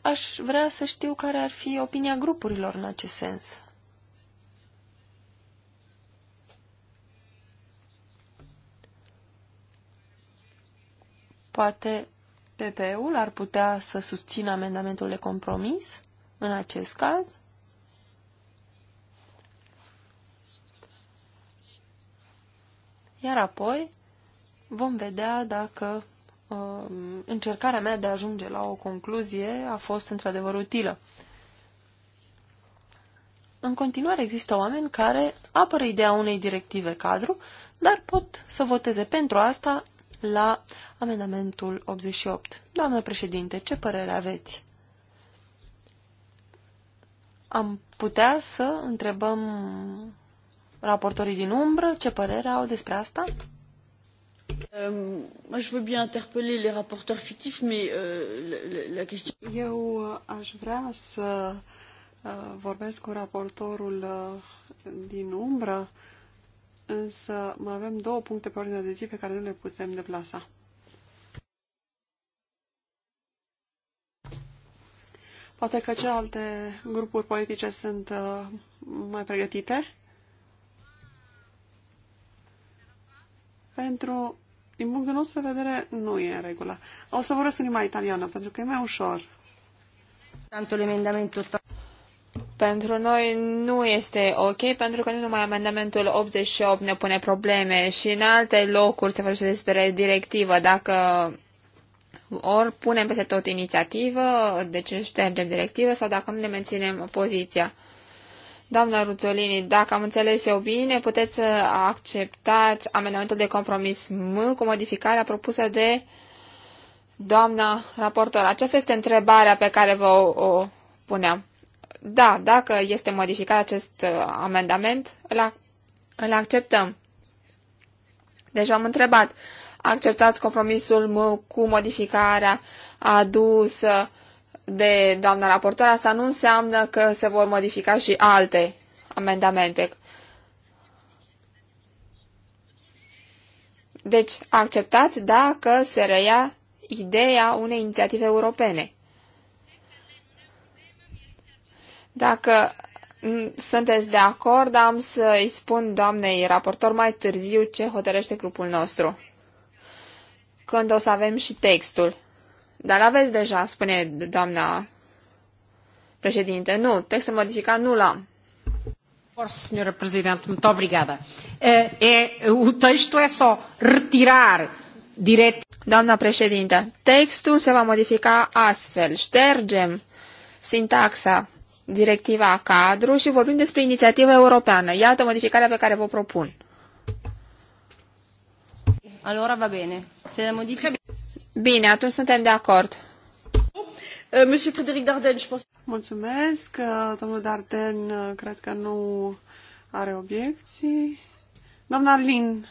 Speaker 3: aș vrea să știu care ar fi opinia grupurilor în acest sens. Poate PPE-ul ar putea să susțină amendamentul de compromis în acest caz? Iar apoi vom vedea dacă uh, încercarea mea de a ajunge la o concluzie a fost într-adevăr utilă. În continuare există oameni care apără ideea unei directive cadru, dar pot să voteze pentru asta la amendamentul 88. Doamnă președinte, ce părere aveți? Am putea să întrebăm raportorii din umbră ce părere au despre asta? Ehm, euh, Eu uh, aș vrea să uh,
Speaker 2: vorbesc cu raportorul uh, din umbră, însă mai avem două puncte pe ordinea de zi pe care nu le putem deplasa. Poate că celelalte grupuri politice sunt uh, mai pregătite. Pentru, din punctul nostru de vedere, nu e în regulă. O să vorbesc
Speaker 1: în limba italiană, pentru că e mai ușor. Tanto l'emendamento pentru noi nu este ok, pentru că nu numai amendamentul 88 ne pune probleme și în alte locuri se face despre directivă. Dacă ori punem peste tot inițiativă, deci ștergem directivă sau dacă nu ne menținem poziția. Doamna Ruțolini, dacă am înțeles eu bine, puteți să acceptați amendamentul de compromis M cu modificarea propusă de doamna raportor. Aceasta este întrebarea pe care vă o puneam da, dacă este modificat acest uh, amendament, îl, îl acceptăm. Deci am întrebat, acceptați compromisul cu modificarea adusă de doamna raportor? Asta nu înseamnă că se vor modifica și alte amendamente. Deci, acceptați dacă se reia ideea unei inițiative europene. Dacă mm, sunteți de acord, am să îi spun doamnei raportor mai târziu ce hotărăște grupul nostru. Când o să avem și textul. Dar l-aveți deja, spune doamna președinte. Nu, textul modificat nu l-am. Senhora Presidente, muito obrigada. É, é, o texto é só retirar direct... Doamna președinte, textul se va modifica astfel. Ștergem sintaxa directiva cadru și vorbim despre inițiativa europeană. Iată modificarea pe care vă propun. Alora va bine. Se modifică Bine, atunci suntem de acord. Euh, Monsieur Frédéric Dardenne, Mulțumesc, uh, domnul
Speaker 2: Darden, uh, cred că nu are obiecții. Doamna Lin,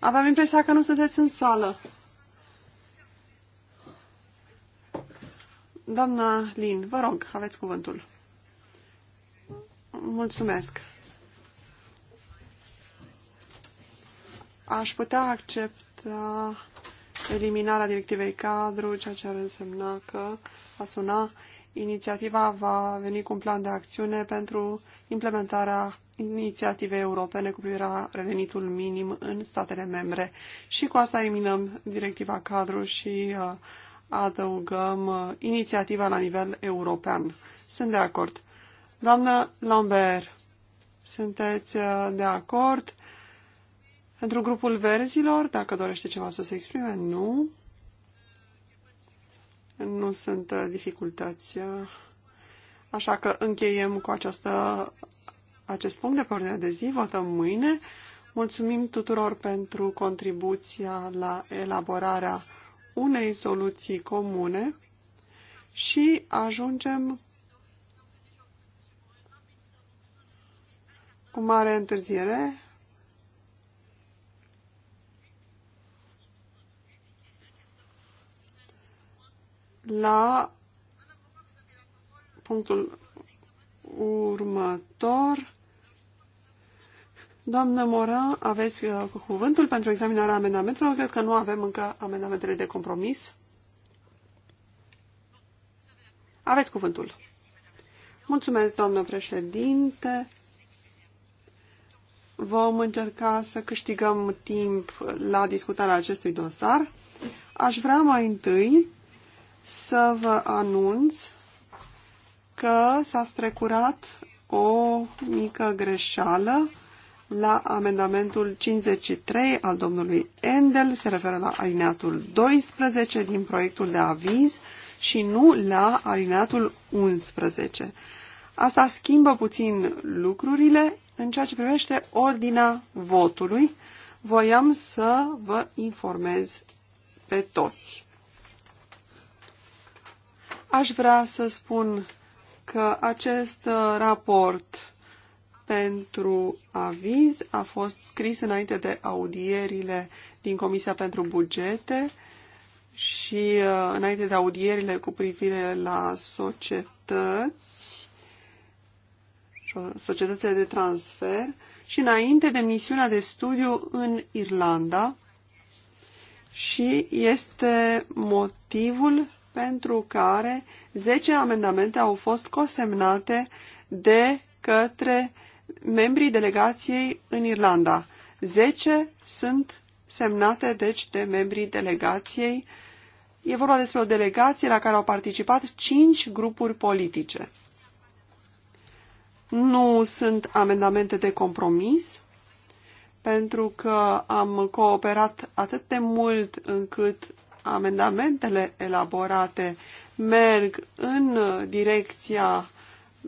Speaker 2: aveam impresia că nu sunteți în sală. Doamna Lin, vă rog, aveți cuvântul. Mulțumesc. Aș putea accepta eliminarea directivei cadru, ceea ce ar însemna că a suna inițiativa va veni cu un plan de acțiune pentru implementarea inițiativei europene cu privire la revenitul minim în statele membre și cu asta eliminăm directiva cadru și uh, adăugăm uh, inițiativa la nivel european. Sunt de acord. Doamnă Lambert, sunteți uh, de acord? Pentru grupul verzilor, dacă dorește ceva să se exprime, nu. Nu sunt uh, dificultăți. Așa că încheiem cu această, acest punct de pe ordinea de zi. Votăm mâine. Mulțumim tuturor pentru contribuția la elaborarea unei soluții comune și ajungem cu mare întârziere la punctul următor Doamnă Moran, aveți uh, cuvântul pentru examinarea amendamentelor. Cred că nu avem încă amendamentele de compromis. Aveți cuvântul. Mulțumesc, doamnă președinte. Vom încerca să câștigăm timp la discutarea acestui dosar. Aș vrea mai întâi să vă anunț că s-a strecurat o mică greșeală la amendamentul 53 al domnului Endel, se referă la alineatul 12 din proiectul de aviz și nu la alineatul 11. Asta schimbă puțin lucrurile în ceea ce privește ordinea votului. Voiam să vă informez pe toți. Aș vrea să spun că acest raport pentru aviz a fost scris înainte de audierile din Comisia pentru Bugete și uh, înainte de audierile cu privire la societăți, societățile de transfer și înainte de misiunea de studiu în Irlanda și este motivul pentru care 10 amendamente au fost cosemnate de către membrii delegației în Irlanda. zece sunt semnate, deci, de membrii delegației. E vorba despre o delegație la care au participat cinci grupuri politice. Nu sunt amendamente de compromis, pentru că am cooperat atât de mult încât amendamentele elaborate merg în direcția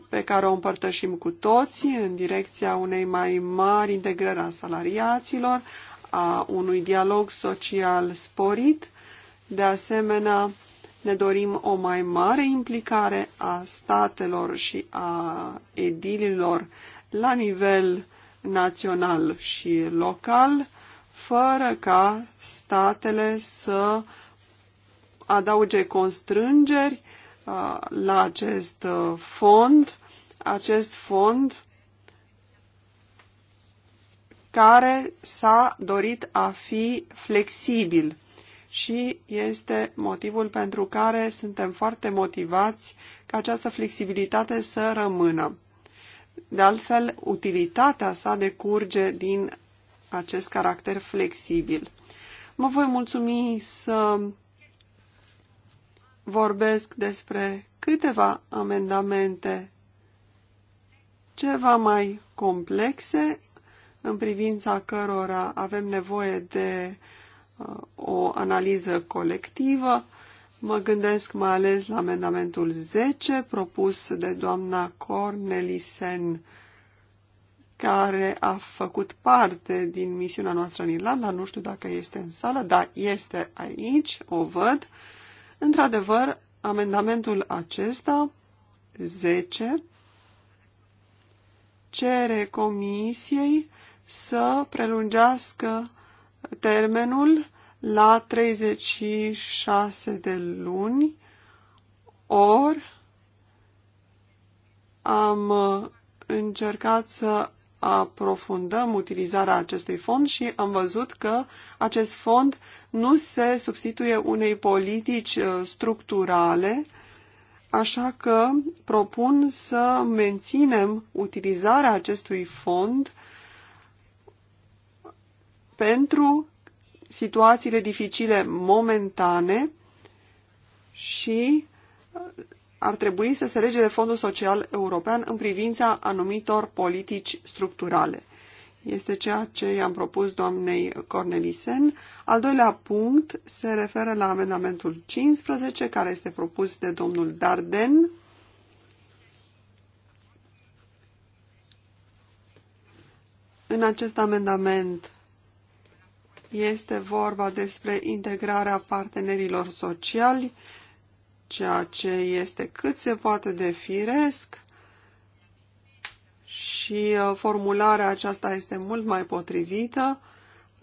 Speaker 2: pe care o împărtășim cu toții în direcția unei mai mari integrări a salariaților, a unui dialog social sporit. De asemenea, ne dorim o mai mare implicare a statelor și a edililor la nivel național și local, fără ca statele să adauge constrângeri Uh, la acest uh, fond, acest fond care s-a dorit a fi flexibil și este motivul pentru care suntem foarte motivați ca această flexibilitate să rămână. De altfel, utilitatea sa decurge din acest caracter flexibil. Mă voi mulțumi să vorbesc despre câteva amendamente ceva mai complexe în privința cărora avem nevoie de uh, o analiză colectivă. Mă gândesc mai ales la amendamentul 10 propus de doamna Cornelisen, care a făcut parte din misiunea noastră în Irlanda. Nu știu dacă este în sală, dar este aici, o văd. Uh, Într-adevăr, amendamentul acesta, 10, cere comisiei să prelungească termenul la 36 de luni, ori am încercat să aprofundăm utilizarea acestui fond și am văzut că acest fond nu se substituie unei politici uh, structurale, așa că propun să menținem utilizarea acestui fond pentru situațiile dificile momentane și uh, ar trebui să se lege de Fondul Social European în privința anumitor politici structurale. Este ceea ce i-am propus doamnei Cornelisen. Al doilea punct se referă la amendamentul 15, care este propus de domnul Darden. În acest amendament este vorba despre integrarea partenerilor sociali ceea ce este cât se poate de firesc și uh, formularea aceasta este mult mai potrivită.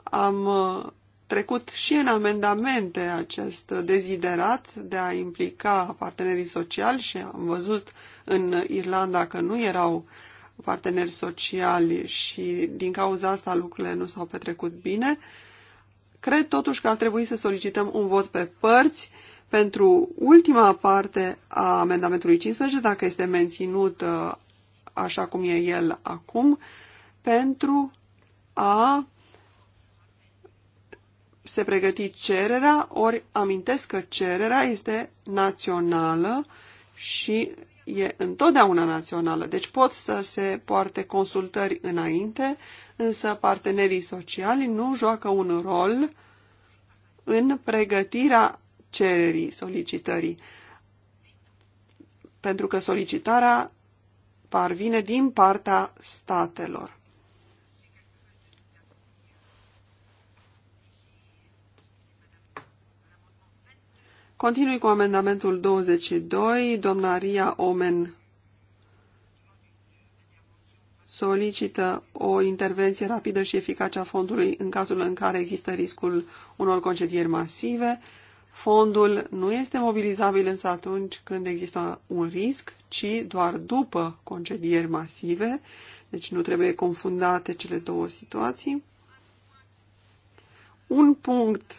Speaker 2: Am uh, trecut și în amendamente acest deziderat de a implica partenerii sociali și am văzut în Irlanda că nu erau parteneri sociali și din cauza asta lucrurile nu s-au petrecut bine. Cred totuși că ar trebui să solicităm un vot pe părți pentru ultima parte a amendamentului 15, dacă este menținut uh, așa cum e el acum, pentru a se pregăti cererea, ori amintesc că cererea este națională și e întotdeauna națională. Deci pot să se poarte consultări înainte, însă partenerii sociali nu joacă un rol în pregătirea cererii, solicitării. Pentru că solicitarea parvine din partea statelor. Continui cu amendamentul 22. Doamna Ria Omen solicită o intervenție rapidă și eficace a fondului în cazul în care există riscul unor concedieri masive. Fondul nu este mobilizabil însă atunci când există un risc, ci doar după concedieri masive, deci nu trebuie confundate cele două situații. Un punct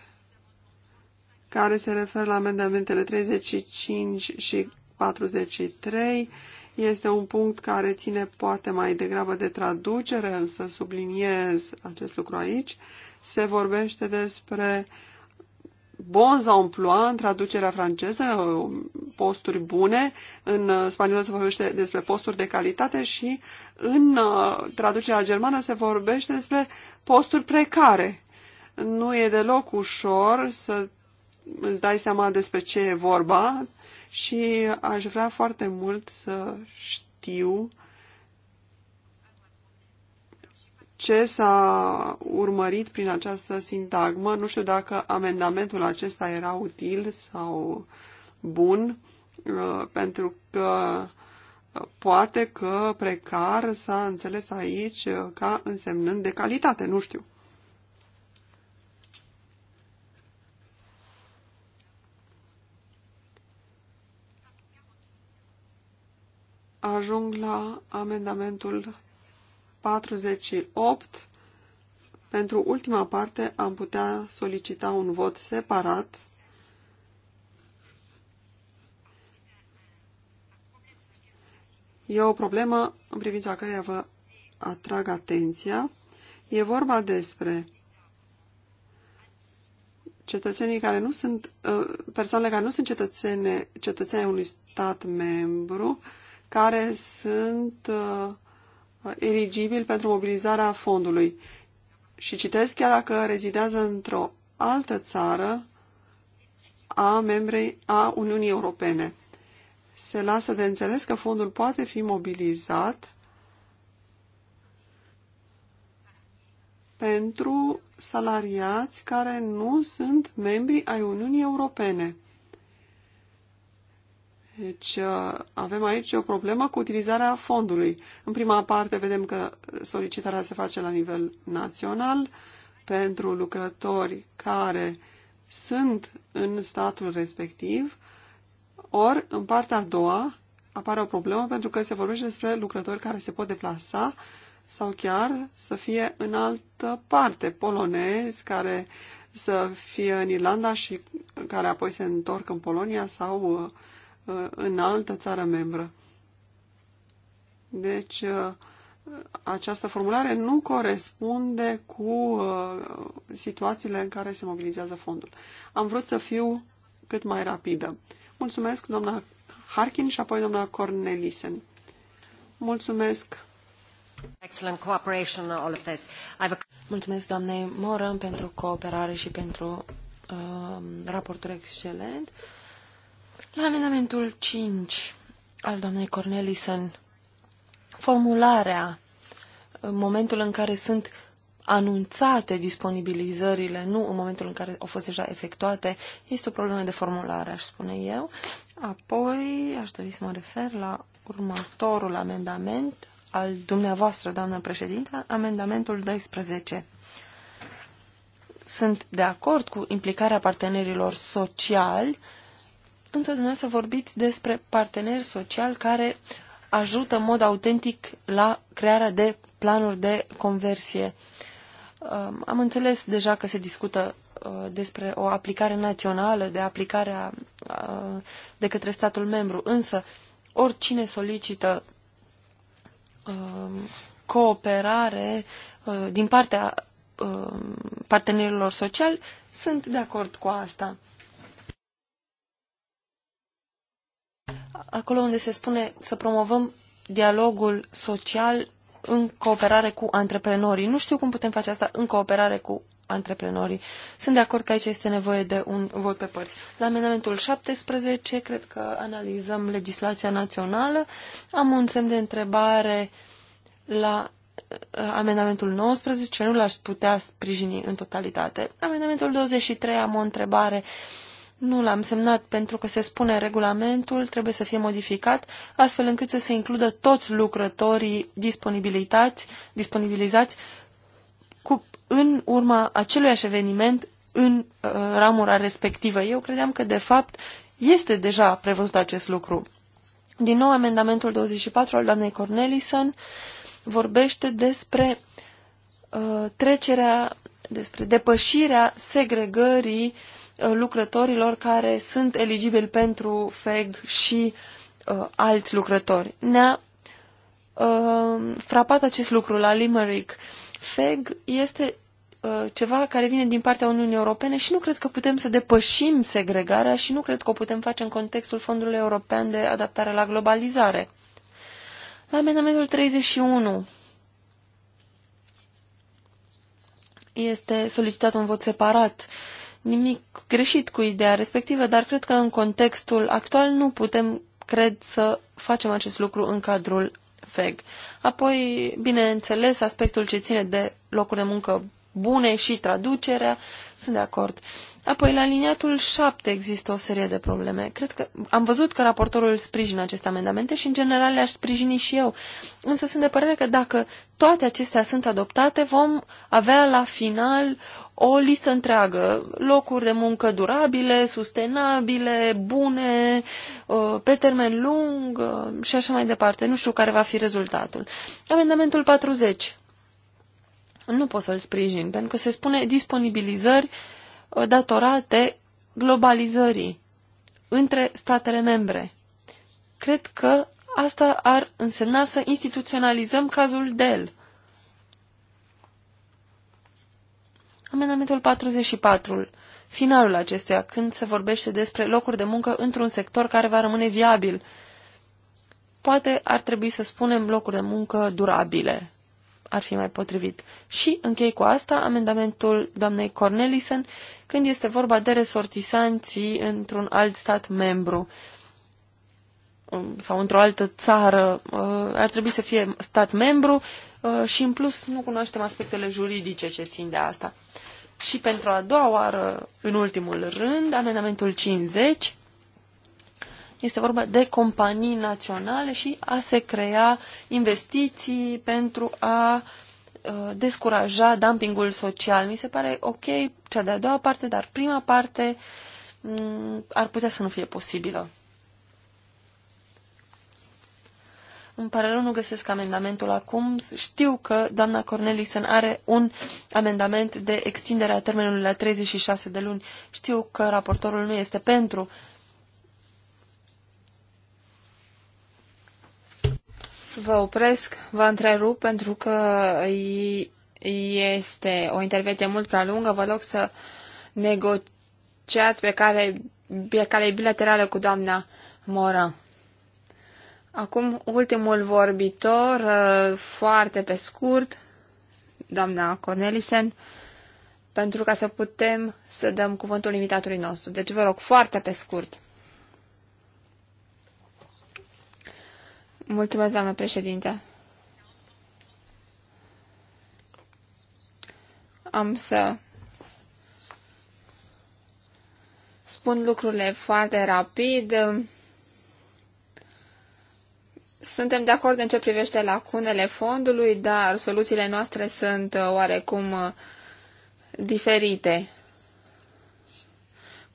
Speaker 2: care se referă la amendamentele 35 și 43 este un punct care ține poate mai degrabă de traducere, însă subliniez acest lucru aici. Se vorbește despre uh, bons emploi în traducerea franceză, posturi bune, în spaniolă se vorbește despre posturi de calitate și în uh, traducerea germană se vorbește despre posturi precare. Nu e deloc ușor să îți dai seama despre ce e vorba și aș vrea foarte mult să știu ce s-a urmărit prin această sintagmă. Nu știu dacă amendamentul acesta era util sau bun, uh, pentru că uh, poate că precar s-a înțeles aici uh, ca însemnând de calitate, nu știu. Ajung la amendamentul 48, pentru ultima parte am putea solicita un vot separat. E o problemă în privința căreia vă atrag atenția. E vorba despre cetățenii care nu sunt, ă, persoanele care nu sunt cetățene, cetățenii unui stat membru, care sunt uh, eligibil pentru mobilizarea fondului. Și citesc chiar dacă rezidează într-o altă țară a membrei a Uniunii Europene. Se lasă de înțeles că fondul poate fi mobilizat pentru salariați care nu sunt membri ai Uniunii Europene. Deci uh, avem aici o problemă cu utilizarea fondului. În prima parte vedem că solicitarea se face la nivel național pentru lucrători care sunt în statul respectiv, ori în partea a doua apare o problemă pentru că se vorbește despre lucrători care se pot deplasa sau chiar să fie în altă parte, polonezi care să fie în Irlanda și care apoi se întorc în Polonia sau uh, Uh, în altă țară membră. Deci, uh, această formulare nu corespunde cu uh, situațiile în care se mobilizează fondul. Am vrut să fiu cât mai rapidă. Mulțumesc, doamna Harkin și apoi doamna Cornelisen.
Speaker 3: Mulțumesc. Excellent cooperation all of this. I've a... Mulțumesc doamnei Moran pentru cooperare și pentru uh, raportul excelent. La amendamentul 5 al doamnei Cornelison, formularea, în momentul în care sunt anunțate disponibilizările, nu în momentul în care au fost deja efectuate, este o problemă de formulare, aș spune eu. Apoi aș dori să mă refer la următorul amendament al dumneavoastră, doamnă președintă, amendamentul 12. Sunt de acord cu implicarea partenerilor sociali Însă dumneavoastră vorbiți despre parteneri sociali care ajută în mod autentic la crearea de planuri de conversie. Um, am înțeles deja că se discută uh, despre o aplicare națională, de aplicarea uh, de către statul membru, însă oricine solicită um, cooperare uh, din partea um, partenerilor sociali, sunt de acord cu asta. acolo unde se spune să promovăm dialogul social în cooperare cu antreprenorii. Nu știu cum putem face asta în cooperare cu antreprenorii. Sunt de acord că aici este nevoie de un vot pe părți. La amendamentul 17, cred că analizăm legislația națională. Am un semn de întrebare la uh, amendamentul 19, nu l-aș putea sprijini în totalitate. Amendamentul 23 am o întrebare uh, nu l-am semnat pentru că se spune regulamentul trebuie să fie modificat astfel încât să se includă toți lucrătorii disponibilitați, disponibilizați cu, în urma acelui eveniment în uh, ramura respectivă. Eu credeam că, de fapt, este deja prevăzut acest lucru. Din nou, amendamentul 24 al doamnei Cornelison vorbește despre uh, trecerea, despre depășirea segregării uh, Uh, lucrătorilor care sunt eligibili pentru FEG și uh, alți lucrători. Ne-a uh, frapat acest lucru la Limerick. FEG este uh, ceva care vine din partea Uniunii Europene și nu cred că putem să depășim segregarea și nu cred că o putem face în contextul Fondului European de Adaptare la Globalizare. La amendamentul 31 este solicitat un vot separat uh, nimic greșit cu ideea respectivă, dar cred că în contextul actual nu putem, cred, să facem acest lucru în cadrul FEG. Apoi, bineînțeles, aspectul ce ține de locuri de muncă bune și traducerea, sunt de acord. Apoi, la liniatul 7 există o serie de probleme. Cred că am văzut că raportorul sprijină aceste amendamente și, în general, le-aș sprijini și eu. Însă sunt de părere că dacă toate acestea sunt adoptate, vom avea la final o listă întreagă, locuri de muncă durabile, sustenabile, bune, uh, pe termen lung uh, și așa mai departe. Nu știu care va fi rezultatul. Amendamentul 40. Nu pot să-l sprijin, pentru că se spune disponibilizări uh, datorate globalizării între statele membre. Cred că asta ar însemna să instituționalizăm cazul DEL Amendamentul 44, finalul acestuia, când se vorbește despre locuri de muncă într-un sector care va rămâne viabil. Poate ar trebui să spunem locuri de muncă durabile. Ar fi mai potrivit. Și închei cu asta amendamentul doamnei Cornelison când este vorba de resortisanții într-un alt stat membru um, sau într-o altă țară. Uh, ar trebui să fie stat membru Uh, și în plus nu cunoaștem aspectele juridice ce țin de asta. Și pentru a doua oară, în ultimul rând, amendamentul 50 este vorba de companii naționale și a se crea investiții pentru a uh, descuraja dumpingul social. Mi se pare ok cea de-a doua parte, dar prima parte mm, ar putea să nu fie posibilă. Îmi pare rău, nu găsesc amendamentul acum. Știu că doamna Cornelison are un amendament de extindere a termenului la 36 de luni. Știu că raportorul nu este pentru.
Speaker 1: Vă opresc, vă întrerup pentru că este o intervenție mult prea lungă. Vă rog să negociați pe care pe care e bilaterală cu doamna Moran. Acum ultimul vorbitor, uh, foarte pe scurt, doamna Cornelisen, pentru ca să putem să dăm cuvântul invitatului nostru. Deci vă rog, foarte pe scurt. Mulțumesc, doamnă președinte. Am să spun lucrurile foarte rapid. Suntem de acord în ce privește lacunele fondului, dar soluțiile noastre sunt uh, oarecum uh, diferite.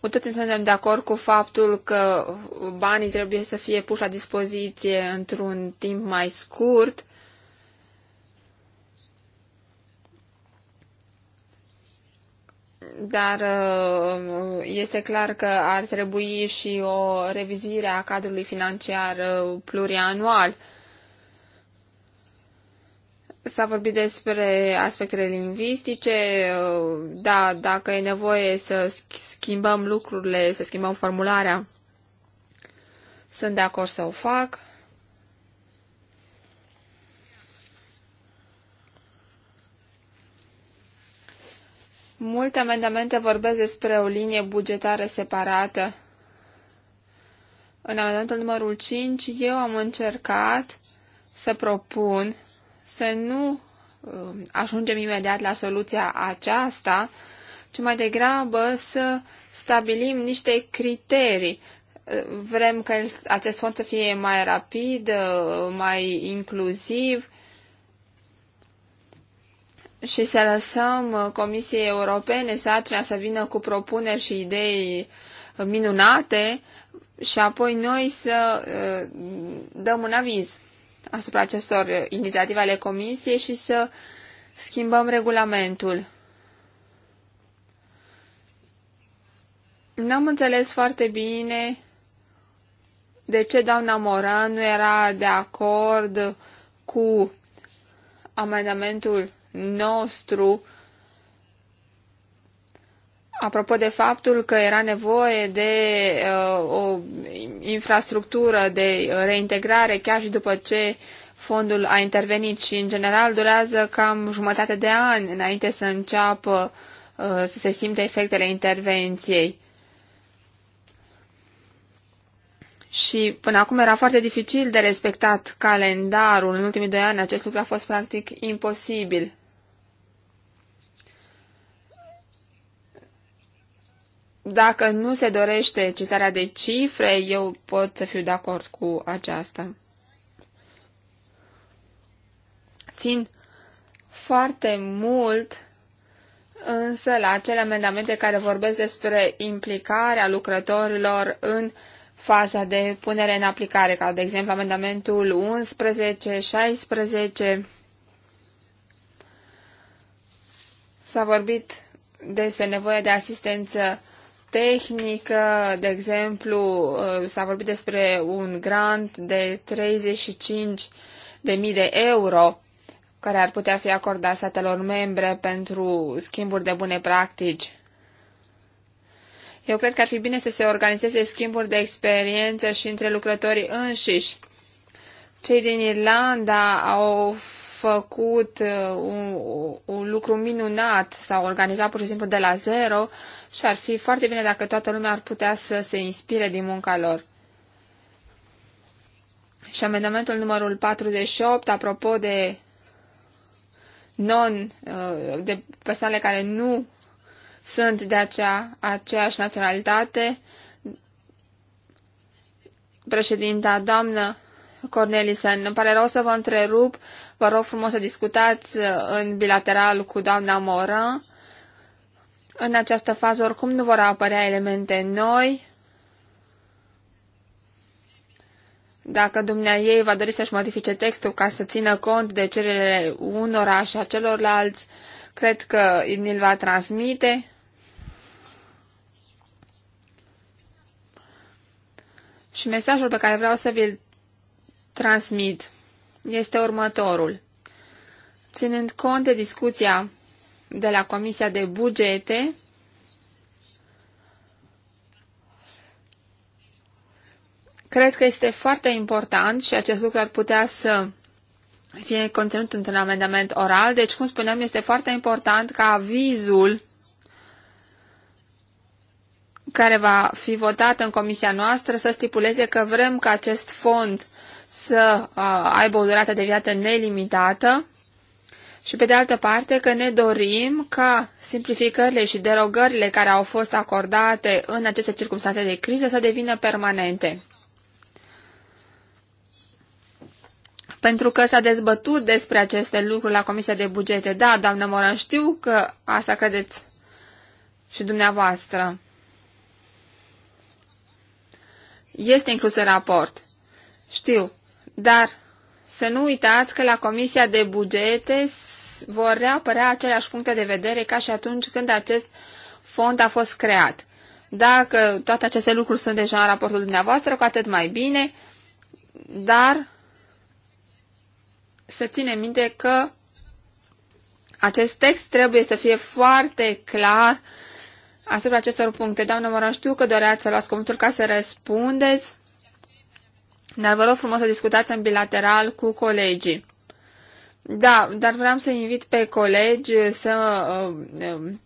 Speaker 1: Cu toate suntem de acord cu faptul că banii trebuie să fie puși la dispoziție într-un timp mai scurt. Dar uh, este clar că ar trebui și o revizuire a cadrului financiar uh, plurianual. S-a vorbit despre aspectele lingvistice, uh, da, dacă e nevoie să schimbăm lucrurile, să schimbăm formularea, sunt de acord să o fac. Multe amendamente vorbesc despre o linie bugetară separată. În amendamentul numărul 5 eu am încercat să propun să nu um, ajungem imediat la soluția aceasta, ci mai degrabă să stabilim niște criterii. Vrem ca acest fond să fie mai rapid, uh, mai inclusiv, și să lăsăm uh, Comisiei Europene atrea să vină cu propuneri și idei uh, minunate și apoi noi să uh, dăm un aviz asupra acestor inițiative ale Comisiei și să schimbăm regulamentul. N-am înțeles foarte bine de ce doamna Moran nu era de acord cu amendamentul nostru apropo de faptul că era nevoie de uh, o infrastructură de reintegrare chiar și după ce fondul a intervenit și în general durează cam jumătate de an înainte să înceapă uh, să se simte efectele intervenției. Și până acum era foarte dificil de respectat calendarul. În ultimii doi ani acest lucru a fost practic imposibil. dacă nu se dorește citarea de cifre, eu pot să fiu de acord cu aceasta. Țin foarte mult însă la acele amendamente care vorbesc despre implicarea lucrătorilor în faza de punere în aplicare, ca de exemplu amendamentul 11, 16. S-a vorbit despre nevoia de asistență tehnică, de exemplu, uh, s-a vorbit despre un grant de 35 de mii de euro care ar putea fi acordat statelor membre pentru schimburi de bune practici. Eu cred că ar fi bine să se organizeze schimburi de experiență și între lucrătorii înșiși. Cei din Irlanda au făcut uh, un, un lucru minunat, sau organizat pur și simplu de la zero și ar fi foarte bine dacă toată lumea ar putea să se inspire din munca lor. Și amendamentul numărul 48, apropo de non, uh, de persoanele care nu sunt de acea, aceeași naționalitate, președinta, doamnă Cornelisen, îmi pare rău să vă întrerup, Vă rog frumos să discutați uh, în bilateral cu doamna Mora. În această fază oricum nu vor apărea elemente noi. Dacă dumnea ei va dori să-și modifice textul ca să țină cont de cererile unora și a celorlalți, cred că îl va transmite. Și mesajul pe care vreau să vi-l transmit este următorul. Ținând cont de discuția de la Comisia de Bugete, cred că este foarte important și acest lucru ar putea să fie conținut într-un amendament oral. Deci, cum spuneam, este foarte important ca avizul care va fi votat în comisia noastră să stipuleze că vrem ca acest fond să aibă o durată de viață nelimitată și, pe de altă parte, că ne dorim ca simplificările și derogările care au fost acordate în aceste circunstanțe de criză să devină permanente. pentru că s-a dezbătut despre aceste lucruri la Comisia de Bugete. Da, doamnă Moran, știu că asta credeți și dumneavoastră. Este inclus în raport. Știu. Dar să nu uitați că la Comisia de Bugete vor reapărea aceleași puncte de vedere ca și atunci când acest fond a fost creat. Dacă toate aceste lucruri sunt deja în raportul dumneavoastră, cu atât mai bine, dar să ținem minte că acest text trebuie să fie foarte clar asupra acestor puncte. Doamnă Moran, știu că doreați să luați cuvântul ca să răspundeți. Dar vă rog frumos să discutați în bilateral cu colegii. Da, dar vreau să invit pe colegi să uh, um,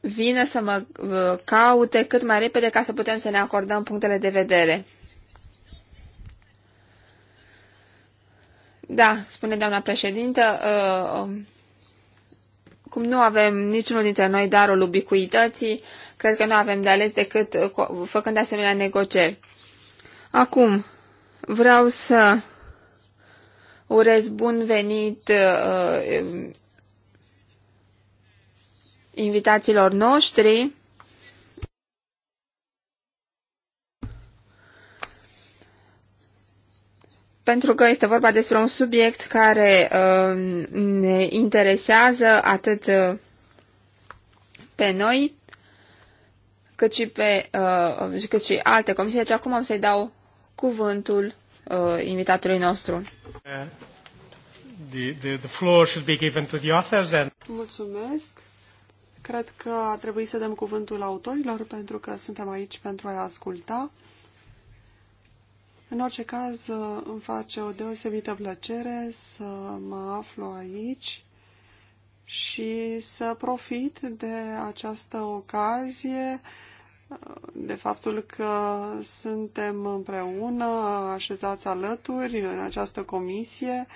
Speaker 1: vină să mă uh, caute cât mai repede ca să putem să ne acordăm punctele de vedere. Da, spune doamna președintă, uh, um, cum nu avem niciunul dintre noi darul ubicuității, cred că nu avem de ales decât uh, făcând asemenea negocieri. Acum, vreau să urez bun venit uh, invitațiilor noștri. pentru că este vorba despre un subiect care uh, ne interesează atât uh, pe noi, cât și pe uh, cât și alte comisii. Deci acum am să-i dau cuvântul uh, invitatului nostru.
Speaker 2: The, the, the floor should be given to the authors and... Mulțumesc. Cred că a trebuit să dăm cuvântul autorilor pentru că suntem aici pentru a asculta. În orice caz, uh, îmi face o deosebită plăcere să mă aflu aici și să profit de această ocazie de faptul că suntem împreună, așezați alături în această comisie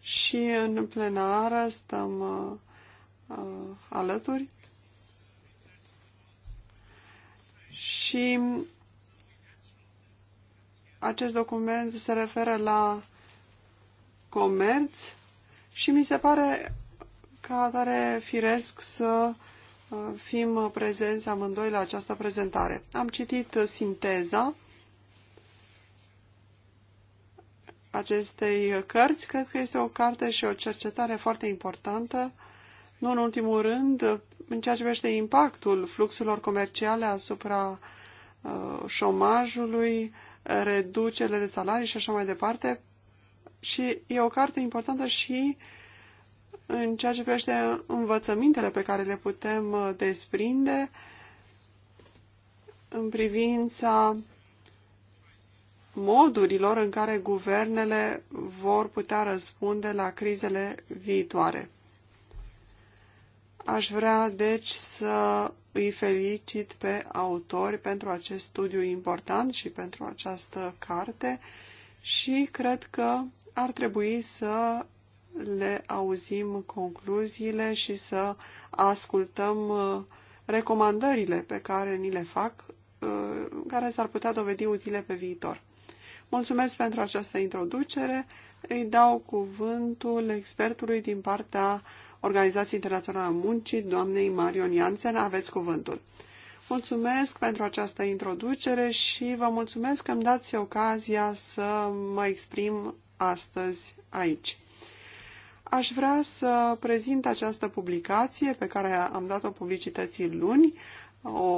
Speaker 2: și în plenară stăm uh, alături. Și acest document se referă la comerț și mi se pare ca atare firesc să fim prezenți amândoi la această prezentare. Am citit sinteza acestei cărți. Cred că este o carte și o cercetare foarte importantă, nu în ultimul rând, în ceea ce privește impactul fluxurilor comerciale asupra uh, șomajului, reducerile de salarii și așa mai departe. Și e o carte importantă și uh, în ceea ce privește învățămintele pe care le putem uh, desprinde în privința modurilor în care guvernele vor putea răspunde la crizele viitoare. Aș vrea, deci, să îi felicit pe autori pentru acest studiu important și pentru această carte și cred că ar trebui să le auzim concluziile și să ascultăm uh, recomandările pe care ni le fac, uh, care s-ar putea dovedi utile pe viitor. Mulțumesc pentru această introducere. Îi dau cuvântul expertului din partea Organizației Internaționale a Muncii, doamnei Marion Jansen. Aveți cuvântul. Mulțumesc pentru această introducere și vă mulțumesc că îmi dați ocazia să mă exprim astăzi aici aș vrea să prezint această publicație pe care am dat-o publicității luni. O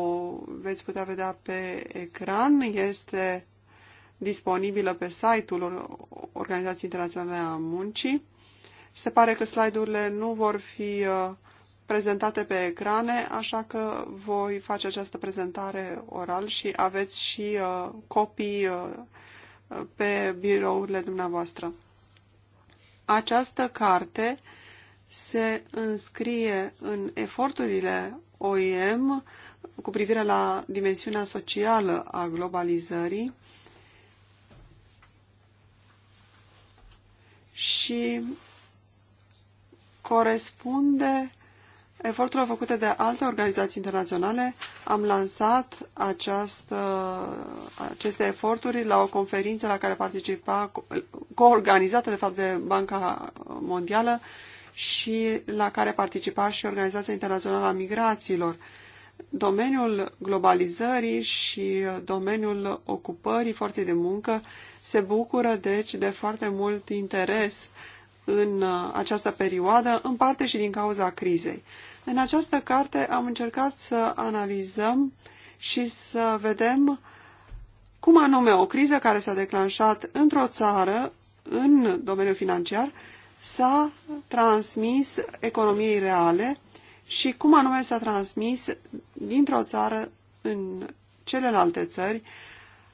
Speaker 2: veți putea vedea pe ecran. Este disponibilă pe site-ul Organizației Internaționale a Muncii. Se pare că slide-urile nu vor fi uh, prezentate pe ecrane, așa că voi face această prezentare oral și aveți și uh, copii uh, pe birourile dumneavoastră. Această carte se înscrie în eforturile OIM cu privire la dimensiunea socială a globalizării și corespunde eforturile făcute de alte organizații internaționale, am lansat această, aceste eforturi la o conferință la care participa, coorganizată de fapt de Banca Mondială și la care participa și Organizația Internațională a Migrațiilor. Domeniul globalizării și domeniul ocupării forței de muncă se bucură deci de foarte mult interes în această perioadă, în parte și din cauza crizei. În această carte am încercat să analizăm și să vedem cum anume o criză care s-a declanșat într-o țară, în domeniul financiar, s-a transmis economiei reale și cum anume s-a transmis dintr-o țară în celelalte țări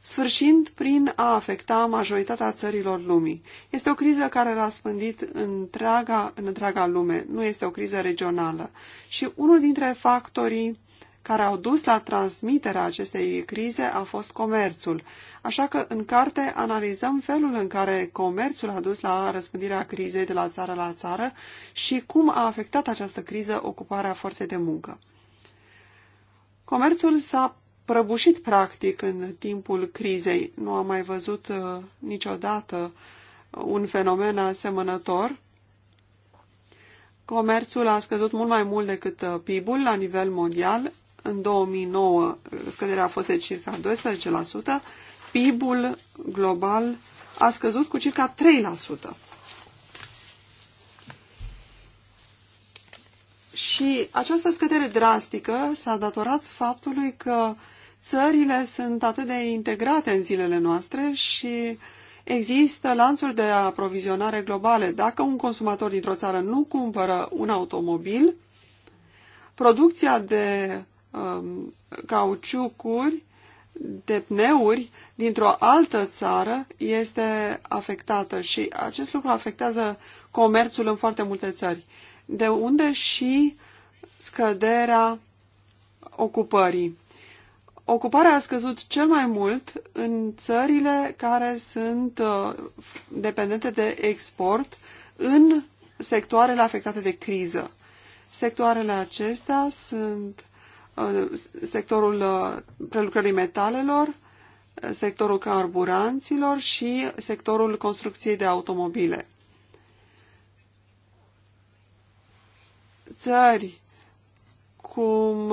Speaker 2: sfârșind prin a afecta majoritatea țărilor lumii. Este o criză care a răspândit întreaga, în întreaga lume, nu este o criză regională. Și unul dintre factorii care au dus la transmiterea acestei crize a fost comerțul. Așa că în carte analizăm felul în care comerțul a dus la răspândirea crizei de la țară la țară și cum a afectat această criză ocuparea forței de muncă. Comerțul s-a prăbușit practic în timpul crizei. Nu am mai văzut uh, niciodată uh, un fenomen asemănător. Comerțul a scăzut mult mai mult decât uh, PIB-ul la nivel mondial. În 2009 scăderea a fost de circa 12%. PIB-ul global a scăzut cu circa 3%. Și această scădere drastică s-a datorat faptului că țările sunt atât de integrate în zilele noastre și există lanțuri de aprovizionare globale. Dacă un consumator dintr-o țară nu cumpără un automobil, producția de um, cauciucuri, de pneuri dintr-o altă țară este afectată și acest lucru afectează comerțul în foarte multe țări. De unde și scăderea ocupării. Ocuparea a scăzut cel mai mult în țările care sunt uh, dependente de export în sectoarele afectate de criză. Sectoarele acestea sunt uh, sectorul uh, prelucrării metalelor, sectorul carburanților și sectorul construcției de automobile. Țări cum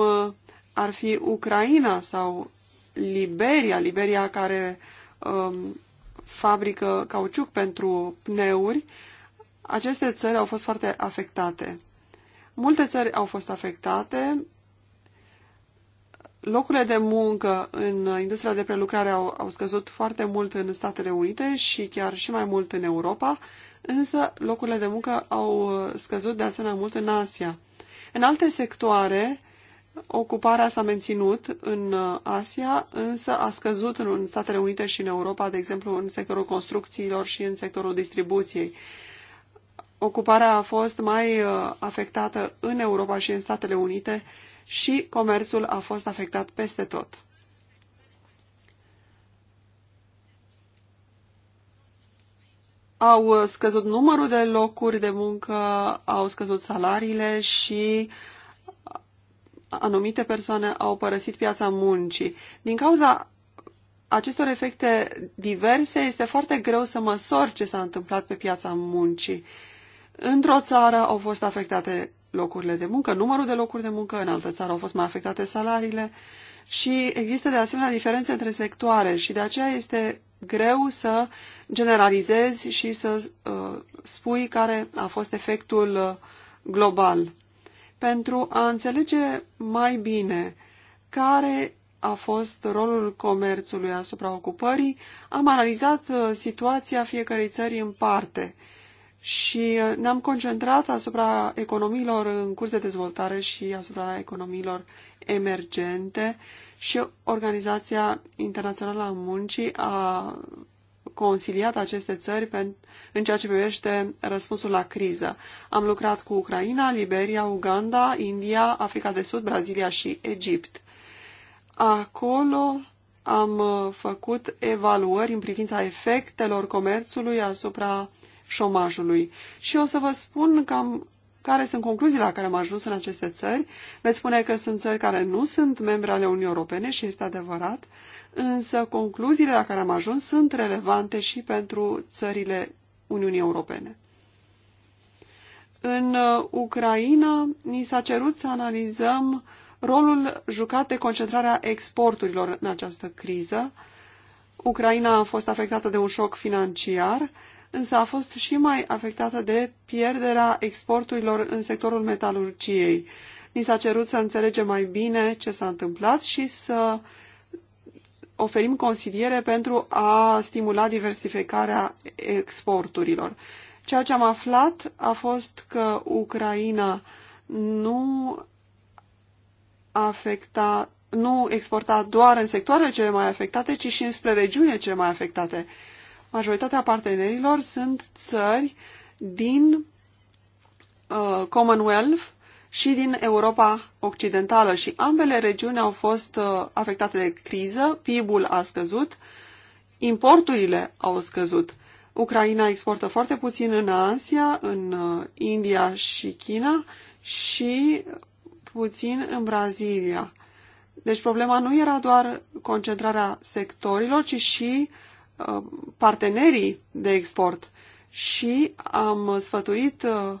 Speaker 2: ar fi Ucraina sau Liberia, Liberia care um, fabrică cauciuc pentru pneuri, aceste țări au fost foarte afectate. Multe țări au fost afectate, locurile de muncă în industria de prelucrare au, au scăzut foarte mult în Statele Unite și chiar și mai mult în Europa, însă locurile de muncă au uh, scăzut de asemenea mult în Asia. În alte sectoare, uh, Ocuparea s-a menținut în uh, Asia, însă a scăzut în Statele Unite și în Europa, de exemplu în sectorul construcțiilor și în sectorul distribuției. Ocuparea a fost mai uh, afectată în Europa și în Statele Unite și comerțul a fost afectat peste tot. Au uh, scăzut numărul de locuri de muncă, au scăzut salariile și uh, anumite persoane au părăsit piața muncii. Din cauza acestor efecte diverse, este foarte greu să măsori ce s-a întâmplat pe piața muncii. Într-o țară au fost afectate locurile de muncă, numărul de locuri de muncă, în altă țară au fost mai afectate salariile și există de asemenea diferențe între sectoare și de aceea este greu să generalizezi și să uh, spui care a fost efectul uh, global pentru a înțelege mai bine care a fost rolul comerțului asupra ocupării, am analizat uh, situația fiecarei țări în parte și uh, ne-am concentrat asupra economiilor în curs de dezvoltare și asupra economiilor emergente și Organizația Internațională a Muncii a consiliat aceste țări în ceea ce privește răspunsul la criză. Am lucrat cu Ucraina, Liberia, Uganda, India, Africa de Sud, Brazilia și Egipt. Acolo am uh, făcut evaluări în privința efectelor comerțului asupra șomajului. Și o să vă spun cam care sunt concluziile la care am ajuns în aceste țări. Veți spune că sunt țări care nu sunt membre ale Uniunii Europene și este adevărat, însă concluziile la care am ajuns sunt relevante și pentru țările Uniunii Europene. În uh, Ucraina ni s-a cerut să analizăm rolul jucat de concentrarea exporturilor în această criză. Ucraina a fost afectată de un șoc financiar, însă a fost și mai afectată de pierderea exporturilor în sectorul metalurgiei. Ni s-a cerut să înțelegem mai bine ce s-a întâmplat și să uh, oferim consiliere pentru a stimula diversificarea exporturilor. Ceea ce am aflat a fost că Ucraina nu afecta, nu exporta doar în sectoarele cele mai afectate, ci și spre regiunile cele mai afectate. Majoritatea partenerilor sunt țări din uh, Commonwealth și din Europa Occidentală și ambele regiuni au fost uh, afectate de criză, PIB-ul a scăzut, importurile au scăzut. Ucraina exportă foarte puțin în Asia, în uh, India și China și puțin în Brazilia. Deci problema nu era doar concentrarea sectorilor, ci și uh, partenerii de export. Și am sfătuit uh,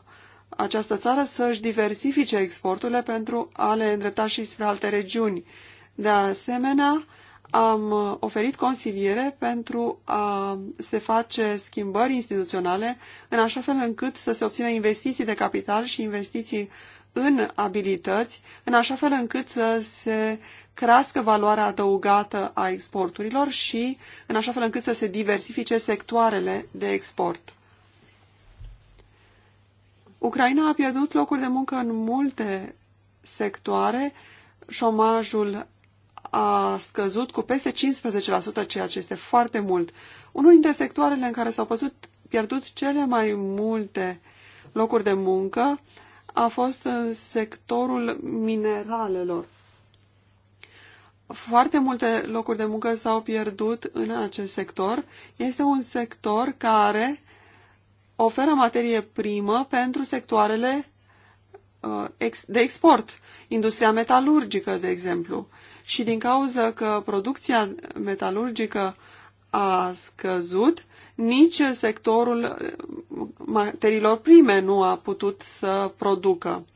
Speaker 2: această țară să își diversifice exporturile pentru a le îndrepta și spre alte regiuni. De asemenea, am oferit consiliere pentru a se face schimbări instituționale în așa fel încât să se obțină investiții de capital și investiții în abilități, în așa fel încât să se crească valoarea adăugată a exporturilor și în așa fel încât să se diversifice sectoarele de export. Ucraina a pierdut locuri de muncă în multe sectoare, șomajul a scăzut cu peste 15%, ceea ce este foarte mult. Unul dintre sectoarele în care s-au păzut, pierdut cele mai multe locuri de muncă a fost în sectorul mineralelor. Foarte multe locuri de muncă s-au pierdut în acest sector. Este un sector care oferă materie primă pentru sectoarele uh, de export, industria metalurgică, de exemplu. Și din cauza că producția metalurgică a scăzut, nici sectorul uh, materiilor prime nu a putut să producă.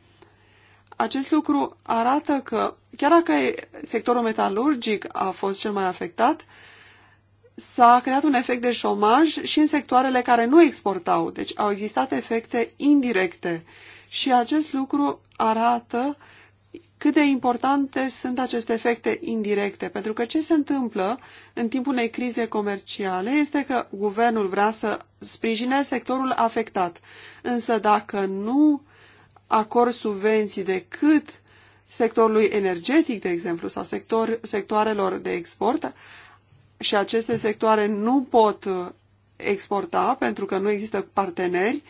Speaker 2: Acest lucru arată că, chiar dacă sectorul metalurgic a fost cel mai afectat, s-a creat un efect de șomaj și în sectoarele care nu exportau. Deci au existat efecte indirecte și acest lucru arată cât de importante sunt aceste efecte indirecte. Pentru că ce se întâmplă în timpul unei crize comerciale este că guvernul vrea să sprijine sectorul afectat. Însă dacă nu acord subvenții decât sectorului energetic, de exemplu, sau sector, sectoarelor de export, și aceste sectoare nu pot uh, exporta pentru că nu există parteneri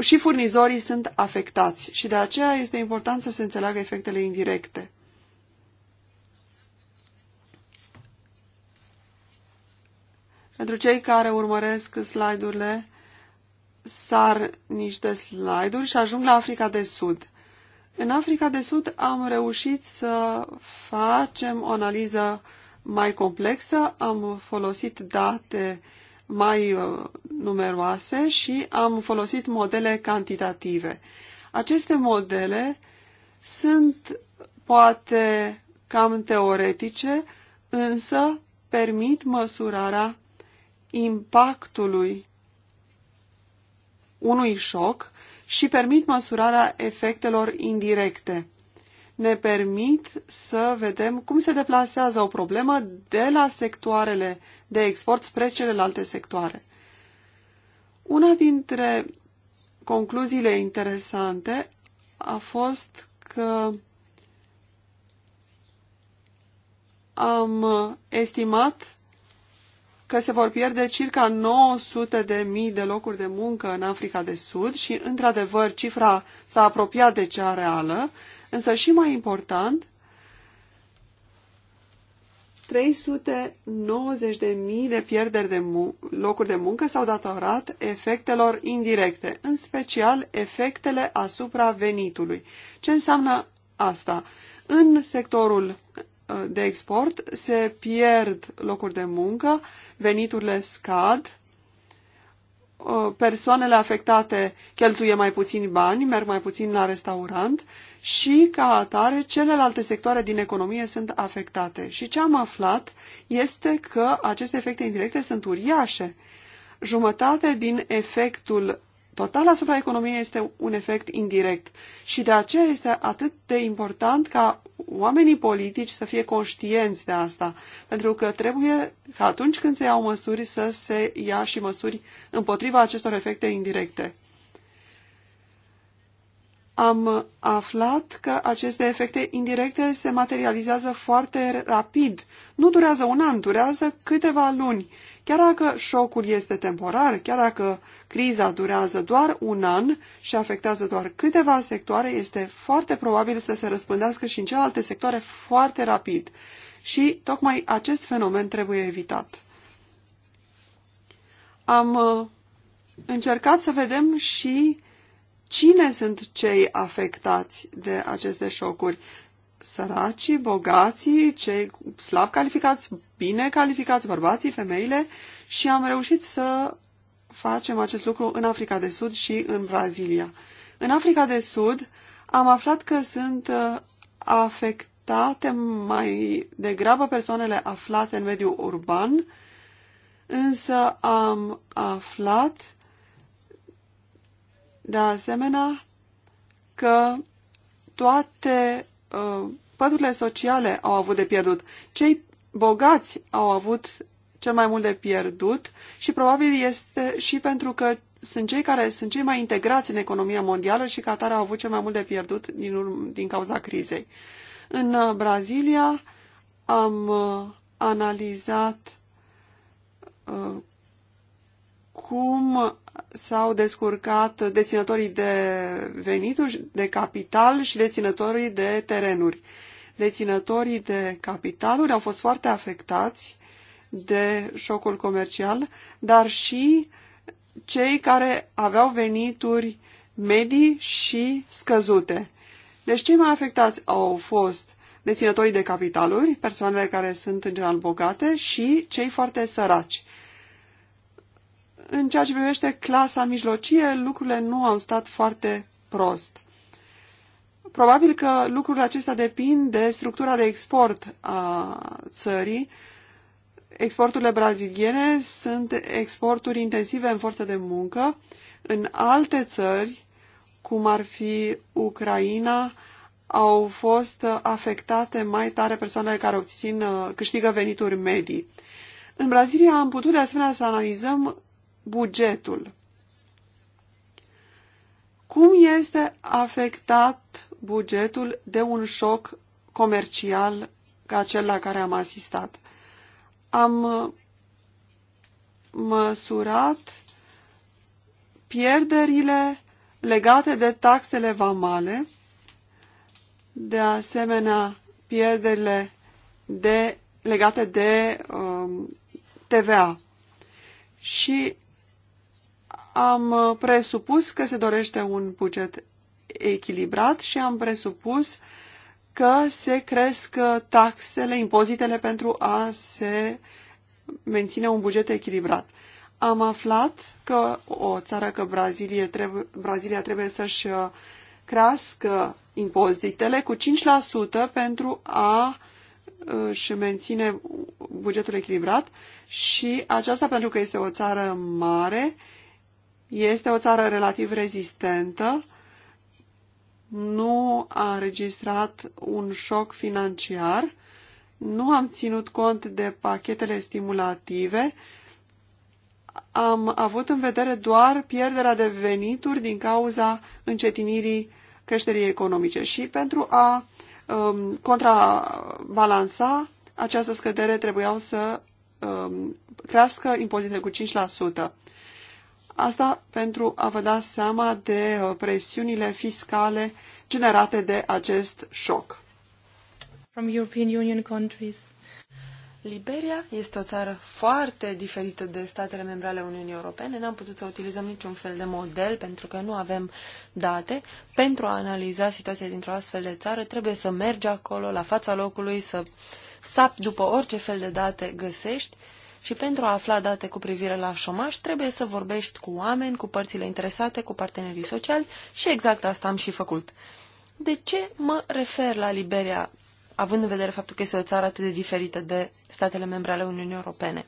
Speaker 2: și furnizorii sunt afectați și de aceea este important să se înțeleagă efectele indirecte. Pentru cei care urmăresc slide-urile, sar niște slide-uri și ajung la Africa de Sud. În Africa de Sud am reușit să facem o analiză uh, mai complexă, am folosit date mai uh, numeroase și am folosit modele cantitative. Aceste modele sunt poate cam teoretice, însă permit măsurarea impactului unui șoc și permit măsurarea efectelor indirecte ne permit să vedem cum se deplasează o problemă de la sectoarele de export spre celelalte sectoare. Una dintre concluziile interesante a fost că am estimat că se vor pierde circa 900 de mii de locuri de muncă în Africa de Sud și, într-adevăr, cifra s-a apropiat de cea reală, Însă și mai important, 390.000 de pierderi de locuri de muncă s-au datorat efectelor indirecte, în special efectele asupra venitului. Ce înseamnă asta? În sectorul uh, de export se pierd locuri de muncă, veniturile scad, persoanele afectate cheltuie mai puțini bani, merg mai puțin la restaurant și, ca atare, celelalte sectoare din economie sunt afectate. Și ce am aflat este că aceste efecte indirecte sunt uriașe. Jumătate din efectul total asupra economiei este un efect indirect și de aceea este atât de important ca oamenii politici să fie conștienți de asta, pentru că trebuie ca atunci când se iau măsuri să se ia și măsuri împotriva acestor efecte indirecte. Am aflat că aceste efecte indirecte se materializează foarte rapid. Nu durează un an, durează câteva luni Chiar dacă șocul este temporar, chiar dacă criza durează doar un an și afectează doar câteva sectoare, este foarte probabil să se răspândească și în celelalte sectoare foarte rapid. Și tocmai acest fenomen trebuie evitat. Am uh, încercat să vedem și cine sunt cei afectați de aceste șocuri săracii, bogații, cei slab calificați, bine calificați, bărbații, femeile și am reușit să facem acest lucru în Africa de Sud și în Brazilia. În Africa de Sud am aflat că sunt uh, afectate mai degrabă persoanele aflate în mediul urban, însă am aflat de asemenea că toate Uh, păturile sociale au avut de pierdut. Cei bogați au avut cel mai mult de pierdut și probabil este și pentru că sunt cei care sunt cei mai integrați în economia mondială și Qatar au avut cel mai mult de pierdut din, urm, din cauza crizei. În uh, Brazilia am uh, analizat cum s-au descurcat deținătorii de venituri, de capital și deținătorii de terenuri. Deținătorii de capitaluri au fost foarte afectați de șocul comercial, dar și cei care aveau venituri medii și scăzute. Deci cei mai afectați au fost deținătorii de capitaluri, persoanele care sunt în general bogate și cei foarte săraci în ceea ce privește clasa mijlocie, lucrurile nu au stat foarte prost. Probabil că lucrurile acestea depind de structura de export a țării. Exporturile braziliene sunt exporturi intensive în forță de muncă. În alte țări, cum ar fi Ucraina, au fost afectate mai tare persoanele care obțin, câștigă venituri medii. În Brazilia am putut de asemenea să analizăm bugetul. Cum este afectat bugetul de un șoc comercial ca cel la care am asistat? Am uh, măsurat pierderile legate de taxele vamale, de asemenea pierderile de, legate de um, TVA. Și am uh, presupus că se dorește un buget echilibrat și am presupus că se cresc uh, taxele, impozitele pentru a se menține un buget echilibrat. Am aflat că o țară, că Brazilia trebuie, Brazilia trebuie să-și uh, crească impozitele cu 5% pentru a și menține bugetul echilibrat și aceasta pentru că este o țară mare este o țară relativ rezistentă, nu a înregistrat un șoc financiar, nu am ținut cont de pachetele stimulative, am avut în vedere doar pierderea de venituri din cauza încetinirii creșterii economice și pentru a um, contrabalansa această scădere trebuiau să um, crească impozitele cu 5%. Asta pentru a vă da seama de uh, presiunile fiscale generate de acest șoc.
Speaker 3: From European Union countries. Liberia este o țară foarte diferită de statele membre ale Uniunii Europene. N-am putut să utilizăm niciun fel de model pentru că nu avem date. Pentru a analiza situația dintr-o astfel de țară, trebuie să mergi acolo, la fața locului, să sapi după orice fel de date găsești și pentru a afla date cu privire la șomaș, trebuie să vorbești cu oameni, cu părțile interesate, cu partenerii sociali și exact asta am și făcut. De ce mă refer la Liberia, având în vedere faptul că este o țară atât de diferită de statele membre ale Uniunii Europene?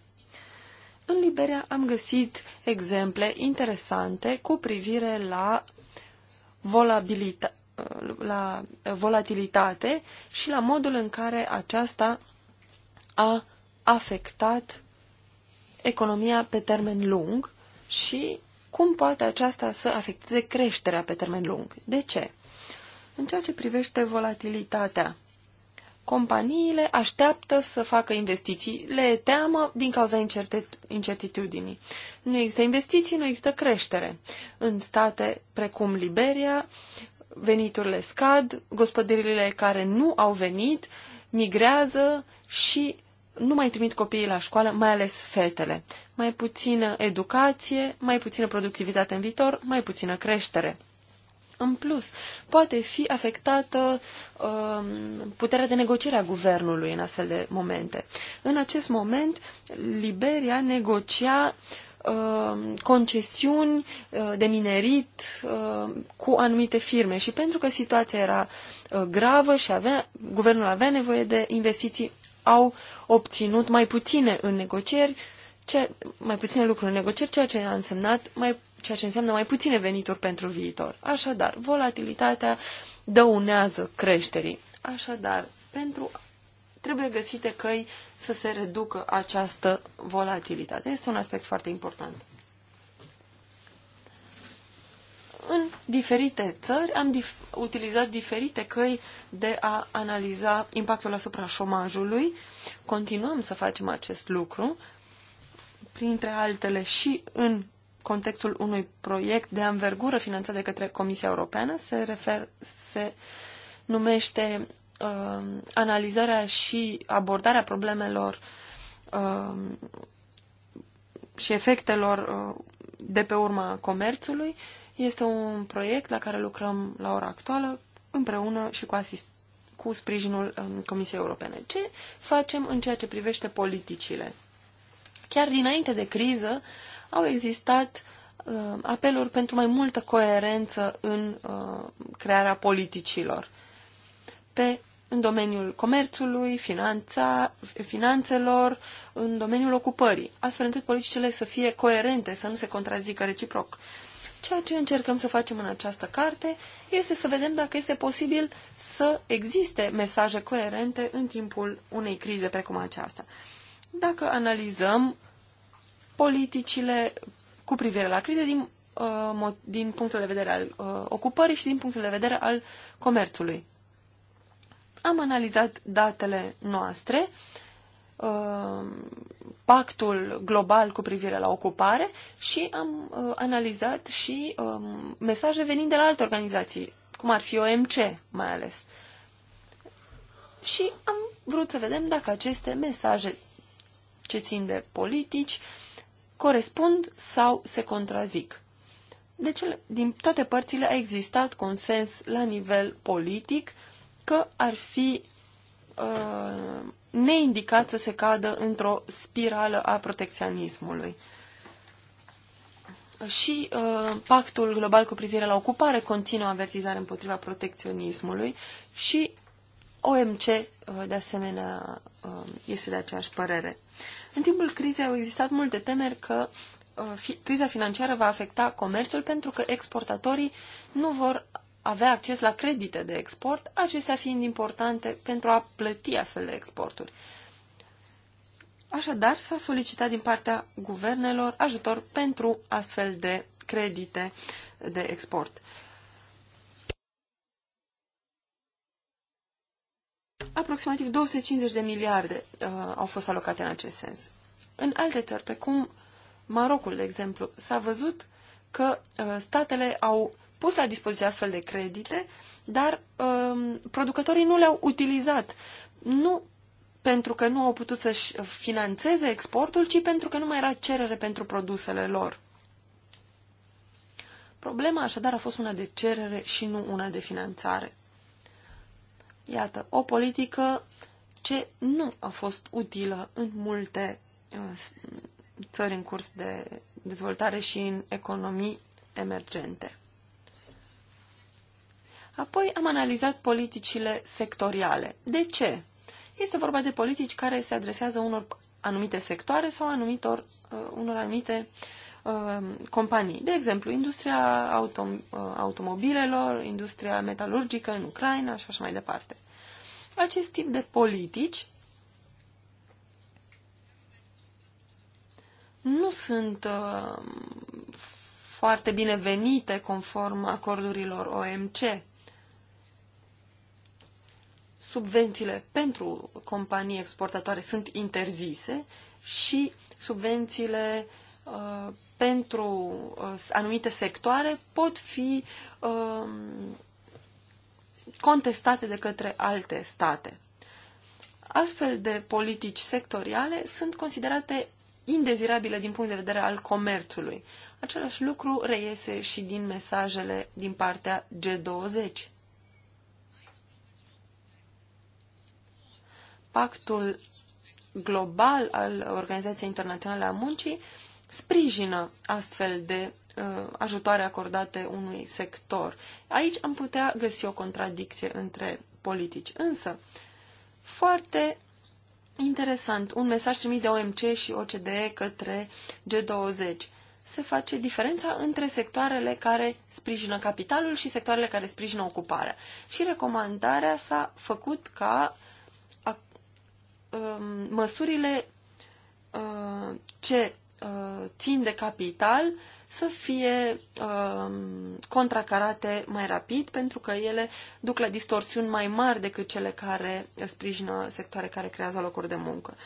Speaker 3: În Liberia am găsit exemple interesante cu privire la, la volatilitate și la modul în care aceasta a afectat economia pe termen lung și cum poate aceasta să afecteze creșterea pe termen lung. De ce? În ceea ce privește volatilitatea, companiile așteaptă să facă investiții, le teamă din cauza incertitudinii. Nu există investiții, nu există creștere. În state precum Liberia, veniturile scad, gospodările care nu au venit migrează și nu mai trimit copiii la școală, mai ales fetele. Mai puțină educație, mai puțină productivitate în viitor, mai puțină creștere. În plus, poate fi afectată uh, puterea de negociere a guvernului în astfel de momente. În acest moment, Liberia negocia uh, concesiuni uh, de minerit uh, cu anumite firme și pentru că situația era uh, gravă și avea, guvernul avea nevoie de investiții au obținut mai puține în negocieri, ce, mai puține lucruri în negocieri, ceea ce a însemnat mai, ceea ce înseamnă mai puține venituri pentru viitor. Așadar, volatilitatea dăunează creșterii. Așadar, pentru trebuie găsite căi să se reducă această volatilitate. Este un aspect foarte important. În diferite țări am dif- utilizat diferite căi de a analiza impactul asupra șomajului. Continuăm să facem acest lucru, printre altele și în contextul unui proiect de anvergură finanțat de către Comisia Europeană, se, refer, se numește uh, analizarea și abordarea problemelor uh, și efectelor uh, de pe urma comerțului este un proiect la care lucrăm la ora actuală împreună și cu, asist- cu sprijinul um, Comisiei Europene. Ce facem în ceea ce privește politicile? Chiar dinainte de criză au existat uh, apeluri pentru mai multă coerență în uh, crearea politicilor. Pe în domeniul comerțului, finanța, finanțelor, în domeniul ocupării, astfel încât politicile să fie coerente, să nu se contrazică reciproc. Uh, Ceea ce încercăm să facem în această carte este să vedem dacă este posibil să existe mesaje coerente în timpul unei crize precum aceasta. Dacă analizăm politicile cu privire la crize din, uh, din punctul de vedere al uh, ocupării și din punctul de vedere al comerțului. Am analizat datele noastre Uh, pactul global cu privire la ocupare și am uh, analizat și um, mesaje venind de la alte organizații, cum ar fi OMC mai ales. Și am vrut să vedem dacă aceste mesaje ce țin de politici corespund sau se contrazic. Deci, din toate părțile a existat consens la nivel politic că ar fi uh, neindicat să se cadă într-o spirală a protecționismului. Și uh, pactul global cu privire la ocupare continuă avertizare împotriva protecționismului și OMC, uh, de asemenea, uh, este de aceeași părere. În timpul crizei au existat multe temeri că uh, fi, criza financiară va afecta comerțul pentru că exportatorii nu vor avea acces la credite de export, acestea fiind importante pentru a plăti astfel de exporturi. Așadar, s-a solicitat din partea guvernelor ajutor pentru astfel de credite de export. Aproximativ 250 de miliarde uh, au fost alocate în acest sens. În alte țări, precum Marocul, de exemplu, s-a văzut că uh, statele au pus la dispoziție astfel de credite, dar um, producătorii nu le-au utilizat. Nu pentru că nu au putut să-și financeze exportul, ci pentru că nu mai era cerere pentru produsele lor. Problema așadar a fost una de cerere și nu una de finanțare. Iată, o politică ce nu a fost utilă în multe uh, țări în curs de dezvoltare și în economii emergente. Apoi am analizat politicile sectoriale. De ce? Este vorba de politici care se adresează unor anumite sectoare sau anumitor, uh, unor anumite uh, companii. De exemplu, industria autom uh, automobilelor, industria metalurgică în Ucraina și așa mai departe. Acest tip de politici nu sunt uh, foarte binevenite conform acordurilor OMC subvențiile pentru companii exportatoare sunt interzise și subvențiile uh, pentru uh, anumite sectoare pot fi uh, contestate de către alte state. Astfel de politici sectoriale sunt considerate indezirabile din punct de vedere al comerțului. Același lucru reiese și din mesajele din partea G20. pactul global al Organizației Internaționale a Muncii sprijină astfel de uh, ajutoare acordate unui sector. Aici am putea găsi o contradicție între politici. Însă, foarte interesant, un mesaj trimis de OMC și OCDE către G20. Se face diferența între sectoarele care sprijină capitalul și sectoarele care sprijină ocuparea. Și recomandarea s-a făcut ca uh, Um, măsurile uh, ce uh, țin de capital să fie um, contracarate mai rapid, pentru că ele duc la distorsiuni mai mari decât cele care sprijină sectoare care creează locuri de muncă.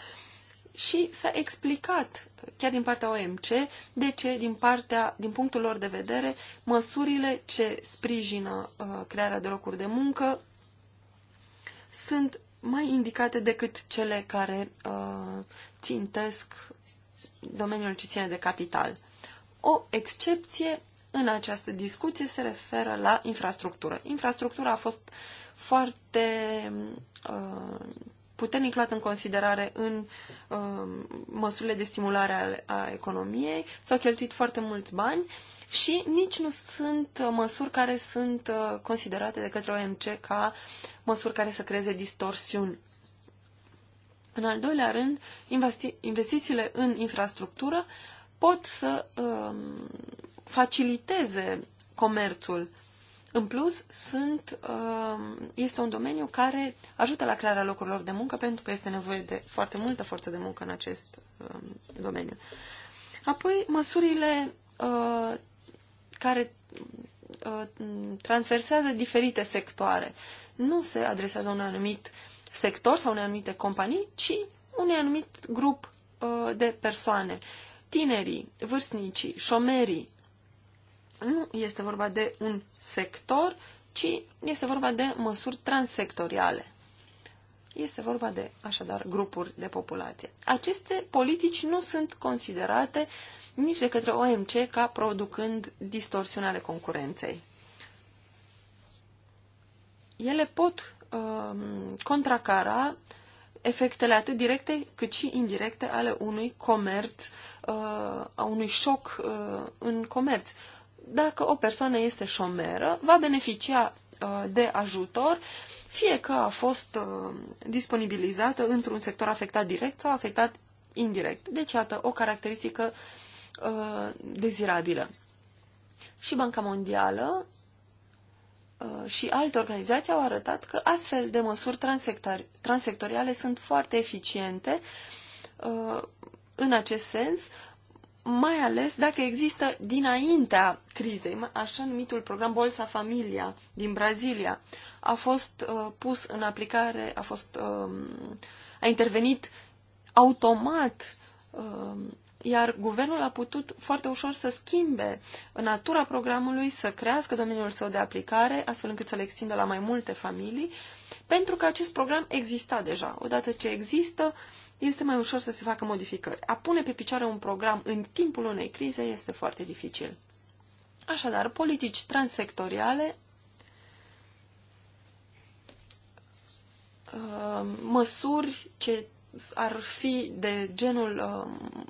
Speaker 3: Și s-a explicat, chiar din partea OMC, de ce, din, partea, din punctul lor de vedere, măsurile ce sprijină uh, crearea de locuri de muncă sunt mai indicate decât cele care uh, țintesc domeniul ce ține de capital. O excepție în această discuție se referă la infrastructură. Infrastructura a fost foarte uh, puternic luată în considerare în uh, măsurile de stimulare a, a economiei, s-au cheltuit foarte mulți bani și nici nu sunt uh, măsuri care sunt uh, considerate de către OMC ca măsuri care să creeze distorsiuni. În al doilea rând, investițiile în infrastructură pot să um, faciliteze comerțul. În plus, sunt, um, este un domeniu care ajută la crearea locurilor de muncă pentru că este nevoie de foarte multă forță de muncă în acest um, domeniu. Apoi, măsurile uh, care uh, transversează diferite sectoare. Nu se adresează un anumit sector sau unei anumite companii, ci unui anumit grup uh, de persoane. Tinerii, vârstnicii, șomerii. Nu este vorba de un sector, ci este vorba de măsuri transsectoriale. Este vorba de, așadar, grupuri de populație. Aceste politici nu sunt considerate nici de către OMC ca producând distorsiuni ale concurenței. Ele pot uh, contracara efectele atât directe cât și indirecte ale unui comerț, uh, a unui șoc uh, în comerț. Dacă o persoană este șomeră, va beneficia uh, de ajutor fie că a fost uh, disponibilizată într-un sector afectat direct sau afectat indirect. Deci, iată, o caracteristică Uh, dezirabilă. Și Banca Mondială uh, și alte organizații au arătat că astfel de măsuri transectoriale sunt foarte eficiente uh, în acest sens, mai ales dacă există dinaintea crizei, așa numitul program Bolsa Familia din Brazilia, a fost uh, pus în aplicare, a fost uh, a intervenit automat uh, iar guvernul a putut foarte ușor să schimbe natura programului, să crească domeniul său de aplicare, astfel încât să le extindă la mai multe familii, pentru că acest program exista deja. Odată ce există, este mai ușor să se facă modificări. A pune pe picioare un program în timpul unei crize este foarte dificil. Așadar, politici transsectoriale, uh, măsuri ce ar fi de genul uh,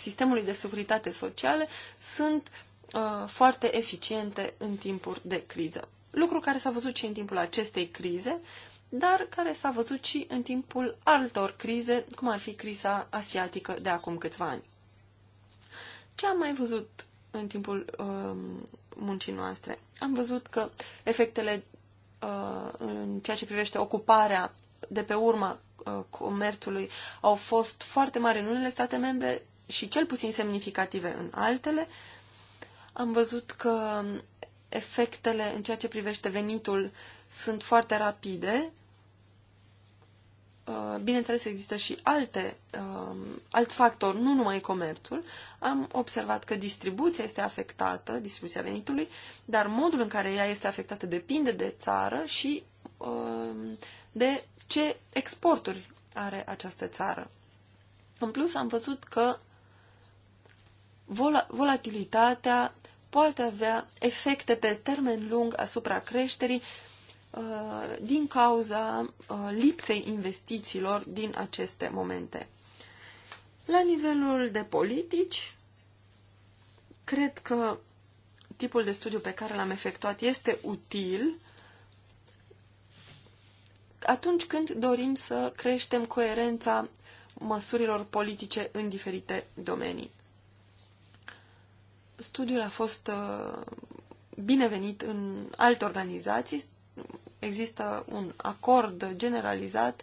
Speaker 3: sistemului de securitate sociale sunt uh, foarte eficiente în timpuri de criză. Lucru care s-a văzut și în timpul acestei crize, dar care s-a văzut și în timpul altor crize, cum ar fi criza asiatică de acum câțiva ani. Ce am mai văzut în timpul uh, muncii noastre? Am văzut că efectele uh, în ceea ce privește ocuparea de pe urma uh, comerțului au fost foarte mari în unele state membre, și cel puțin semnificative în altele. Am văzut că efectele în ceea ce privește venitul sunt foarte rapide. Uh, bineînțeles, există și alte, um, alți factori, nu numai comerțul. Am observat că distribuția este afectată, distribuția venitului, dar modul în care ea este afectată depinde de țară și um, de ce exporturi are această țară. În plus, am văzut că volatilitatea poate avea efecte pe termen lung asupra creșterii uh, din cauza uh, lipsei investițiilor din aceste momente. La nivelul de politici, cred că tipul de studiu pe care l-am efectuat este util atunci când dorim să creștem coerența măsurilor politice în diferite domenii. Studiul a fost uh, binevenit în alte organizații. Există un acord generalizat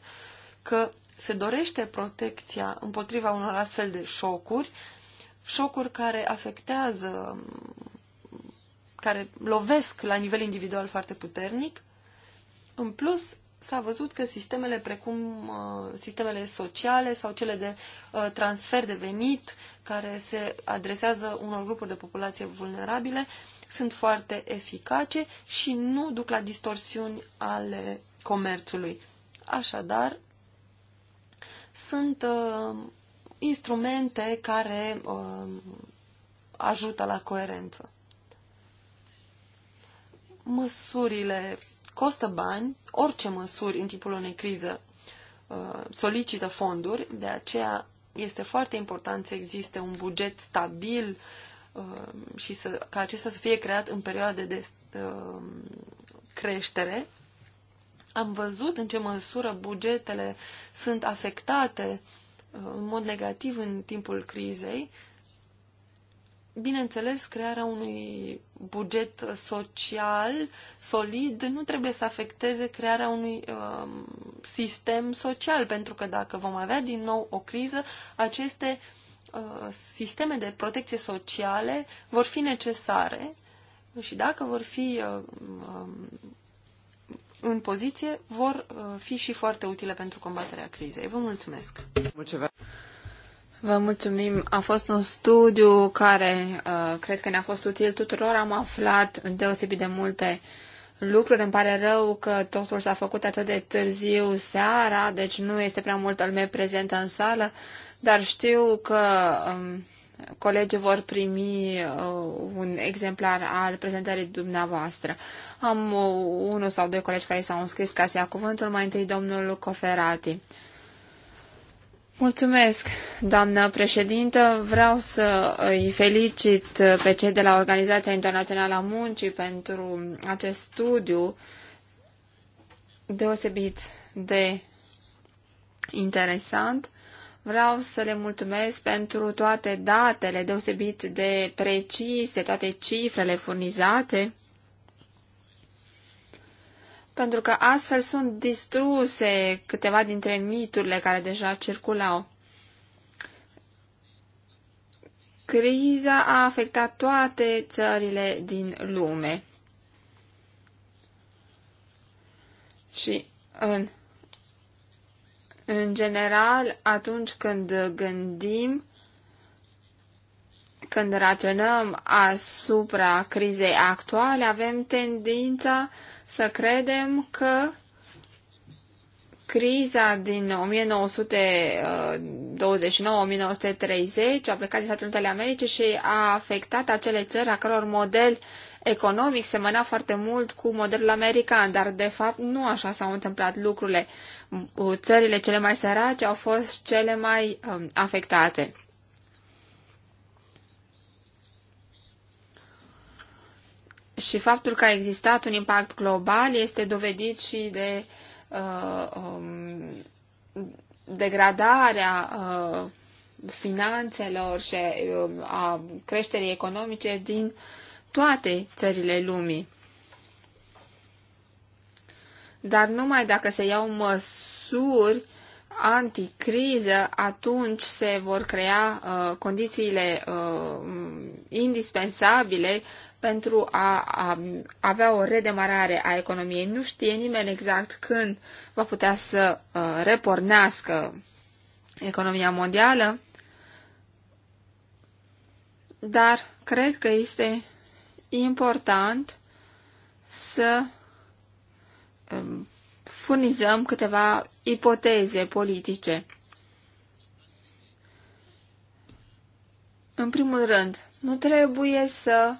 Speaker 3: că se dorește protecția împotriva unor astfel de șocuri, șocuri care afectează, care lovesc la nivel individual foarte puternic. În plus, s-a văzut că sistemele precum uh, sistemele sociale sau cele de uh, transfer de venit care se adresează unor grupuri de populație vulnerabile sunt foarte eficace și nu duc la distorsiuni ale comerțului. Așadar, sunt uh, instrumente care uh, ajută la coerență. Măsurile Costă bani, orice măsuri în timpul unei crize uh, solicită fonduri, de aceea este foarte important să existe un buget stabil uh, și să, ca acesta să fie creat în perioade de uh, creștere. Am văzut în ce măsură bugetele sunt afectate în mod negativ în timpul crizei bineînțeles, crearea unui buget social solid nu trebuie să afecteze crearea unui uh, sistem social, pentru că dacă vom avea din nou o criză, aceste uh, sisteme de protecție sociale vor fi necesare și dacă vor fi uh, um, în poziție, vor uh, fi și
Speaker 1: foarte utile pentru combaterea crizei. Vă mulțumesc! Mulțumesc! Vă mulțumim. A fost un studiu care uh, cred că ne-a fost util tuturor. Am aflat deosebit de multe lucruri. Îmi pare rău că totul s-a făcut atât de târziu seara, deci nu este prea multă lume prezentă în sală, dar știu că um, colegii vor primi uh, un exemplar al prezentării dumneavoastră. Am uh, unul sau doi colegi care s-au înscris ca să ia cuvântul, mai întâi domnul Coferati. Mulțumesc, doamnă președintă. Vreau să îi felicit pe cei de la Organizația Internațională a Muncii pentru acest studiu deosebit de interesant. Vreau să le mulțumesc pentru toate datele deosebit de precise, toate cifrele furnizate pentru că astfel sunt distruse câteva dintre miturile care deja circulau. Criza a afectat toate țările din lume. Și în, în general, atunci când gândim, când raționăm asupra crizei actuale, avem tendința uh, să credem că criza din 1929-1930 uh, a plecat din Statele Unite ale Americii și a afectat acele țări a căror model economic semăna foarte mult cu modelul american, dar de fapt nu așa s-au întâmplat lucrurile. Țările cele mai sărace au fost cele mai um, afectate. și faptul că a existat un impact global este dovedit și de uh, um, degradarea uh, finanțelor și uh, a creșterii economice din toate țările lumii. Dar numai dacă se iau măsuri anticriză, atunci se vor crea uh, condițiile uh, indispensabile pentru a, a avea o redemarare a economiei. Nu știe nimeni exact când va putea să uh, repornească economia mondială, dar cred că este important să uh, furnizăm câteva ipoteze politice. În primul rând, nu trebuie să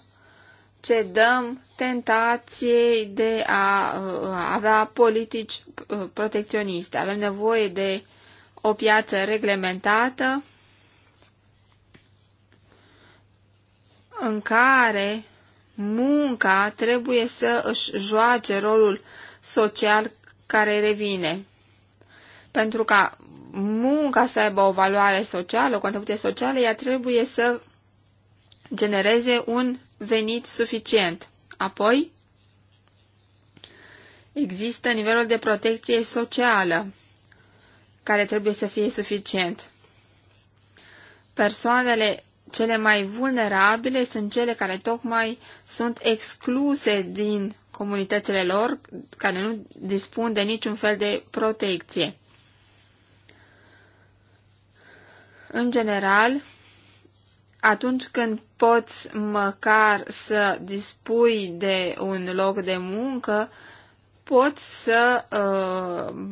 Speaker 1: cedăm tentației de a uh, avea politici uh, protecționiste. Avem nevoie de o piață reglementată în care munca trebuie să își joace rolul social care revine. Pentru ca munca să aibă o valoare socială, o contribuție socială, ea trebuie să genereze un venit suficient. Apoi, există nivelul de protecție socială, care trebuie să fie suficient. Persoanele cele mai vulnerabile sunt cele care tocmai sunt excluse din comunitățile lor, care nu dispun de niciun fel de protecție. În general, atunci când poți măcar să dispui de un loc de muncă, poți să uh,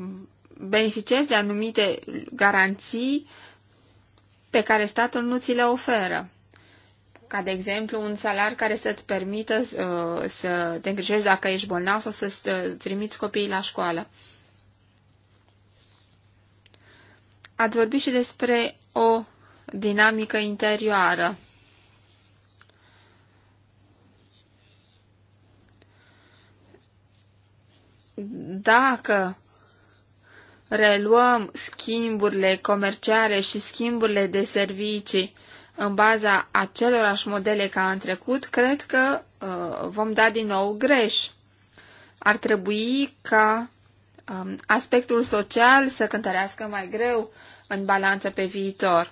Speaker 1: beneficiezi de anumite garanții pe care statul nu ți le oferă. Ca de exemplu un salar care să-ți permită uh, să te îngrijești dacă ești bolnav sau să-ți uh, trimiți copiii la școală. Ați vorbit și despre o dinamică interioară. dacă reluăm schimburile comerciale și schimburile de servicii în baza acelorași modele ca în trecut, cred că uh, vom da din nou greș. Ar trebui ca um, aspectul social să cântărească mai greu în balanță pe viitor.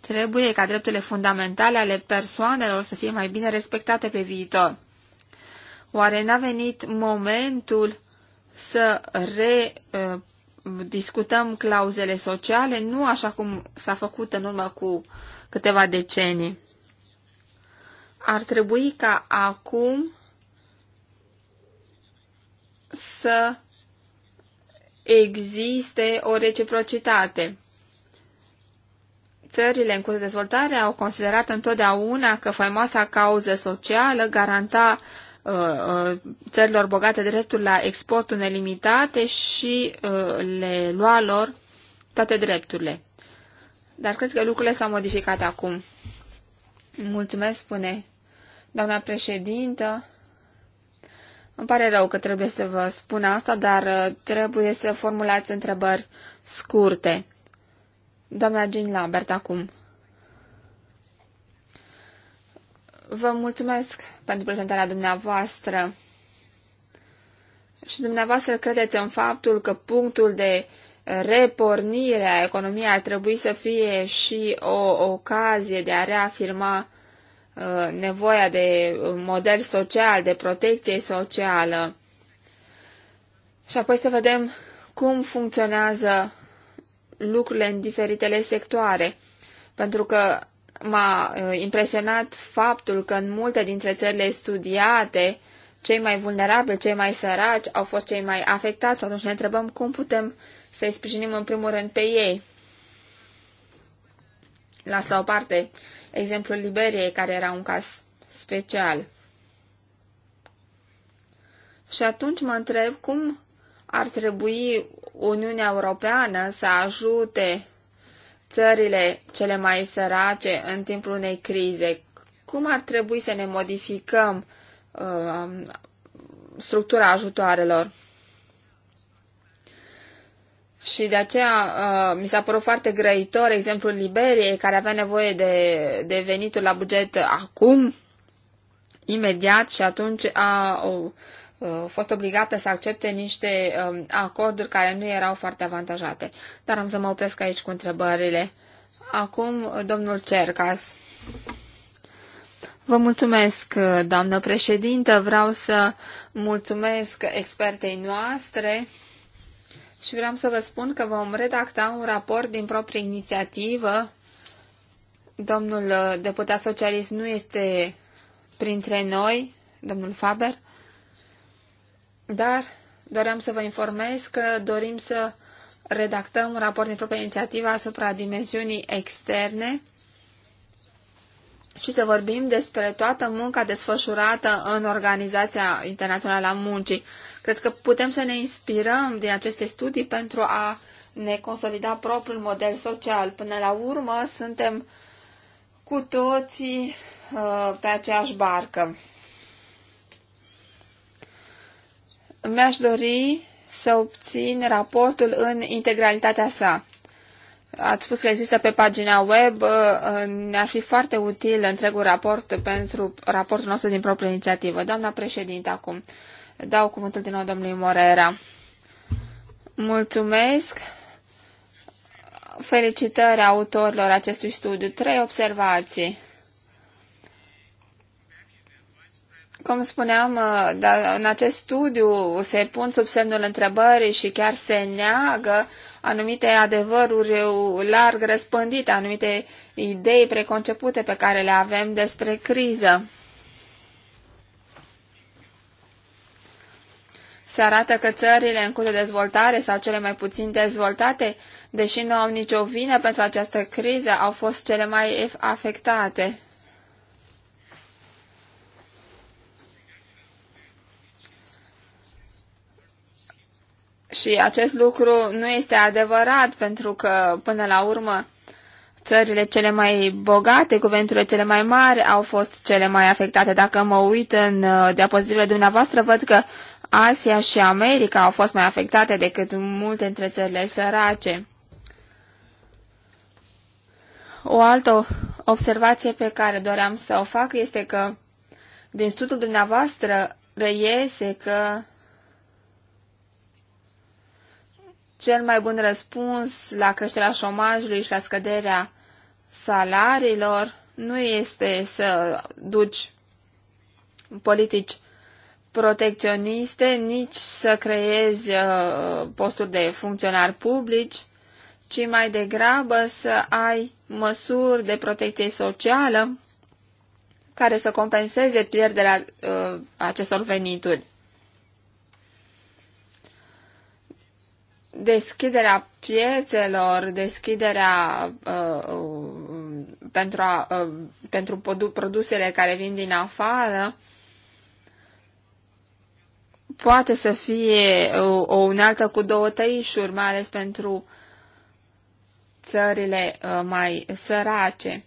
Speaker 1: Trebuie ca drepturile fundamentale ale persoanelor să fie mai bine respectate pe viitor. Oare n-a venit momentul să rediscutăm clauzele sociale, nu așa cum s-a făcut în urmă cu câteva decenii? Ar trebui ca acum să existe o reciprocitate. Țările în curs de dezvoltare au considerat întotdeauna că faimoasa cauză socială garanta Uh, uh, țărilor bogate dreptul la exporturi nelimitate și uh, le lua lor toate drepturile. Dar cred că lucrurile s-au modificat acum. Mulțumesc, spune doamna președintă. Îmi pare rău că trebuie să vă spun asta, dar trebuie să formulați întrebări scurte. Doamna Jean Lambert acum. Vă mulțumesc pentru prezentarea dumneavoastră. Și dumneavoastră credeți în faptul că punctul de repornire a economiei ar trebui să fie și o ocazie de a reafirma uh, nevoia de model social, de protecție socială. Și apoi să vedem cum funcționează lucrurile în diferitele sectoare. Pentru că m-a uh, impresionat faptul că în multe dintre țările studiate, cei mai vulnerabili, cei mai săraci au fost cei mai afectați. Atunci ne întrebăm cum putem să-i sprijinim în primul rând pe ei. Las la o parte exemplul Liberiei, care era un caz special. Și atunci mă întreb cum ar trebui Uniunea Europeană să ajute țările cele mai sărace în timpul unei crize? Cum ar trebui să ne modificăm uh, structura ajutoarelor? Și de aceea uh, mi s-a părut foarte grăitor exemplul Liberiei, care avea nevoie de, de venitul la buget acum, imediat, și atunci a, Uh, fost obligată să accepte niște um, acorduri care nu erau foarte avantajate. Dar am să mă opresc aici cu întrebările. Acum, domnul Cercas. Vă mulțumesc, doamnă președintă. Vreau să mulțumesc expertei noastre și vreau să vă spun că vom redacta un raport din proprie inițiativă. Domnul deputat socialist nu este printre noi, domnul Faber, dar doream să vă informez că dorim să redactăm un raport din propria inițiativă asupra dimensiunii externe și să vorbim despre toată munca desfășurată în Organizația Internațională a Muncii. Cred că putem să ne inspirăm din aceste studii pentru a ne consolida propriul model social. Până la urmă, suntem cu toții uh, pe aceeași barcă. mi-aș dori să obțin raportul în integralitatea sa. Ați spus că există pe pagina web, uh, uh, ne-ar fi foarte util întregul raport pentru raportul nostru din proprie inițiativă. Doamna președinte, acum dau cuvântul din nou domnului Morera. Mulțumesc! Felicitări autorilor acestui studiu. Trei observații. Cum spuneam, uh, da, în acest studiu se pun sub semnul întrebării și chiar se neagă anumite adevăruri larg răspândite, anumite idei preconcepute pe care le avem despre criză. Se arată că țările în curs de dezvoltare sau cele mai puțin dezvoltate, deși nu au nicio vină pentru această criză, au fost cele mai afectate. Și acest lucru nu este adevărat pentru că, până la urmă, țările cele mai bogate, cu veniturile cele mai mari, au fost cele mai afectate. Dacă mă uit în uh, diapozitivele dumneavoastră, văd că Asia și America au fost mai afectate decât multe dintre țările sărace. O altă observație pe care doream să o fac este că din studiul dumneavoastră reiese că Cel mai bun răspuns la creșterea șomajului și la scăderea salariilor nu este să duci politici protecționiste, nici să creezi uh, posturi de funcționari publici, ci mai degrabă să ai măsuri de protecție socială care să compenseze pierderea uh, acestor venituri. deschiderea piețelor, deschiderea uh, uh, pentru, a, uh, pentru produsele care vin din afară, poate să fie o, uh, o unealtă cu două tăișuri, mai ales pentru țările uh, mai sărace.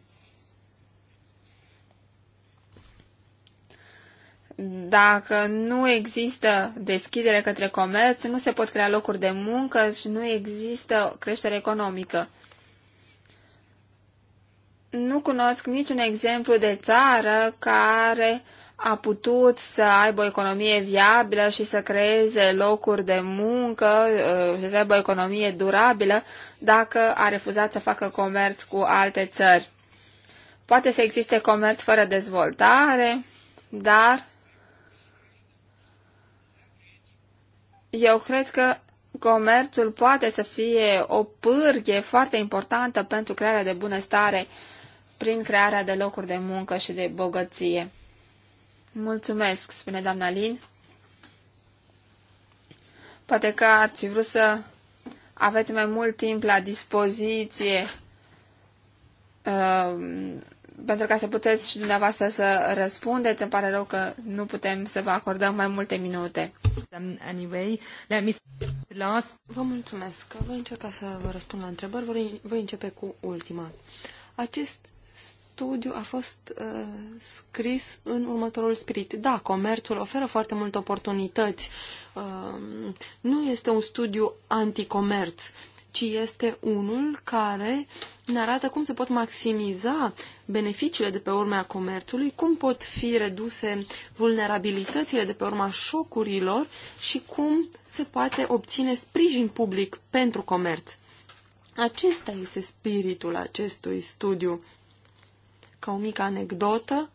Speaker 1: Dacă nu există deschidere către comerț, nu se pot crea locuri de muncă și nu există creștere economică. Nu cunosc niciun exemplu de țară care a putut să aibă o economie viabilă și să creeze locuri de muncă, uh, să aibă o economie durabilă, dacă a refuzat să facă comerț cu alte țări. Poate să existe comerț fără dezvoltare, dar Eu cred că comerțul poate să fie o pârghie foarte importantă pentru crearea de bunăstare prin crearea de locuri de muncă și de bogăție. Mulțumesc, spune doamna Lin. Poate că ar fi vrut să aveți mai mult timp la dispoziție uh, pentru ca să puteți și dumneavoastră să răspundeți. Îmi pare rău că nu putem să vă acordăm mai multe minute. Um, anyway, let me last. Vă mulțumesc. Voi încerca să vă răspund la întrebări. Voi, voi începe cu ultima.
Speaker 3: Acest studiu a fost uh, scris în următorul spirit. Da, comerțul oferă foarte multe oportunități. Uh, nu este un studiu anticomerț ci este unul care ne arată cum se pot maximiza beneficiile de pe urma comerțului, cum pot fi reduse vulnerabilitățile de pe urma șocurilor și cum se poate obține sprijin public pentru comerț. Acesta este spiritul acestui studiu. Ca o mică anecdotă,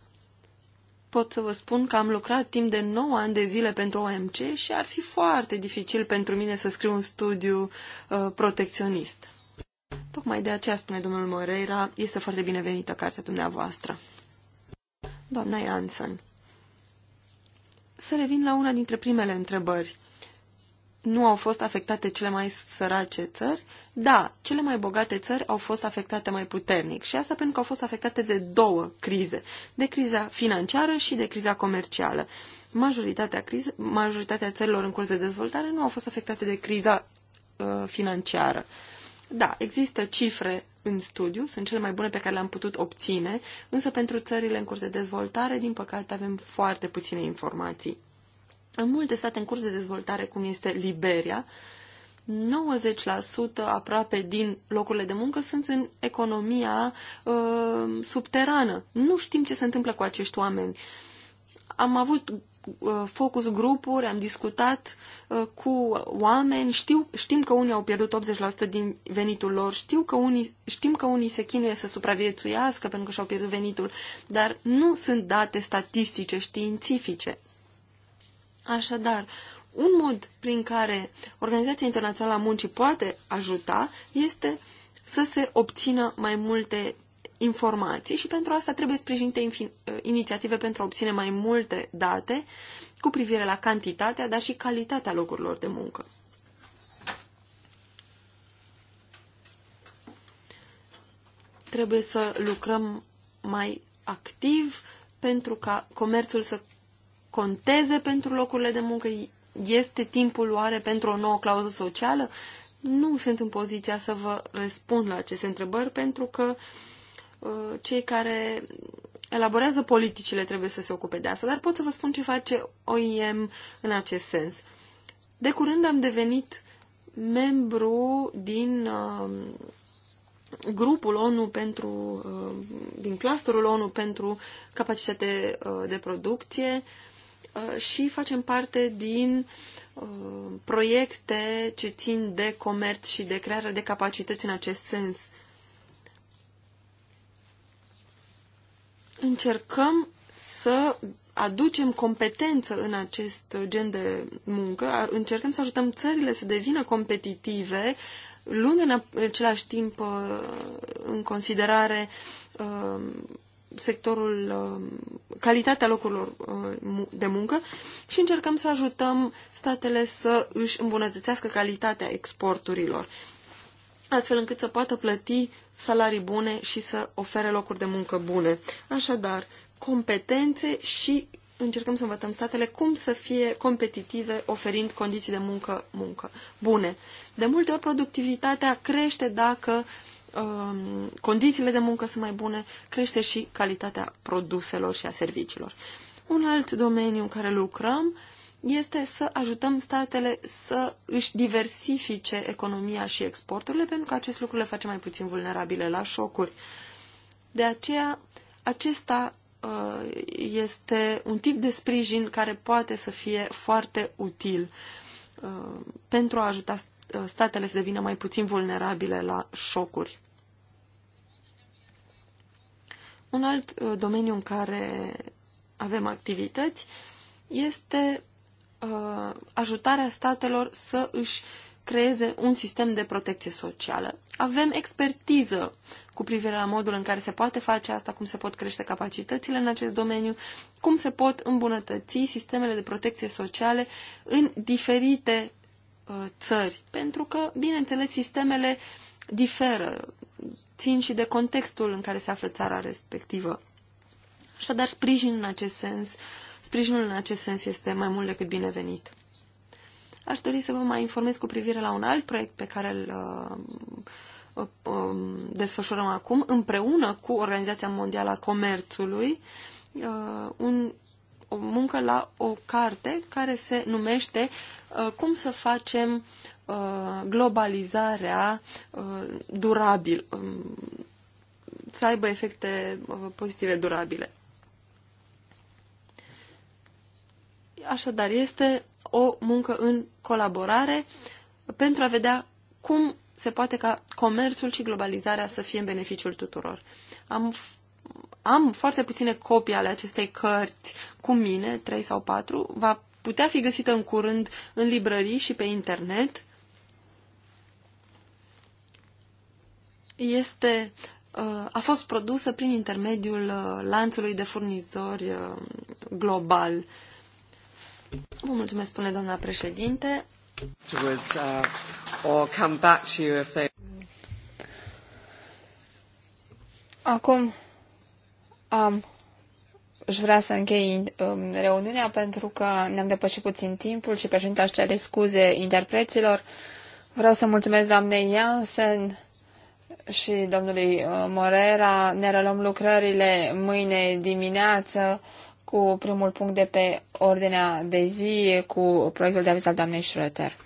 Speaker 3: pot să vă spun că am lucrat timp de 9 ani de zile pentru OMC și ar fi foarte dificil pentru mine să scriu un studiu uh, protecționist. Tocmai de aceea, spune domnul Moreira, este foarte binevenită cartea dumneavoastră. Doamna Janssen, să revin la una dintre primele întrebări nu au fost afectate cele mai sărace țări? Da, cele mai bogate țări au fost afectate mai puternic și asta pentru că au fost afectate de două crize, de criza financiară și de criza comercială. Majoritatea, crize, majoritatea țărilor în curs de dezvoltare nu au fost afectate de criza uh, financiară. Da, există cifre în studiu, sunt cele mai bune pe care le-am putut obține, însă pentru țările în curs de dezvoltare, din păcate, avem foarte puține informații. În multe state în curs de dezvoltare, cum este Liberia, 90% aproape din locurile de muncă sunt în economia uh, subterană. Nu știm ce se întâmplă cu acești oameni. Am avut uh, focus grupuri, am discutat uh, cu oameni, știu, știm că unii au pierdut 80% din venitul lor, știu că unii, știm că unii se chinuie să supraviețuiască pentru că și-au pierdut venitul, dar nu sunt date statistice, științifice Așadar, un mod prin care Organizația Internațională a Muncii poate ajuta este să se obțină mai multe informații și pentru asta trebuie sprijinite uh, inițiative pentru a obține mai multe date cu privire la cantitatea, dar și calitatea locurilor de muncă. Trebuie să lucrăm mai activ pentru ca comerțul să conteze pentru locurile de muncă? Este timpul oare pentru o nouă clauză socială? Nu sunt în poziția să vă răspund la aceste întrebări pentru că uh, cei care elaborează politicile trebuie să se ocupe de asta, dar pot să vă spun ce face OIM în acest sens. De curând am devenit membru din uh, grupul ONU pentru, uh, din clusterul ONU pentru capacitate de producție. Uh, și facem parte din uh, proiecte ce țin de comerț și de creare de capacități în acest sens. Încercăm să aducem competență în acest gen de muncă, încercăm să ajutăm țările să devină competitive, luând în același timp uh, în considerare sectorul, uh, calitatea locurilor uh, de muncă și încercăm să ajutăm statele să își îmbunătățească calitatea exporturilor, astfel încât să poată plăti salarii bune și să ofere locuri de muncă bune. Așadar, competențe și încercăm să învățăm statele cum să fie competitive oferind condiții de muncă, muncă bune. De multe ori productivitatea crește dacă uh, Um, condițiile de muncă sunt mai bune, crește și calitatea produselor și a serviciilor. Un alt domeniu în care lucrăm este să ajutăm statele să își diversifice economia și exporturile, pentru că acest lucru le face mai puțin vulnerabile la șocuri. De aceea, acesta uh, este un tip de sprijin care poate să fie foarte util uh, pentru a ajuta statele să devină mai puțin vulnerabile la șocuri. Un alt uh, domeniu în care avem activități este uh, ajutarea statelor să își creeze un sistem de protecție socială. Avem expertiză cu privire la modul în care se poate face asta, cum se pot crește capacitățile în acest domeniu, cum se pot îmbunătăți sistemele de protecție sociale în diferite Uh, țări, pentru că, bineînțeles, sistemele diferă, țin și de contextul în care se află țara respectivă. Așadar, sprijin în acest sens, sprijinul în acest sens este mai mult decât binevenit. Aș dori să vă mai informez cu privire la un alt proiect pe care îl uh, uh, um, desfășurăm acum, împreună cu Organizația Mondială a Comerțului, uh, un o muncă la o carte care se numește uh, Cum să facem uh, globalizarea uh, durabil, um, să aibă efecte pozitive durabile. Așadar, este o muncă în colaborare pentru a vedea cum se poate ca comerțul și globalizarea să fie în beneficiul tuturor. Am am foarte puține copii ale acestei cărți cu mine, trei sau patru va putea fi găsită în curând în librării și pe internet. Este, uh, a fost produsă prin intermediul uh, lanțului de furnizori uh, global. Vă mulțumesc, spune doamna președinte.
Speaker 1: Acum am își vrea să închei um, reuniunea pentru că ne-am depășit puțin timpul și președinte aș cere scuze interpreților. Vreau să mulțumesc doamnei Jansen și domnului uh, Morera. Ne reluăm lucrările mâine dimineață cu primul punct de pe ordinea de zi cu proiectul de aviz al doamnei Schröter.